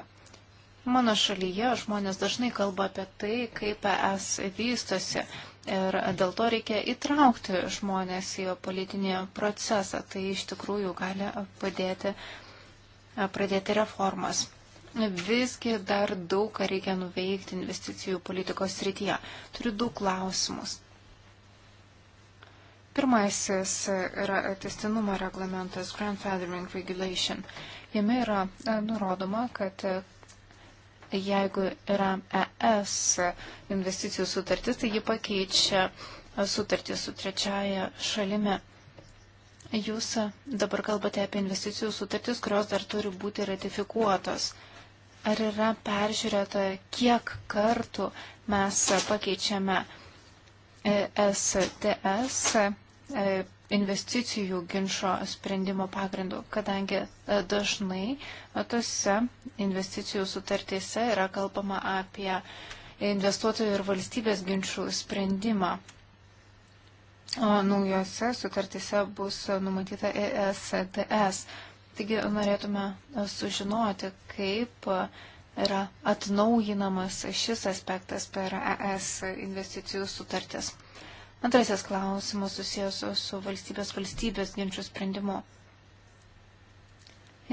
Mano šalyje žmonės dažnai kalba apie tai, kaip ES vystosi ir dėl to reikia įtraukti žmonės į politinį procesą. Tai iš tikrųjų gali padėti pradėti reformas. Visgi dar daug ką reikia nuveikti investicijų politikos srityje. Turiu du klausimus. Pirmasis yra testinumo reglamentas Grandfathering Regulation. Jame yra e, nurodoma, kad e, jeigu yra ES investicijų sutartis, tai ji pakeičia e, sutartį su trečiaja šalimi. Jūs dabar kalbate apie investicijų sutartis, kurios dar turi būti ratifikuotos. Ar yra peržiūrėta, kiek kartų mes pakeičiame STS investicijų ginčio sprendimo pagrindu, kadangi e, dažnai e, tose investicijų sutartyse yra kalbama apie investuotojų ir valstybės ginčių sprendimą. O naujose sutartyse bus numatyta ESDS. Taigi norėtume e, sužinoti, kaip yra atnaujinamas šis aspektas per ES investicijų sutartis. Antrasis klausimas susijęs su valstybės valstybės ginčių sprendimu.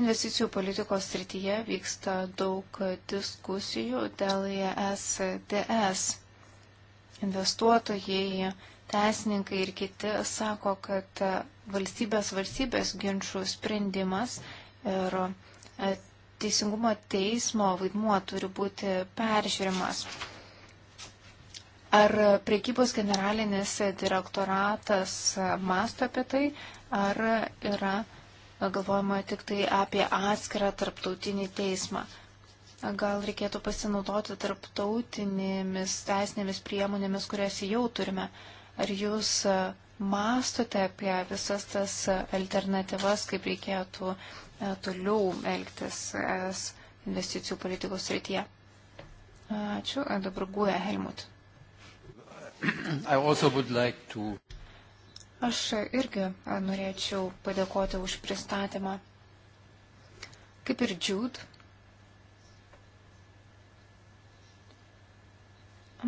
Investicijų politikos srityje vyksta daug diskusijų dėl ESDS. Investuotojai, teisininkai ir kiti sako, kad valstybės valstybės ginčių sprendimas ir e, teisingumo teismo vaidmuo turi būti peržiūrimas. Ar priekybos generalinis direktoratas masto apie tai, ar yra galvojama tik tai apie atskirą tarptautinį teismą? Gal reikėtų pasinaudoti tarptautinėmis teisinėmis priemonėmis, kurias jau turime. Ar jūs mastote apie visas tas alternatyvas, kaip reikėtų e, toliau elgtis es investicijų politikos srityje? Ačiū. Dabar guoja Helmut like to... Aš irgi norėčiau padėkoti už pristatymą. Kaip ir Jude,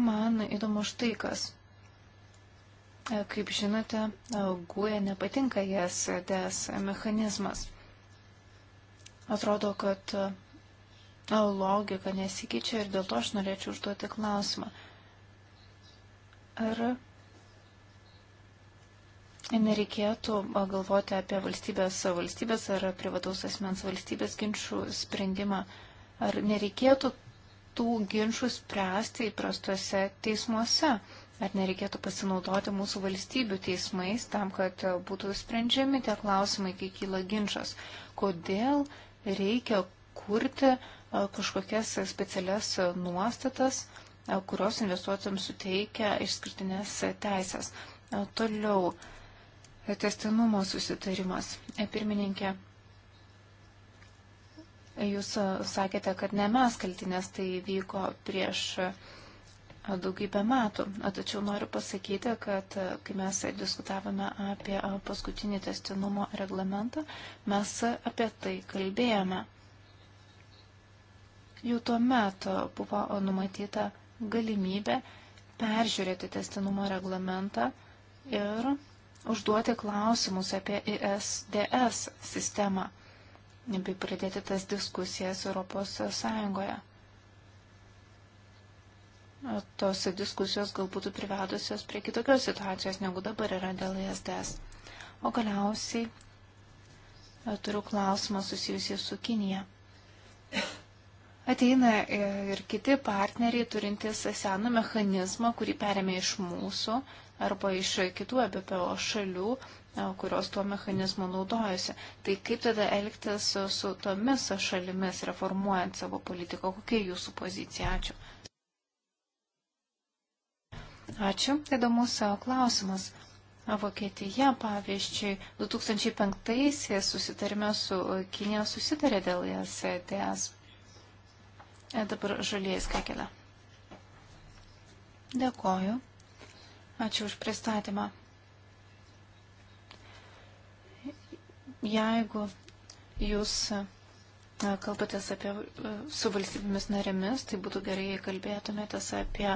man įdomu štai kas. Kaip žinote, guoja nepatinka jas des mechanizmas. Atrodo, kad logika nesikeičia ir dėl to aš norėčiau užduoti klausimą. Ar nereikėtų galvoti apie valstybės valstybės ar privataus asmens valstybės ginčių sprendimą? Ar nereikėtų tų ginčių spręsti įprastuose teismuose? Ar nereikėtų pasinaudoti mūsų valstybių teismais tam, kad būtų sprendžiami tie klausimai, kai kyla ginčas? Kodėl reikia kurti kažkokias specialias nuostatas? E, kurios investuotojams suteikia išskirtinės teisės. E, toliau, e, testinumo susitarimas. Pirmininkė, jūs sakėte, kad ne mes kaltinės tai vyko prieš daugybę metų. Tačiau noriu pasakyti, kad kai mes diskutavome apie paskutinį testinumo reglamentą, mes apie tai kalbėjome. Jau tuo metu buvo numatyta galimybę peržiūrėti testinumo reglamentą ir užduoti klausimus apie ISDS sistemą bei pradėti tas diskusijas Europos Sąjungoje. Tos diskusijos galbūt privedusios prie kitokios situacijos, negu dabar yra dėl ISDS. O galiausiai turiu klausimą susijusį su Kinija ateina e, ir kiti partneriai turintys seną mechanizmą, kurį perėmė iš mūsų arba iš kitų ABPO e šalių e, kurios tuo mechanizmu naudojasi. Tai kaip tada elgtis su tomis šalimis, reformuojant savo politiką? Kokia jūsų pozicija? Ačiū. Ačiū, įdomus klausimas. Vokietija, pavyzdžiui, 2005-aisiais susitarime su Kinė susitarė dėl jas ETS. E dabar žalieji skakelė. Dėkoju. Ačiū už pristatymą. Jeigu jūs e, kalbatės apie e, su valstybėmis narėmis, tai būtų gerai, jei kalbėtumėtės apie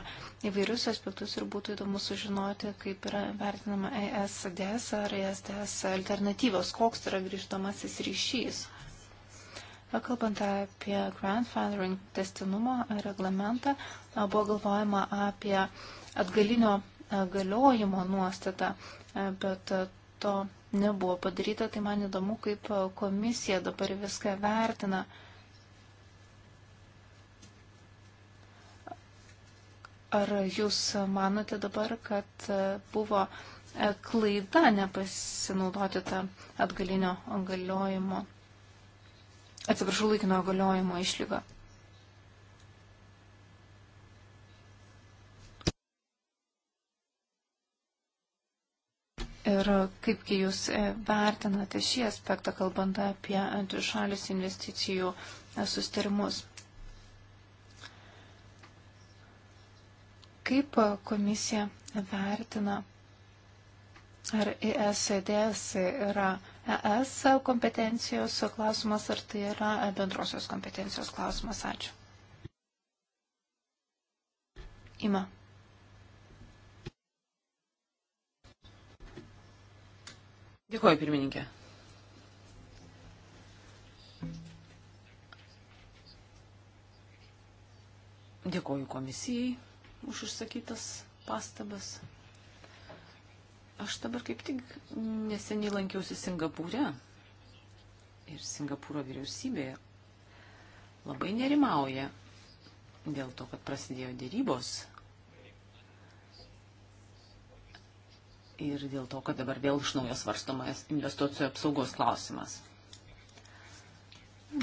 įvairius aspektus ir būtų įdomu sužinoti, kaip yra vertinama ESDS ar ESDS alternatyvos, koks yra grįžtamasis ryšys. Kalbant apie grandfathering testinumo reglamentą, buvo galvojama apie atgalinio galiojimo nuostatą, bet to nebuvo padaryta, tai man įdomu, kaip komisija dabar viską vertina. Ar jūs manote dabar, kad buvo klaida nepasinaudoti tą atgalinio galiojimo Atsiprašau, laikino galiojimo išlyga. Ir kaipgi jūs e, vertinate šį aspektą, kalbant apie antrišalis investicijų e, sustarimus? Kaip e, komisija vertina, ar ISDS yra ES kompetencijos klausimas, ar tai yra bendrosios kompetencijos klausimas. Ačiū. Ima. Dėkuoju, pirmininkė. Dėkuoju komisijai už išsakytas pastabas. Aš dabar kaip tik neseniai lankiausi Singapūre ir Singapūro vyriausybė labai nerimauja dėl to, kad prasidėjo dėrybos ir dėl to, kad dabar vėl iš naujo svarstomas investuotojų apsaugos klausimas.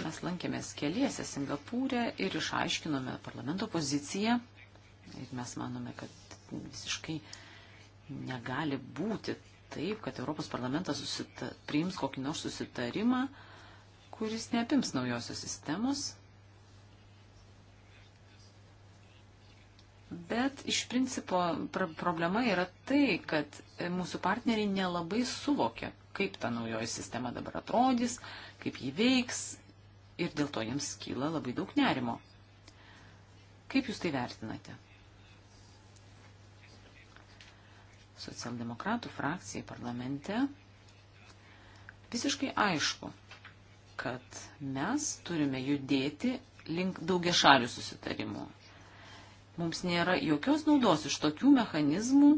Mes lankėmės keliese Singapūrė ir išaiškinome parlamento poziciją ir mes manome, kad visiškai uh, Negali būti taip, kad Europos parlamentas susita, priims kokį nors susitarimą, kuris neapims naujosios sistemos, Bet iš principo pr problema yra tai, kad mūsų partneriai nelabai suvokia, kaip ta naujoji sistema dabar atrodys, kaip ji veiks ir dėl to jiems kyla labai daug nerimo. Kaip jūs tai vertinate? socialdemokratų frakcijai parlamente visiškai aišku, kad mes turime judėti link daugiašalių susitarimų. Mums nėra jokios naudos iš tokių mechanizmų,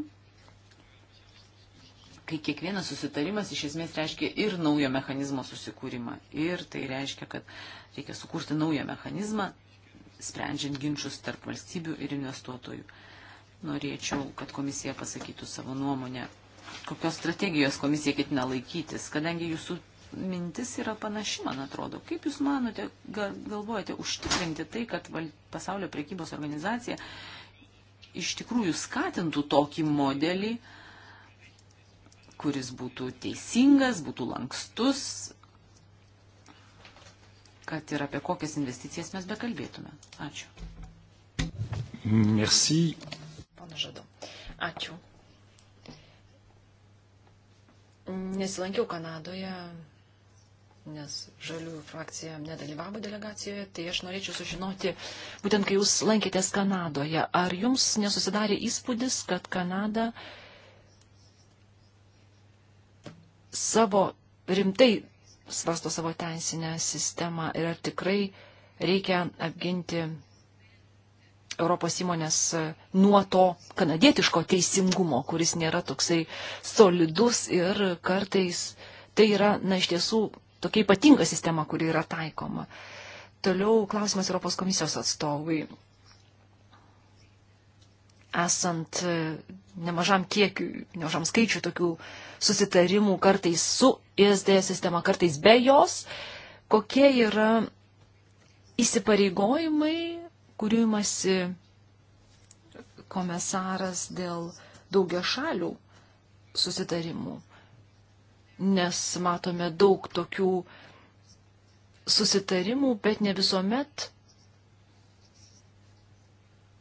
kai kiekvienas susitarimas iš esmės reiškia ir naujo mechanizmo susikūrimą. Ir tai reiškia, kad reikia sukurti naują mechanizmą, sprendžiant ginčius tarp valstybių ir investuotojų. Norėčiau, kad komisija pasakytų savo nuomonę, kokios strategijos komisija ketina laikytis, kadangi jūsų mintis yra panaši, man atrodo. Kaip Jūs manote, gal, galvojate užtikrinti tai, kad val, pasaulio priekybos organizacija iš tikrųjų skatintų tokį modelį, kuris būtų teisingas, būtų lankstus, kad ir apie kokias investicijas mes bekalbėtume. Ačiū. Merci pažadu. Ačiū. Nesilankiau Kanadoje, nes žaliųjų frakcija nedalyvavo delegacijoje, tai aš norėčiau sužinoti, būtent kai jūs lankėtės Kanadoje, ar jums nesusidarė įspūdis, kad Kanada savo rimtai svarsto savo teisinę sistemą ir ar tikrai reikia apginti Europos įmonės e, nuo to kanadietiško teisingumo, kuris nėra toksai solidus ir kartais tai yra, na, iš tiesų tokia ypatinga sistema, kuri yra taikoma. Toliau klausimas Europos komisijos atstovui. Esant e, nemažam kiekiu, nemažam skaičiu tokių susitarimų kartais su ISD sistema, kartais be jos, kokie yra įsipareigojimai kurių imasi komisaras dėl daugia šalių susitarimų, nes matome daug tokių susitarimų, bet ne visuomet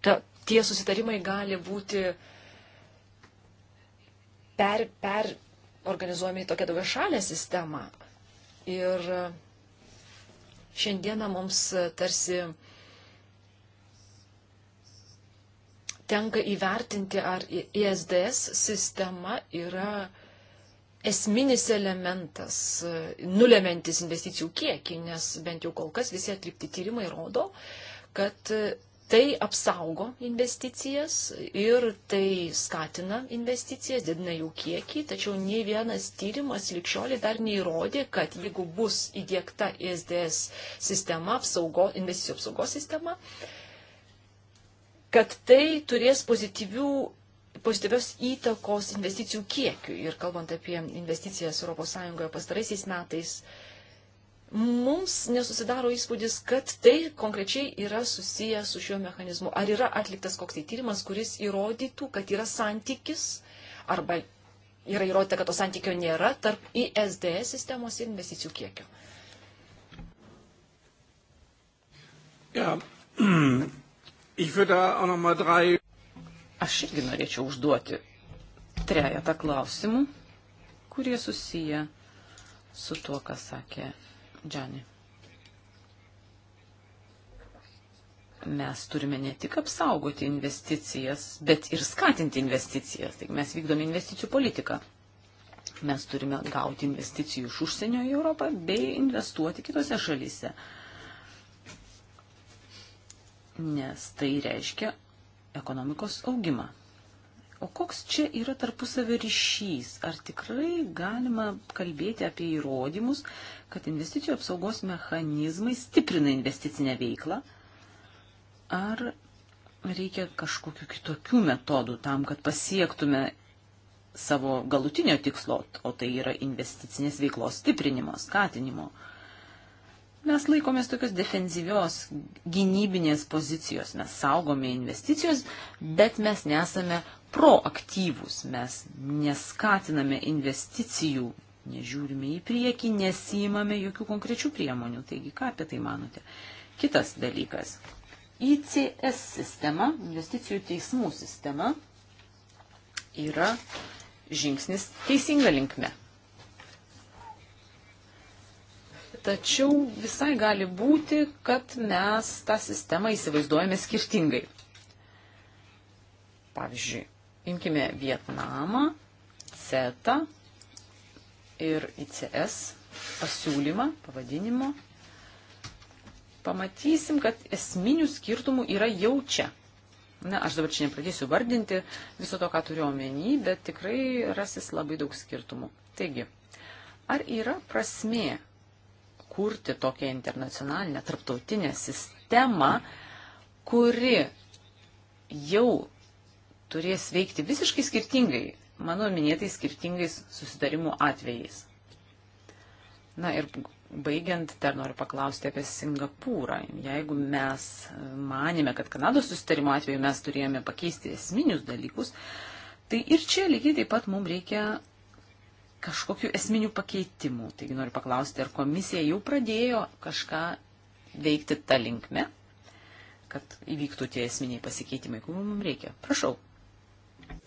ta, tie susitarimai gali būti per, per organizuojami į tokią daugia šalę sistemą. Ir šiandieną mums tarsi tenka įvertinti, ar ISDS sistema yra esminis elementas, nulemantis investicijų kiekį, nes bent jau kol kas visi atlikti tyrimai rodo, kad tai apsaugo investicijas ir tai skatina investicijas, didina jų kiekį, tačiau nei vienas tyrimas likščioliai dar neįrodė, kad jeigu bus įdėkta ISDS sistema, apsaugo, investicijų apsaugos sistema, uh, kad tai turės pozityvių, pozityvios įtakos investicijų kiekiu. Ir kalbant apie investicijas ES pastaraisiais metais, mums nesusidaro įspūdis, kad tai konkrečiai yra susiję su šiuo mechanizmu. Ar yra atliktas koks tai tyrimas, kuris įrodytų, kad yra santykis arba yra įrodyta, kad to santykio nėra tarp ISD sistemos ir investicijų kiekio. Ja, Aš irgi norėčiau užduoti trejatą klausimų, kurie susiję su tuo, ką sakė Džani. Mes turime ne tik apsaugoti investicijas, bet ir skatinti investicijas. Taigi mes vykdome investicijų politiką. Mes turime gauti investicijų iš užsienio į Europą bei investuoti kitose šalyse. Uh, nes tai reiškia ekonomikos augimą. O koks čia yra tarpusavio ryšys? Ar tikrai galima kalbėti apie įrodymus, kad investicijų apsaugos mechanizmai stiprina investicinę veiklą? Ar reikia kažkokiu kitokių metodų tam, kad pasiektume savo galutinio tikslo, o tai yra investicinės veiklos stiprinimo, skatinimo? Mes laikomės tokios defensyvios gynybinės pozicijos. Mes saugome investicijos, bet mes nesame proaktyvūs. Mes neskatiname investicijų, nežiūrime į priekį, nesijimame jokių konkrečių priemonių. Taigi, ką apie tai manote? Kitas dalykas. ICS sistema, investicijų teismų sistema, yra žingsnis teisinga linkme. Tačiau visai gali būti, kad mes tą sistemą įsivaizduojame skirtingai. Pavyzdžiui, imkime Vietnamą, CETA ir ICS pasiūlymą, pavadinimo. Pamatysim, kad esminių skirtumų yra jau čia. Na, aš dabar čia nepradėsiu vardinti viso to, ką turiu omeny, bet tikrai rasis labai daug skirtumų. Taigi, ar yra prasmė kurti tokią internacionalinę, tarptautinę sistemą, kuri jau turės veikti visiškai skirtingai, mano minėtai skirtingais susitarimų atvejais. Na ir baigiant, dar noriu paklausti apie Singapūrą. Jeigu mes manėme, kad Kanados susitarimo atveju mes turėjome pakeisti esminius dalykus, tai ir čia lygiai taip pat mums reikia kažkokių esminių pakeitimų. Taigi noriu paklausti, ar komisija jau pradėjo kažką veikti tą linkmę, kad įvyktų tie esminiai pasikeitimai, kurių mums reikia. Prašau.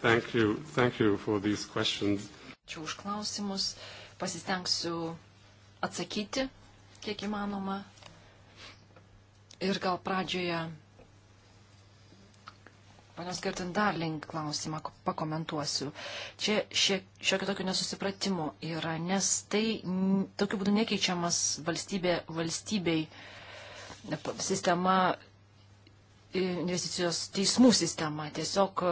Thank you. Thank you Ačiū už klausimus. Pasistengsiu atsakyti, kiek įmanoma. Ir gal pradžioje Panas Gertin dar link klausimą pakomentuosiu. Čia šiokio tokio nesusipratimo yra, nes tai tokiu būdu nekeičiamas valstybė, valstybei sistema, investicijos teismų sistema. Tiesiog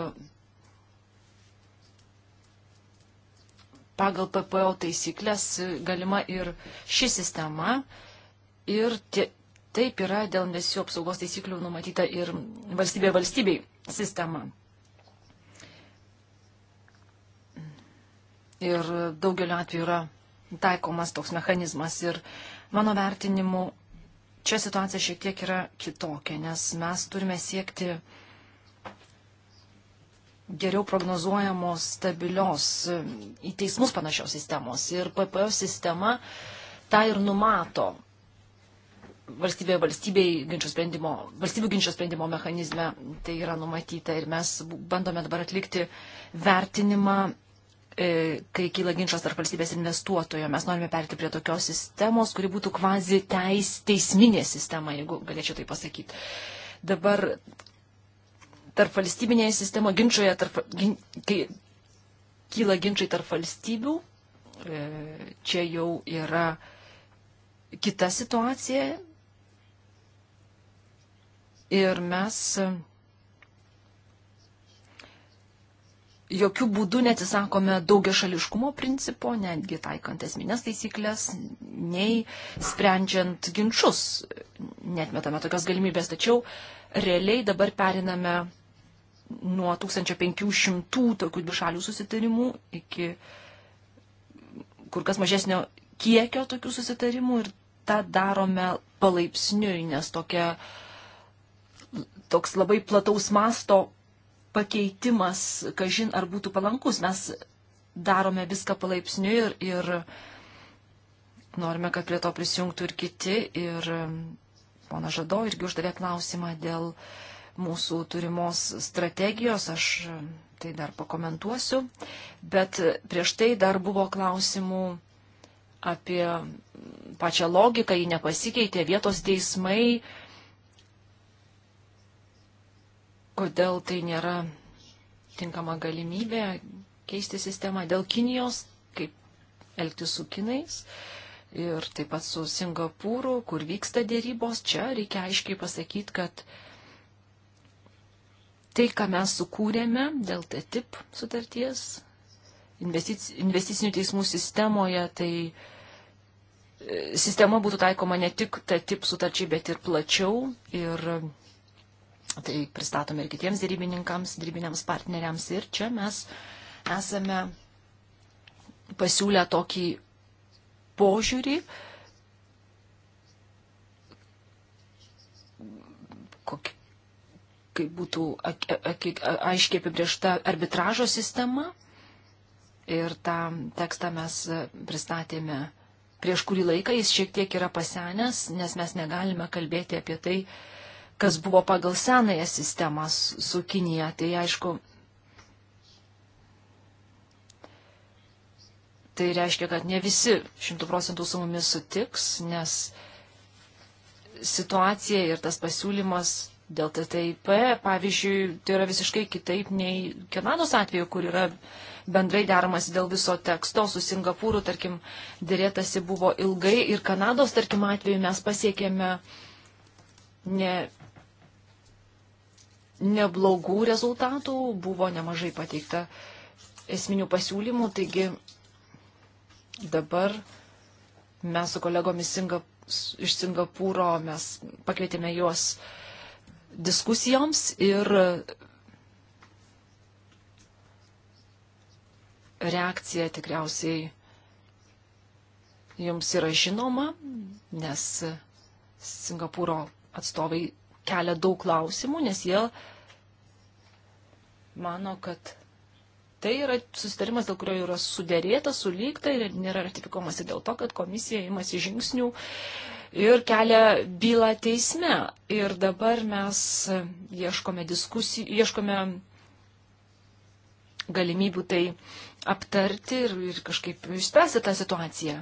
pagal PPO taisyklės galima ir ši sistema. Ir tie, taip yra dėl investicijų apsaugos taisyklių numatyta ir valstybė valstybei sistemą. Ir daugeliu atveju yra taikomas toks mechanizmas. Ir mano vertinimu, čia situacija šiek tiek yra kitokia, nes mes turime siekti geriau prognozuojamos stabilios į teismus panašios sistemos. Ir PPO e sistema tą ir numato valstybė ginčio valstybių ginčio sprendimo mechanizme tai yra numatyta ir mes bandome dabar atlikti vertinimą, e, kai kyla ginčas tarp valstybės investuotojo. Mes norime perėti prie tokios sistemos, kuri būtų kvazi teis, teisminė sistema, jeigu galėčiau tai pasakyti. Dabar tarp valstybinėje sistemoje ginčioje, tarp, gin, kai kyla ginčiai tarp valstybių, e, čia jau yra kita situacija, Ir mes jokių būdų netisakome daugia šališkumo principo, netgi taikant esminės taisyklės, nei sprendžiant ginčius. Netmetame tokios galimybės, tačiau realiai dabar periname nuo 1500 tokių dvišalių susitarimų iki kur kas mažesnio kiekio tokių susitarimų ir tą darome palaipsniui, nes tokia uh, toks labai plataus masto pakeitimas, kažin ar būtų palankus. Mes darome viską palaipsniui ir, ir norime, kad prie to prisijungtų ir kiti. Ir um, pona Žado irgi uždavė klausimą dėl mūsų turimos strategijos. Aš um, tai dar pakomentuosiu. Bet prieš tai dar buvo klausimų apie pačią logiką, ji nepasikeitė, vietos teismai kodėl tai nėra tinkama galimybė keisti sistemą dėl Kinijos, kaip elgtis su Kinais ir taip pat su Singapūru, kur vyksta dėrybos. Čia reikia aiškiai pasakyti, kad tai, ką mes sukūrėme dėl TTIP sutarties, investic, investicinių teismų sistemoje, tai e, sistema būtų taikoma ne tik TTIP sutarčiai, bet ir plačiau. Ir Tai pristatome ir kitiems dėrybininkams, dėrybiniams partneriams. Ir čia mes esame pasiūlę tokį požiūrį, kokį, kaip būtų aiškiai apibriešta arbitražo sistema. Ir tą tekstą mes pristatėme prieš kurį laiką, jis šiek tiek yra pasenęs, nes mes negalime kalbėti apie tai, uh, kas buvo pagal senąją sistemą su Kinija. Tai aišku, tai reiškia, kad ne visi šimtų procentų su mumis sutiks, nes situacija ir tas pasiūlymas dėl TTIP, pavyzdžiui, tai yra visiškai kitaip nei Kanados atveju, kur yra bendrai deramas dėl viso teksto, su Singapūru, tarkim, dėrėtasi buvo ilgai ir Kanados, tarkim, atveju mes pasiekėme ne neblogų rezultatų, buvo nemažai pateikta esminių pasiūlymų, taigi dabar mes su kolegomis Singap iš Singapūro mes pakvietėme juos diskusijoms ir reakcija tikriausiai jums yra žinoma, nes Singapūro atstovai kelia daug klausimų, nes jie mano, kad tai yra susitarimas, dėl kurio yra suderėta, sulygta ir nėra ratifikuomasi dėl to, kad komisija imasi žingsnių ir kelia bylą teisme. Ir dabar mes ieškome diskusijų, ieškome galimybių tai aptarti ir, ir kažkaip išspręsti tą situaciją.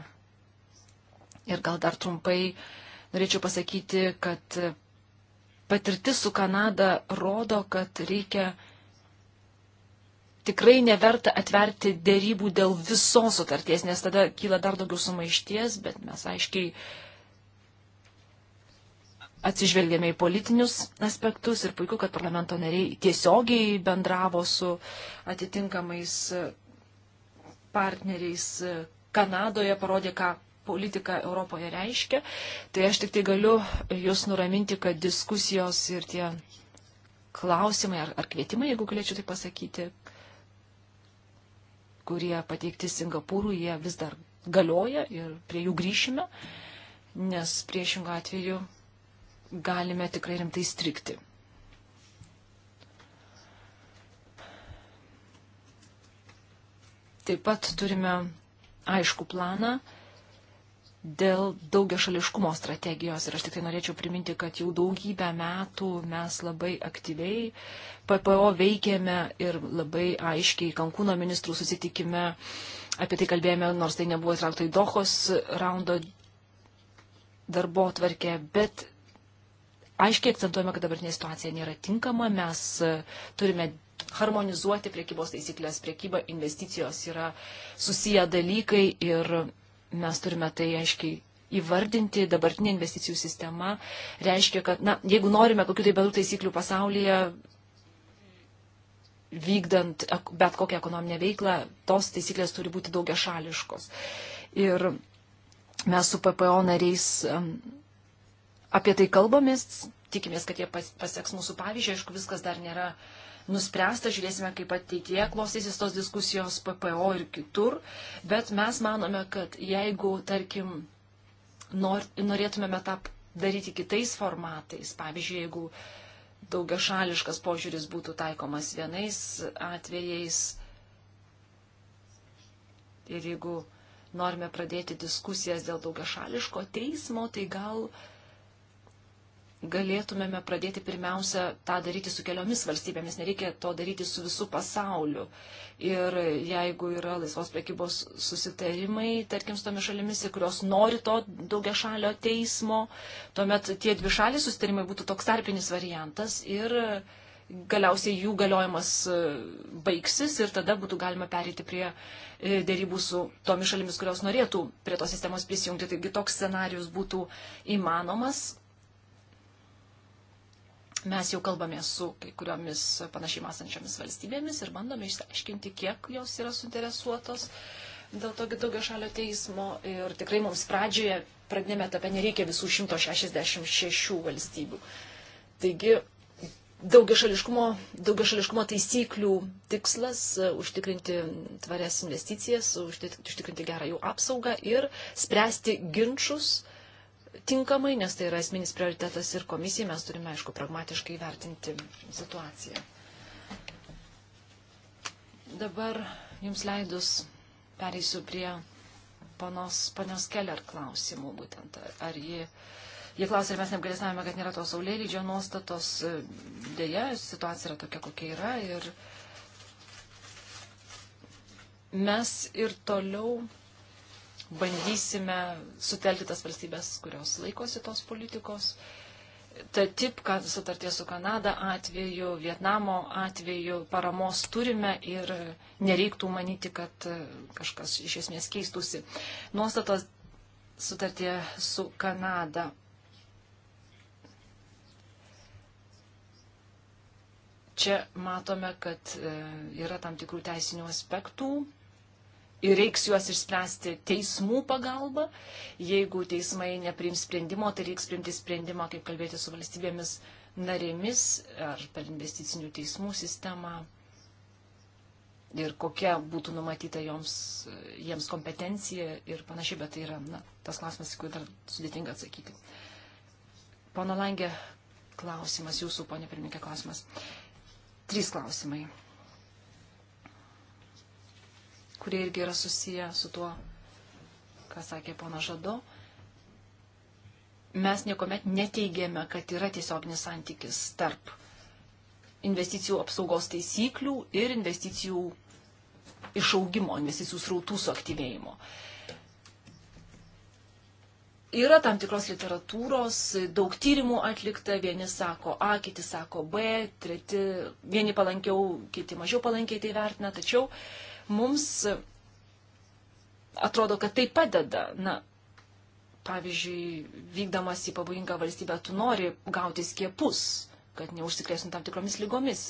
Ir gal dar trumpai norėčiau pasakyti, kad patirtis su Kanada rodo, kad reikia tikrai neverta atverti dėrybų dėl visos sutarties, nes tada kyla dar daugiau sumaišties, bet mes aiškiai atsižvelgėme į politinius aspektus ir puiku, kad parlamento nariai tiesiogiai bendravo su atitinkamais partneriais Kanadoje, parodė, ką politika Europoje reiškia. Tai aš tik tai galiu jūs nuraminti, kad diskusijos ir tie klausimai ar, ar kvietimai, jeigu galėčiau tai pasakyti, kurie pateikti Singapūrų, jie vis dar galioja ir prie jų grįšime, nes priešingų atveju galime tikrai rimtai strikti. Taip pat turime aišku planą dėl daugia šališkumo strategijos. Ir aš tik tai norėčiau priminti, kad jau daugybę metų mes labai aktyviai PPO veikėme ir labai aiškiai Kankūno ministrų susitikime apie tai kalbėjome, nors tai nebuvo įtraukta į Dohos raundo darbo tvarkę, bet aiškiai akcentuojame, kad dabartinė situacija nėra tinkama, mes turime harmonizuoti priekybos taisyklės, priekyba investicijos yra susiję dalykai ir mes turime tai aiškiai įvardinti, dabartinė investicijų sistema reiškia, kad, na, jeigu norime kokių tai bedų taisyklių pasaulyje, vykdant bet kokią ekonominę veiklą, tos taisyklės turi būti daugia šališkos. Ir mes su PPO nariais apie tai kalbamės, tikimės, kad jie pasieks mūsų pavyzdžių, aišku, viskas dar nėra uh, nuspręsta, žiūrėsime, kaip ateityje klostysis tos diskusijos PPO ir kitur, bet mes manome, kad jeigu, tarkim, nor, norėtumėme tą daryti kitais formatais, pavyzdžiui, jeigu daugia šališkas požiūris būtų taikomas vienais atvejais ir jeigu norime pradėti diskusijas dėl daugia šališko teismo, tai gal uh, galėtumėme pradėti pirmiausia tą daryti su keliomis valstybėmis, nereikia to daryti su visų pasauliu. Ir jeigu yra laisvos prekybos susitarimai, tarkim, su tomis šalimis, kurios nori to daugia šalio teismo, tuomet tie dvi šaliai susitarimai būtų toks tarpinis variantas ir galiausiai jų galiojimas e, baigsis ir tada būtų galima perėti prie e, dėrybų su tomis šalimis, kurios norėtų prie tos sistemos prisijungti. Taigi toks scenarius būtų įmanomas Mes jau kalbame su kai kuriomis panašiai mąstančiomis valstybėmis ir bandome išsiaiškinti, kiek jos yra suinteresuotos dėl tokio daugio šalio teismo. Ir tikrai mums pradžioje, pradinėme etape, nereikia visų 166 valstybių. Taigi daugiašališkumo, daugiašališkumo taisyklių tikslas - užtikrinti tvarias investicijas, užtikrinti gerą jų apsaugą ir spręsti ginčius tinkamai, nes tai yra esminis prioritetas ir komisijai mes turime, aišku, pragmatiškai vertinti situaciją. Dabar jums leidus pereisiu prie panos, panios Keller klausimų būtent. Ar ji, jie klausė, ar mes neapgalėsavome, kad nėra tos saulėlydžio nuostatos, dėja, situacija yra tokia, kokia yra. Ir mes ir toliau bandysime sutelkti tas valstybės, kurios laikosi tos politikos. Tai tip, kad sutarties su Kanada atveju, Vietnamo atveju paramos turime ir nereiktų manyti, kad e, kažkas iš esmės keistusi. Nuostatos sutartie su Kanada. Čia matome, kad e, yra tam tikrų teisinių aspektų ir reiks juos išspręsti teismų pagalba. Jeigu teismai neprims sprendimo, tai reiks priimti sprendimą, kaip kalbėti su valstybėmis narėmis ar per investicinių teismų sistemą ir kokia būtų numatyta joms, jiems kompetencija ir panašiai, bet tai yra na, tas klausimas, į kurį dar sudėtinga atsakyti. Pono Langė, klausimas jūsų, ponė pirmininkė, klausimas. Trys klausimai kurie irgi yra susiję su tuo, ką sakė pana Žado. Mes niekuomet neteigėme, kad yra tiesioginis santykis tarp investicijų apsaugos taisyklių ir investicijų išaugimo, investicijų srautų suaktyvėjimo. Yra tam tikros literatūros, daug tyrimų atlikta, vieni sako A, kiti sako B, treti, vieni palankiau, kiti mažiau palankiai tai vertina, tačiau uh, mums atrodo, kad tai padeda. Na, pavyzdžiui, vykdamas į pavojingą valstybę, tu nori gauti skiepus, kad neužsikrėsim tam tikromis lygomis.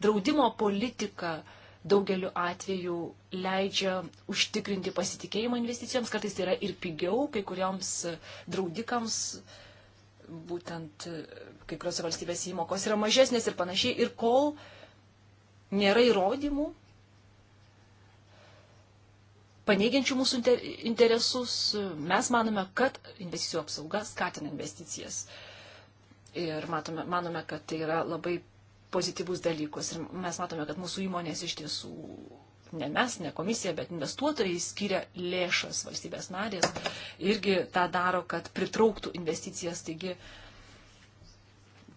Draudimo politika daugeliu atveju leidžia užtikrinti pasitikėjimą investicijoms, kartais tai yra ir pigiau, kai kurioms draudikams būtent kai kuriuose valstybėse įmokos yra mažesnės ir panašiai. Ir kol nėra įrodymų, paneigiančių mūsų interesus. Mes manome, kad investicijų apsauga skatina investicijas. Ir matome, manome, kad tai yra labai pozityvus dalykus. Ir mes matome, kad mūsų įmonės iš tiesų, ne mes, ne komisija, bet investuotojai skiria lėšas valstybės narės. Irgi tą daro, kad pritrauktų investicijas. Taigi,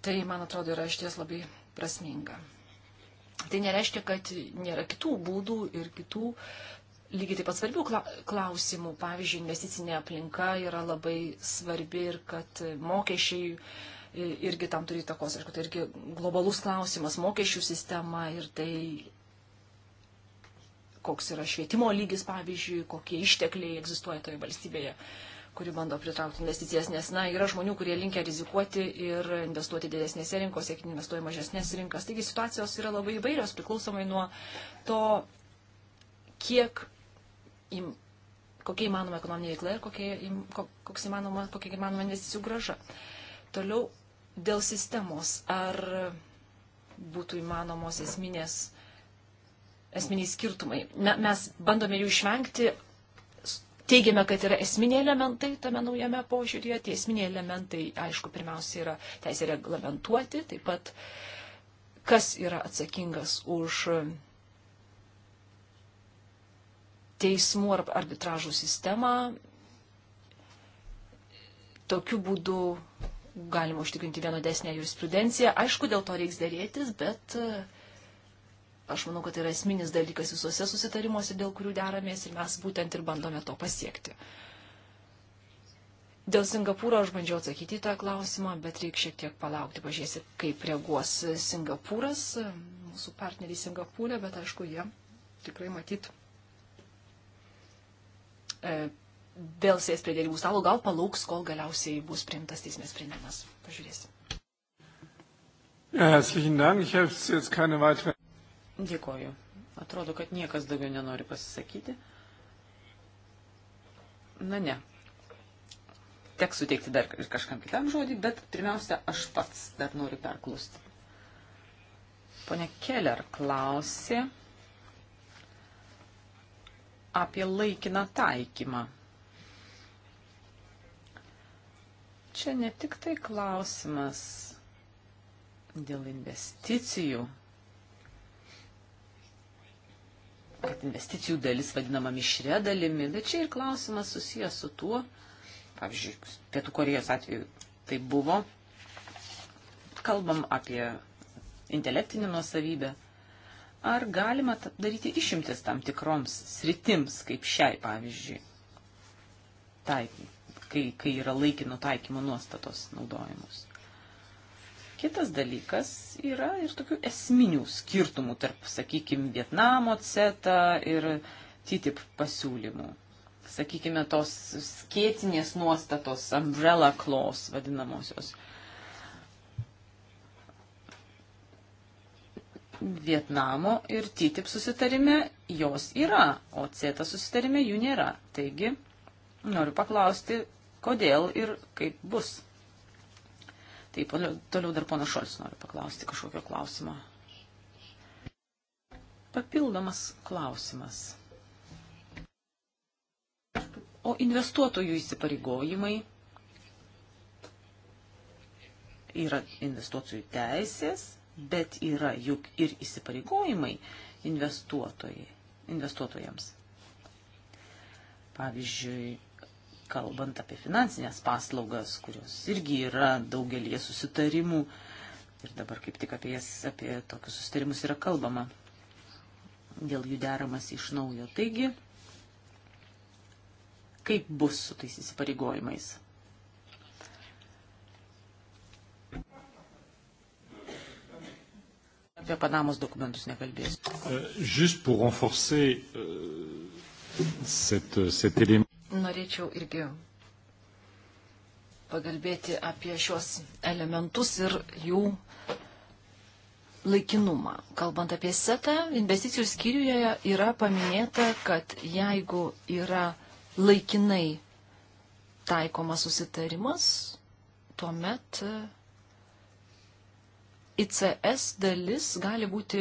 tai, man atrodo, yra iš ties labai prasminga. Tai nereiškia, kad nėra kitų būdų ir kitų lygiai taip pat svarbių klausimų. Pavyzdžiui, investicinė aplinka yra labai svarbi ir kad mokesčiai irgi tam turi įtakos. Aišku, tai irgi globalus klausimas, mokesčių sistema ir tai, koks yra švietimo lygis, pavyzdžiui, kokie ištekliai egzistuoja toje valstybėje kuri bando pritraukti investicijas, nes, na, yra žmonių, kurie linkia rizikuoti ir investuoti didesnėse rinkose, kai investuoja mažesnės rinkas. Taigi situacijos yra labai įvairios, priklausomai nuo to, kiek im, kokia įmanoma ekonominė veikla ir kokia, im, koks įmanoma, kokia įmanoma investicijų graža. Toliau dėl sistemos. Ar būtų įmanomos esminės, esminiai skirtumai? Me, mes bandome jų išvengti. Teigiame, kad yra esminiai elementai tame naujame požiūrėje. Tie esminiai elementai, aišku, pirmiausia yra teisė reglamentuoti, taip pat kas yra atsakingas už teismų ar arbitražų sistemą. Tokiu būdu galima užtikrinti vienodesnę jurisprudenciją. Aišku, dėl to reiks dėrėtis, bet e, aš manau, kad tai yra esminis dalykas visuose susitarimuose, dėl kurių deramės ir mes būtent ir bandome to pasiekti. Dėl Singapūro aš bandžiau atsakyti į tą klausimą, bet reikia šiek tiek palaukti, pažiūrėsi, kaip reaguos Singapūras, e, mūsų partneriai Singapūrė, bet aišku, jie tikrai matyt E, vėl sės prie dėrybų stalo, gal palauks, kol galiausiai bus priimtas teismės sprendimas. Pažiūrėsim. Dėkoju. Atrodo, kad niekas daugiau nenori pasisakyti. Na ne. Teks suteikti dar kažkam kitam žodį, bet pirmiausia, aš pats dar noriu perklūsti. Pone Keller klausė apie laikiną taikymą. Čia ne tik tai klausimas dėl investicijų, kad investicijų dalis vadinama mišrė dalimi, bet čia ir klausimas susijęs su tuo, pavyzdžiui, Pietų Korejos atveju tai buvo, kalbam apie intelektinį nuosavybę, ar galima daryti išimtis tam tikroms sritims, kaip šiai pavyzdžiui, tai, kai, kai yra laikino taikymo nuostatos naudojamos. Kitas dalykas yra ir tokių esminių skirtumų tarp, sakykime, Vietnamo CETA ir TTIP pasiūlymų. Sakykime, tos skėtinės nuostatos, umbrella clause vadinamosios. Uh, Vietnamo ir TTIP susitarime jos yra, o CETA susitarime jų nėra. Taigi, noriu paklausti, kodėl ir kaip bus. Taip, toliau dar pono Šolts noriu paklausti kažkokio klausimo. Papildomas klausimas. O investuotojų įsipareigojimai yra investuotojų teisės bet yra juk ir įsipareigojimai investuotojams. Pavyzdžiui, kalbant apie finansinės paslaugas, kurios irgi yra daugelie susitarimų ir dabar kaip tik apie, jas, apie tokius susitarimus yra kalbama. Dėl jų deramas iš naujo. Taigi, kaip bus su tais įsipareigojimais? Apie Panamos dokumentus nekalbėsiu. Euh, euh, Norėčiau irgi pagalbėti apie šios elementus ir jų laikinumą. Kalbant apie setą, investicijų skyriuje yra paminėta, kad jeigu yra laikinai taikomas susitarimas, tuomet ICS dalis gali būti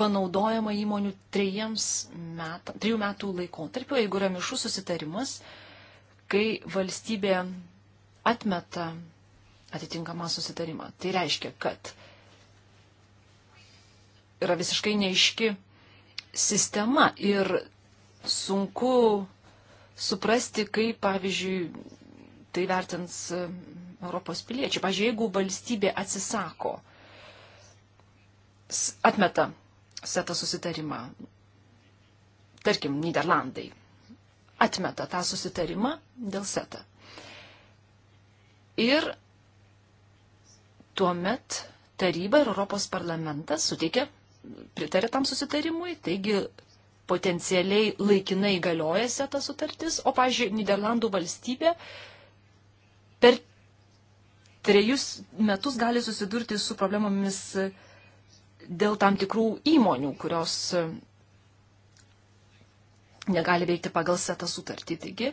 panaudojama įmonių metam, trijų metų laikotarpio, jeigu yra mišus susitarimas, kai valstybė atmeta atitinkamą susitarimą. Tai reiškia, kad yra visiškai neiški sistema ir sunku suprasti, kaip, pavyzdžiui, tai vertins Europos piliečiai. Pavyzdžiui, jeigu valstybė atsisako atmeta setą susitarimą. Tarkim, Niderlandai atmeta tą susitarimą dėl setą. Ir tuomet taryba ir Europos parlamentas suteikia, pritarė tam susitarimui, taigi potencialiai laikinai galioja seta sutartis, o, pažiūrėjau, Niderlandų valstybė per trejus metus gali susidurti su problemomis dėl tam tikrų įmonių, kurios e, negali veikti pagal setą sutartį. Taigi,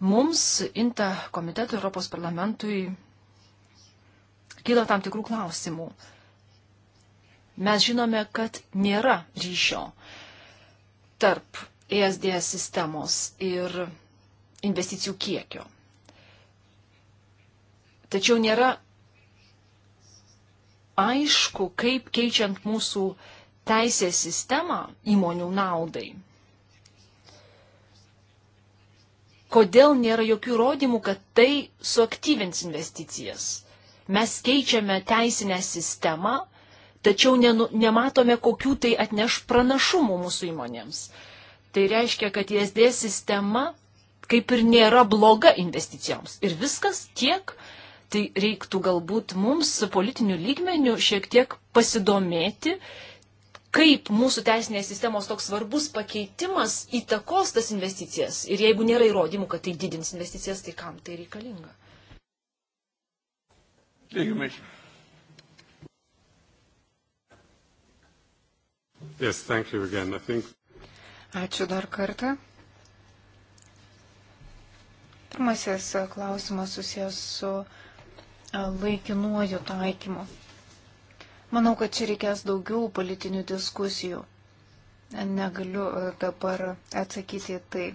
mums, INTA komitetui, Europos parlamentui, kyla tam tikrų klausimų. Mes žinome, kad nėra ryšio tarp ESDS sistemos ir investicijų kiekio. Tačiau nėra aišku, kaip keičiant mūsų teisės sistemą įmonių naudai. Kodėl nėra jokių įrodymų, kad tai suaktyvins investicijas? Mes keičiame teisinę sistemą, tačiau nenu, nematome, kokių tai atneš pranašumų mūsų įmonėms. Tai reiškia, kad ISD sistema kaip ir nėra bloga investicijoms. Ir viskas tiek tai reiktų galbūt mums politinių lygmenių šiek tiek pasidomėti, kaip mūsų teisinės sistemos toks svarbus pakeitimas įtakos tas investicijas. Ir jeigu nėra įrodymų, kad tai didins investicijas, tai kam tai reikalinga? Lygiai. Yes, thank you again. I think... Ačiū dar kartą. Pirmasis uh, klausimas susijęs su laikinuoju taikymu. Manau, kad čia reikės daugiau politinių diskusijų. Negaliu e, dabar atsakyti tai,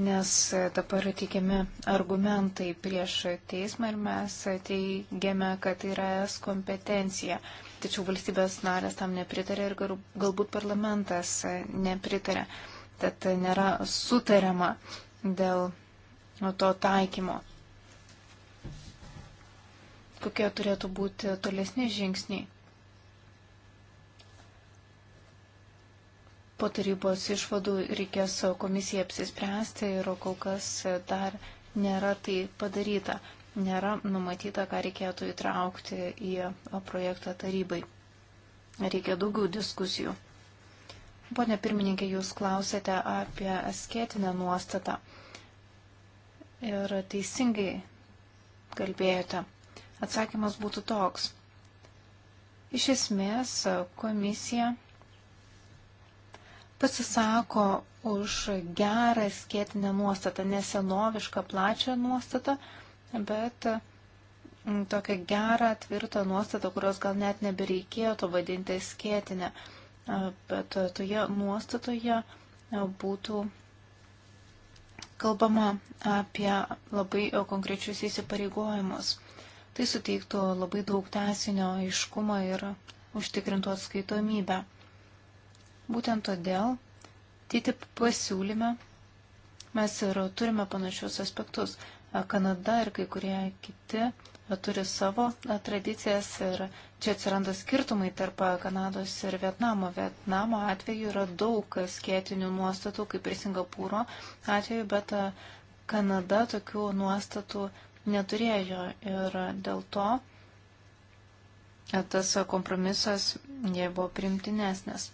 nes e, dabar teikiami argumentai prieš teismą ir mes teigiame, kad yra es kompetencija. Tačiau valstybės narės tam nepritarė ir galbūt parlamentas e, nepritarė. Tad nėra sutariama dėl to taikymo kokie turėtų būti tolesni žingsniai. Po tarybos išvadų reikės komisijai apsispręsti ir kol kas dar nėra tai padaryta. Nėra numatyta, ką reikėtų įtraukti į projektą tarybai. Reikia daugiau diskusijų. Pone pirmininkė, jūs klausėte apie asketinę nuostatą. Ir teisingai kalbėjote. Atsakymas būtų toks. Iš esmės komisija pasisako už gerą skėtinę nuostatą, nesenovišką plačią nuostatą, bet mm, tokią gerą, tvirtą nuostatą, kurios gal net nebereikėtų vadinti skėtinę, bet toje nuostatoje būtų kalbama apie labai konkrečius įsipareigojimus. Tai suteiktų labai daug teisinio aiškumo ir užtikrintų atskaitomybę. Būtent todėl TTIP pasiūlyme mes ir turime panašius aspektus. Kanada ir kai kurie kiti turi savo tradicijas ir čia atsiranda skirtumai tarp Kanados ir Vietnamo. Vietnamo atveju yra daug skėtinių nuostatų, kaip ir Singapūro atveju, bet Kanada tokių nuostatų neturėjo ir dėl to tas kompromisas jie buvo primtinesnis.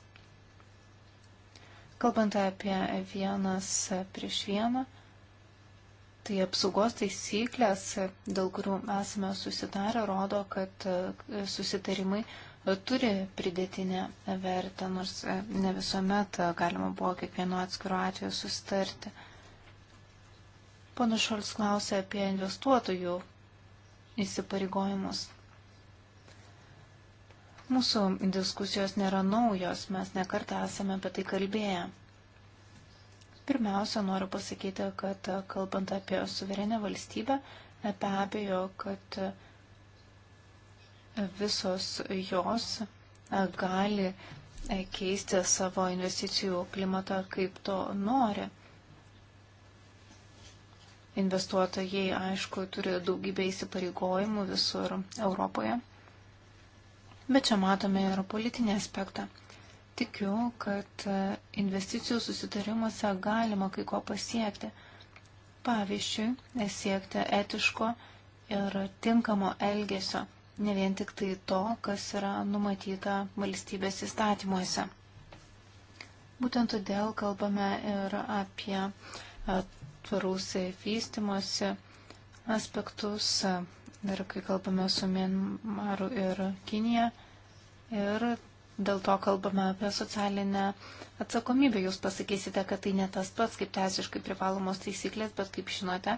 Kalbant apie vienas prieš vieną, tai apsaugos taisyklės, dėl kurių esame susitarę, rodo, kad susitarimai turi pridėtinę vertę, nors ne visuomet galima buvo kiekvienu atskiru atveju sustarti. Pana Šols klausė apie investuotojų įsipareigojimus. Mūsų diskusijos nėra naujos, mes nekartą esame apie tai kalbėję. Pirmiausia, noriu pasakyti, kad kalbant apie suverenę valstybę, be abejo, kad visos jos gali keisti savo investicijų klimatą kaip to nori. Investuotojai, aišku, turi daugybę įsipareigojimų visur Europoje. Bet čia matome ir politinį aspektą. Tikiu, kad investicijų susitarimuose galima kai ko pasiekti. Pavyzdžiui, siekti etiško ir tinkamo elgesio, ne vien tik tai to, kas yra numatyta valstybės įstatymuose. Būtent todėl kalbame ir apie tvaraus vystimosi aspektus, ir kai kalbame su Mienmaru ir Kinija, ir dėl to kalbame apie socialinę atsakomybę. Jūs pasakysite, kad tai ne tas pats kaip teisiškai privalomos taisyklės, bet kaip žinote,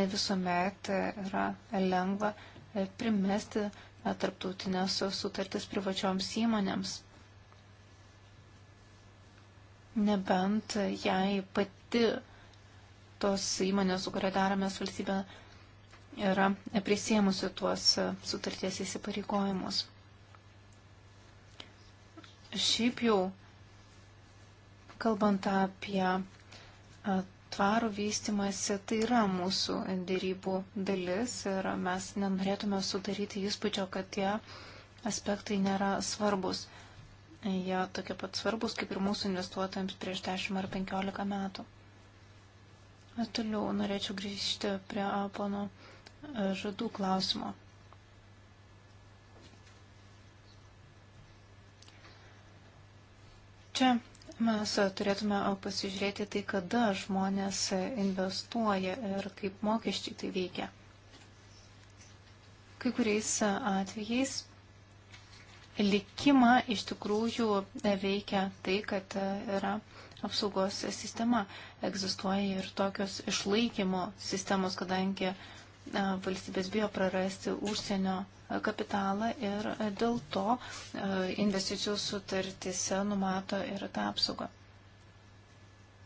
ne visuomet yra lengva primesti tarptautinės sutartis privačioms įmonėms. Nebent jai pati tos įmonės, su kuria daromės valstybė, yra prisėmusi tuos e, sutarties įsipareigojimus. Šiaip jau, kalbant apie e, tvarų vystimąsi, tai yra mūsų dėrybų dalis ir mes nenorėtume sudaryti įspūdžio, kad tie aspektai nėra svarbus. Jie tokie pat svarbus kaip ir mūsų investuotojams prieš 10 ar 15 metų. Toliau norėčiau grįžti prie pono e, žadų klausimo. Čia mes e, turėtume e, pasižiūrėti tai, kada žmonės investuoja ir kaip mokesčiai tai veikia. Kai kuriais atvejais likimą iš tikrųjų veikia tai, kad yra apsaugos sistema. Egzistuoja ir tokios išlaikymo sistemos, kadangi valstybės bijo prarasti užsienio kapitalą ir dėl to investicijų sutartise numato ir tą apsaugą.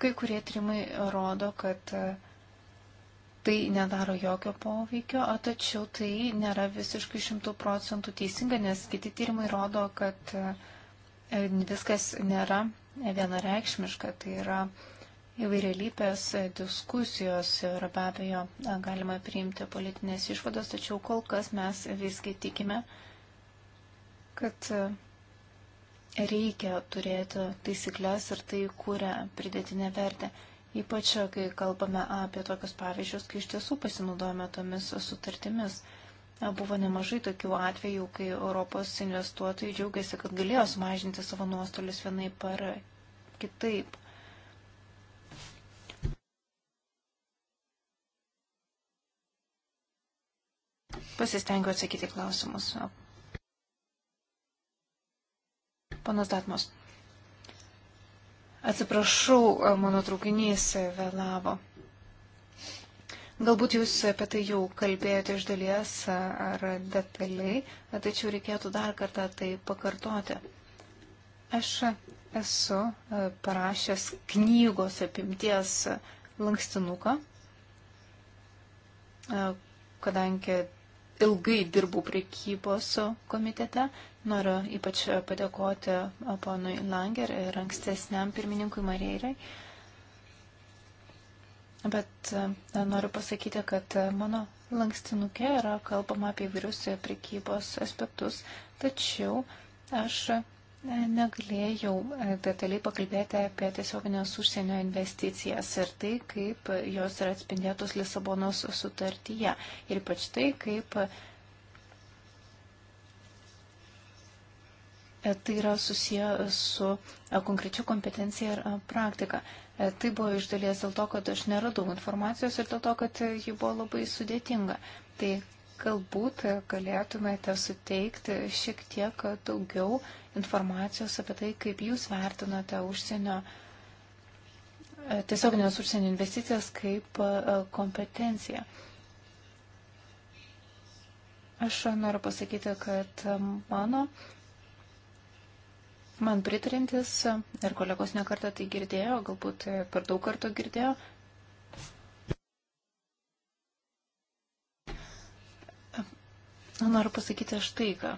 Kai kurie trimai rodo, kad tai nedaro jokio poveikio, o tačiau tai nėra visiškai šimtų procentų teisinga, nes kiti tyrimai rodo, kad viskas nėra vienareikšmiška, tai yra įvairialypės diskusijos ir be abejo galima priimti politinės išvados, tačiau kol kas mes visgi tikime, kad reikia turėti taisyklės ir tai kūrė pridėtinę vertę. Ypač, kai kalbame apie tokius pavyzdžius, kai iš tiesų pasinaudojame tomis sutartimis. Buvo nemažai tokių atvejų, kai Europos investuotojai džiaugiasi, kad galėjo sumažinti savo nuostolius vienaip ar kitaip. Pasistengiu atsakyti klausimus. Panas Datmos. Atsiprašau, mano traukinys vėlavo. Galbūt jūs apie tai jau kalbėjote iš dalies ar detaliai, tačiau reikėtų dar kartą tai pakartoti. Aš esu parašęs knygos apimties lankstinuką, kadangi ilgai dirbau priekybos komitete. Noriu ypač padėkoti ponui Langer ir ankstesniam pirmininkui Mareirai. Uh, Bet e, noriu pasakyti, kad e, mano lankstinukė yra kalbama apie įvairius e, prekybos aspektus, tačiau aš negalėjau detaliai pakalbėti apie tiesioginės užsienio investicijas ir tai, kaip jos yra atspindėtos Lisabonos sutartyje. Ir ypač tai, kaip tai yra susiję su konkrečia kompetencija ir praktika. E, tai buvo iš dalies dėl to, kad aš neradau informacijos ir dėl to, kad e, ji buvo labai sudėtinga. Tai galbūt e, galėtumėte suteikti šiek tiek daugiau informacijos apie tai, kaip jūs vertinate užsienio, tiesioginės užsienio investicijas kaip kompetenciją. Aš noriu pasakyti, kad mano man pritarintis ir kolegos nekartą tai girdėjo, galbūt per daug kartų girdėjo. Noriu pasakyti štai ką.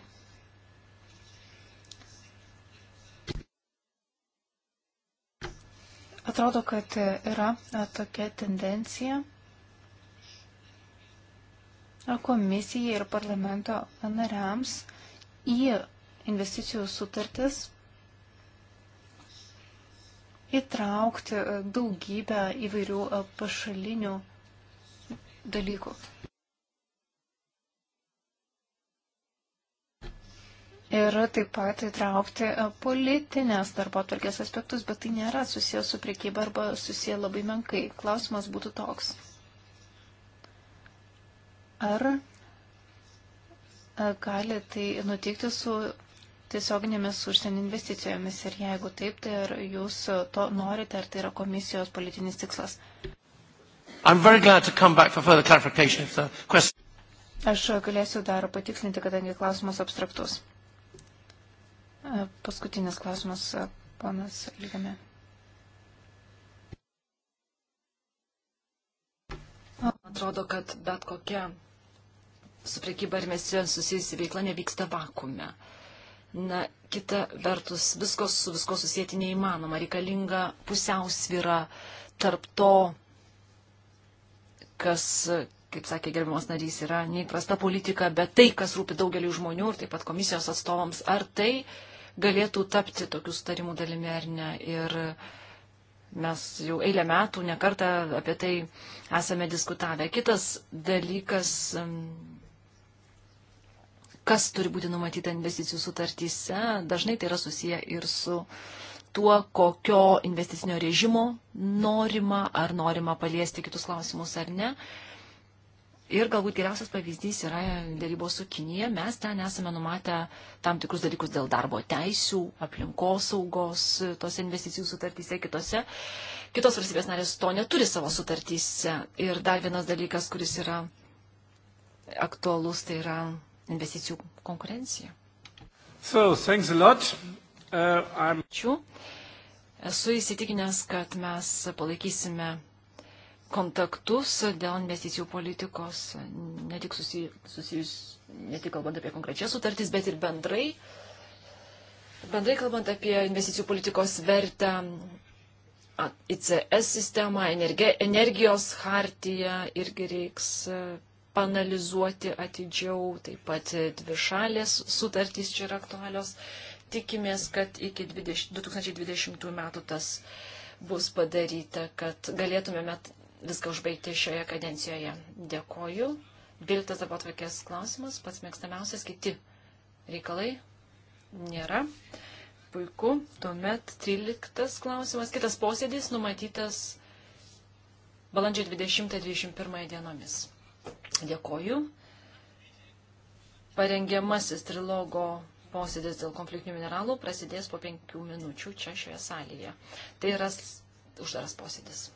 Atrodo, kad yra tokia tendencija komisijai ir parlamento nariams į investicijų sutartis įtraukti e, daugybę įvairių e, pašalinių dalykų. Ir taip pat įtraukti e, politinės darbo atvarkės aspektus, bet tai nėra susijęs su priekyba arba susiję labai menkai. Klausimas būtų toks. Ar gali tai nutikti su tiesioginėmis užsienio investicijomis ir jeigu taip, tai ar jūs to norite, ar tai yra komisijos politinis tikslas? Aš galėsiu dar patikslinti, kadangi klausimas abstraktus. Paskutinis klausimas, ponas Lygame. Atrodo, kad bet kokia su priekyba ir mesijon susijusi veikla nevyksta vakume. Uh, Na, kita vertus, visko su visko susijęti neįmanoma, reikalinga pusiausvyra tarp to, kas, kaip sakė gerbiamas narys, yra neįprasta politika, bet tai, kas rūpi daugeliu žmonių ir taip pat komisijos atstovams, ar tai galėtų tapti tokių sutarimų dalimi ar ne. Ir mes jau eilę metų nekartą apie tai esame diskutavę. Kitas dalykas kas turi būti numatyta investicijų sutartyse, dažnai tai yra susiję ir su tuo, kokio investicinio režimo norima, ar norima paliesti kitus klausimus ar ne. Ir galbūt geriausias pavyzdys yra dėrybos su Kinija. Mes ten esame numatę tam tikrus dalykus dėl darbo teisų, aplinkosaugos, tos investicijų sutartyse, kitose. Kitos valstybės narės to neturi savo sutartyse. Ir dar vienas dalykas, kuris yra aktualus, tai yra investicijų konkurenciją. So, thanks a lot. Uh, I'm... Ačiū. Esu įsitikinęs, kad mes palaikysime kontaktus dėl investicijų politikos, ne tik, susi, susijus, ne tik kalbant apie konkrečias sutartys, bet ir bendrai. Bendrai kalbant apie investicijų politikos vertę, ICS sistemą, energi, energijos hartiją irgi reiks panalizuoti atidžiau, taip pat dvišalės sutartys čia yra aktualios. Tikimės, kad iki 20, 2020 metų tas bus padaryta, kad galėtumėme viską užbaigti šioje kadencijoje. Dėkoju. Biltas dabar atvakės klausimas, pats mėgstamiausias, kiti reikalai nėra. Puiku. Tuomet 13 klausimas. Kitas posėdis numatytas balandžio 20-21 dienomis. Dėkoju. Parengiamasis trilogo posėdis dėl konfliktinių mineralų prasidės po penkių minučių čia šioje salėje. Tai yra uždaras posėdis.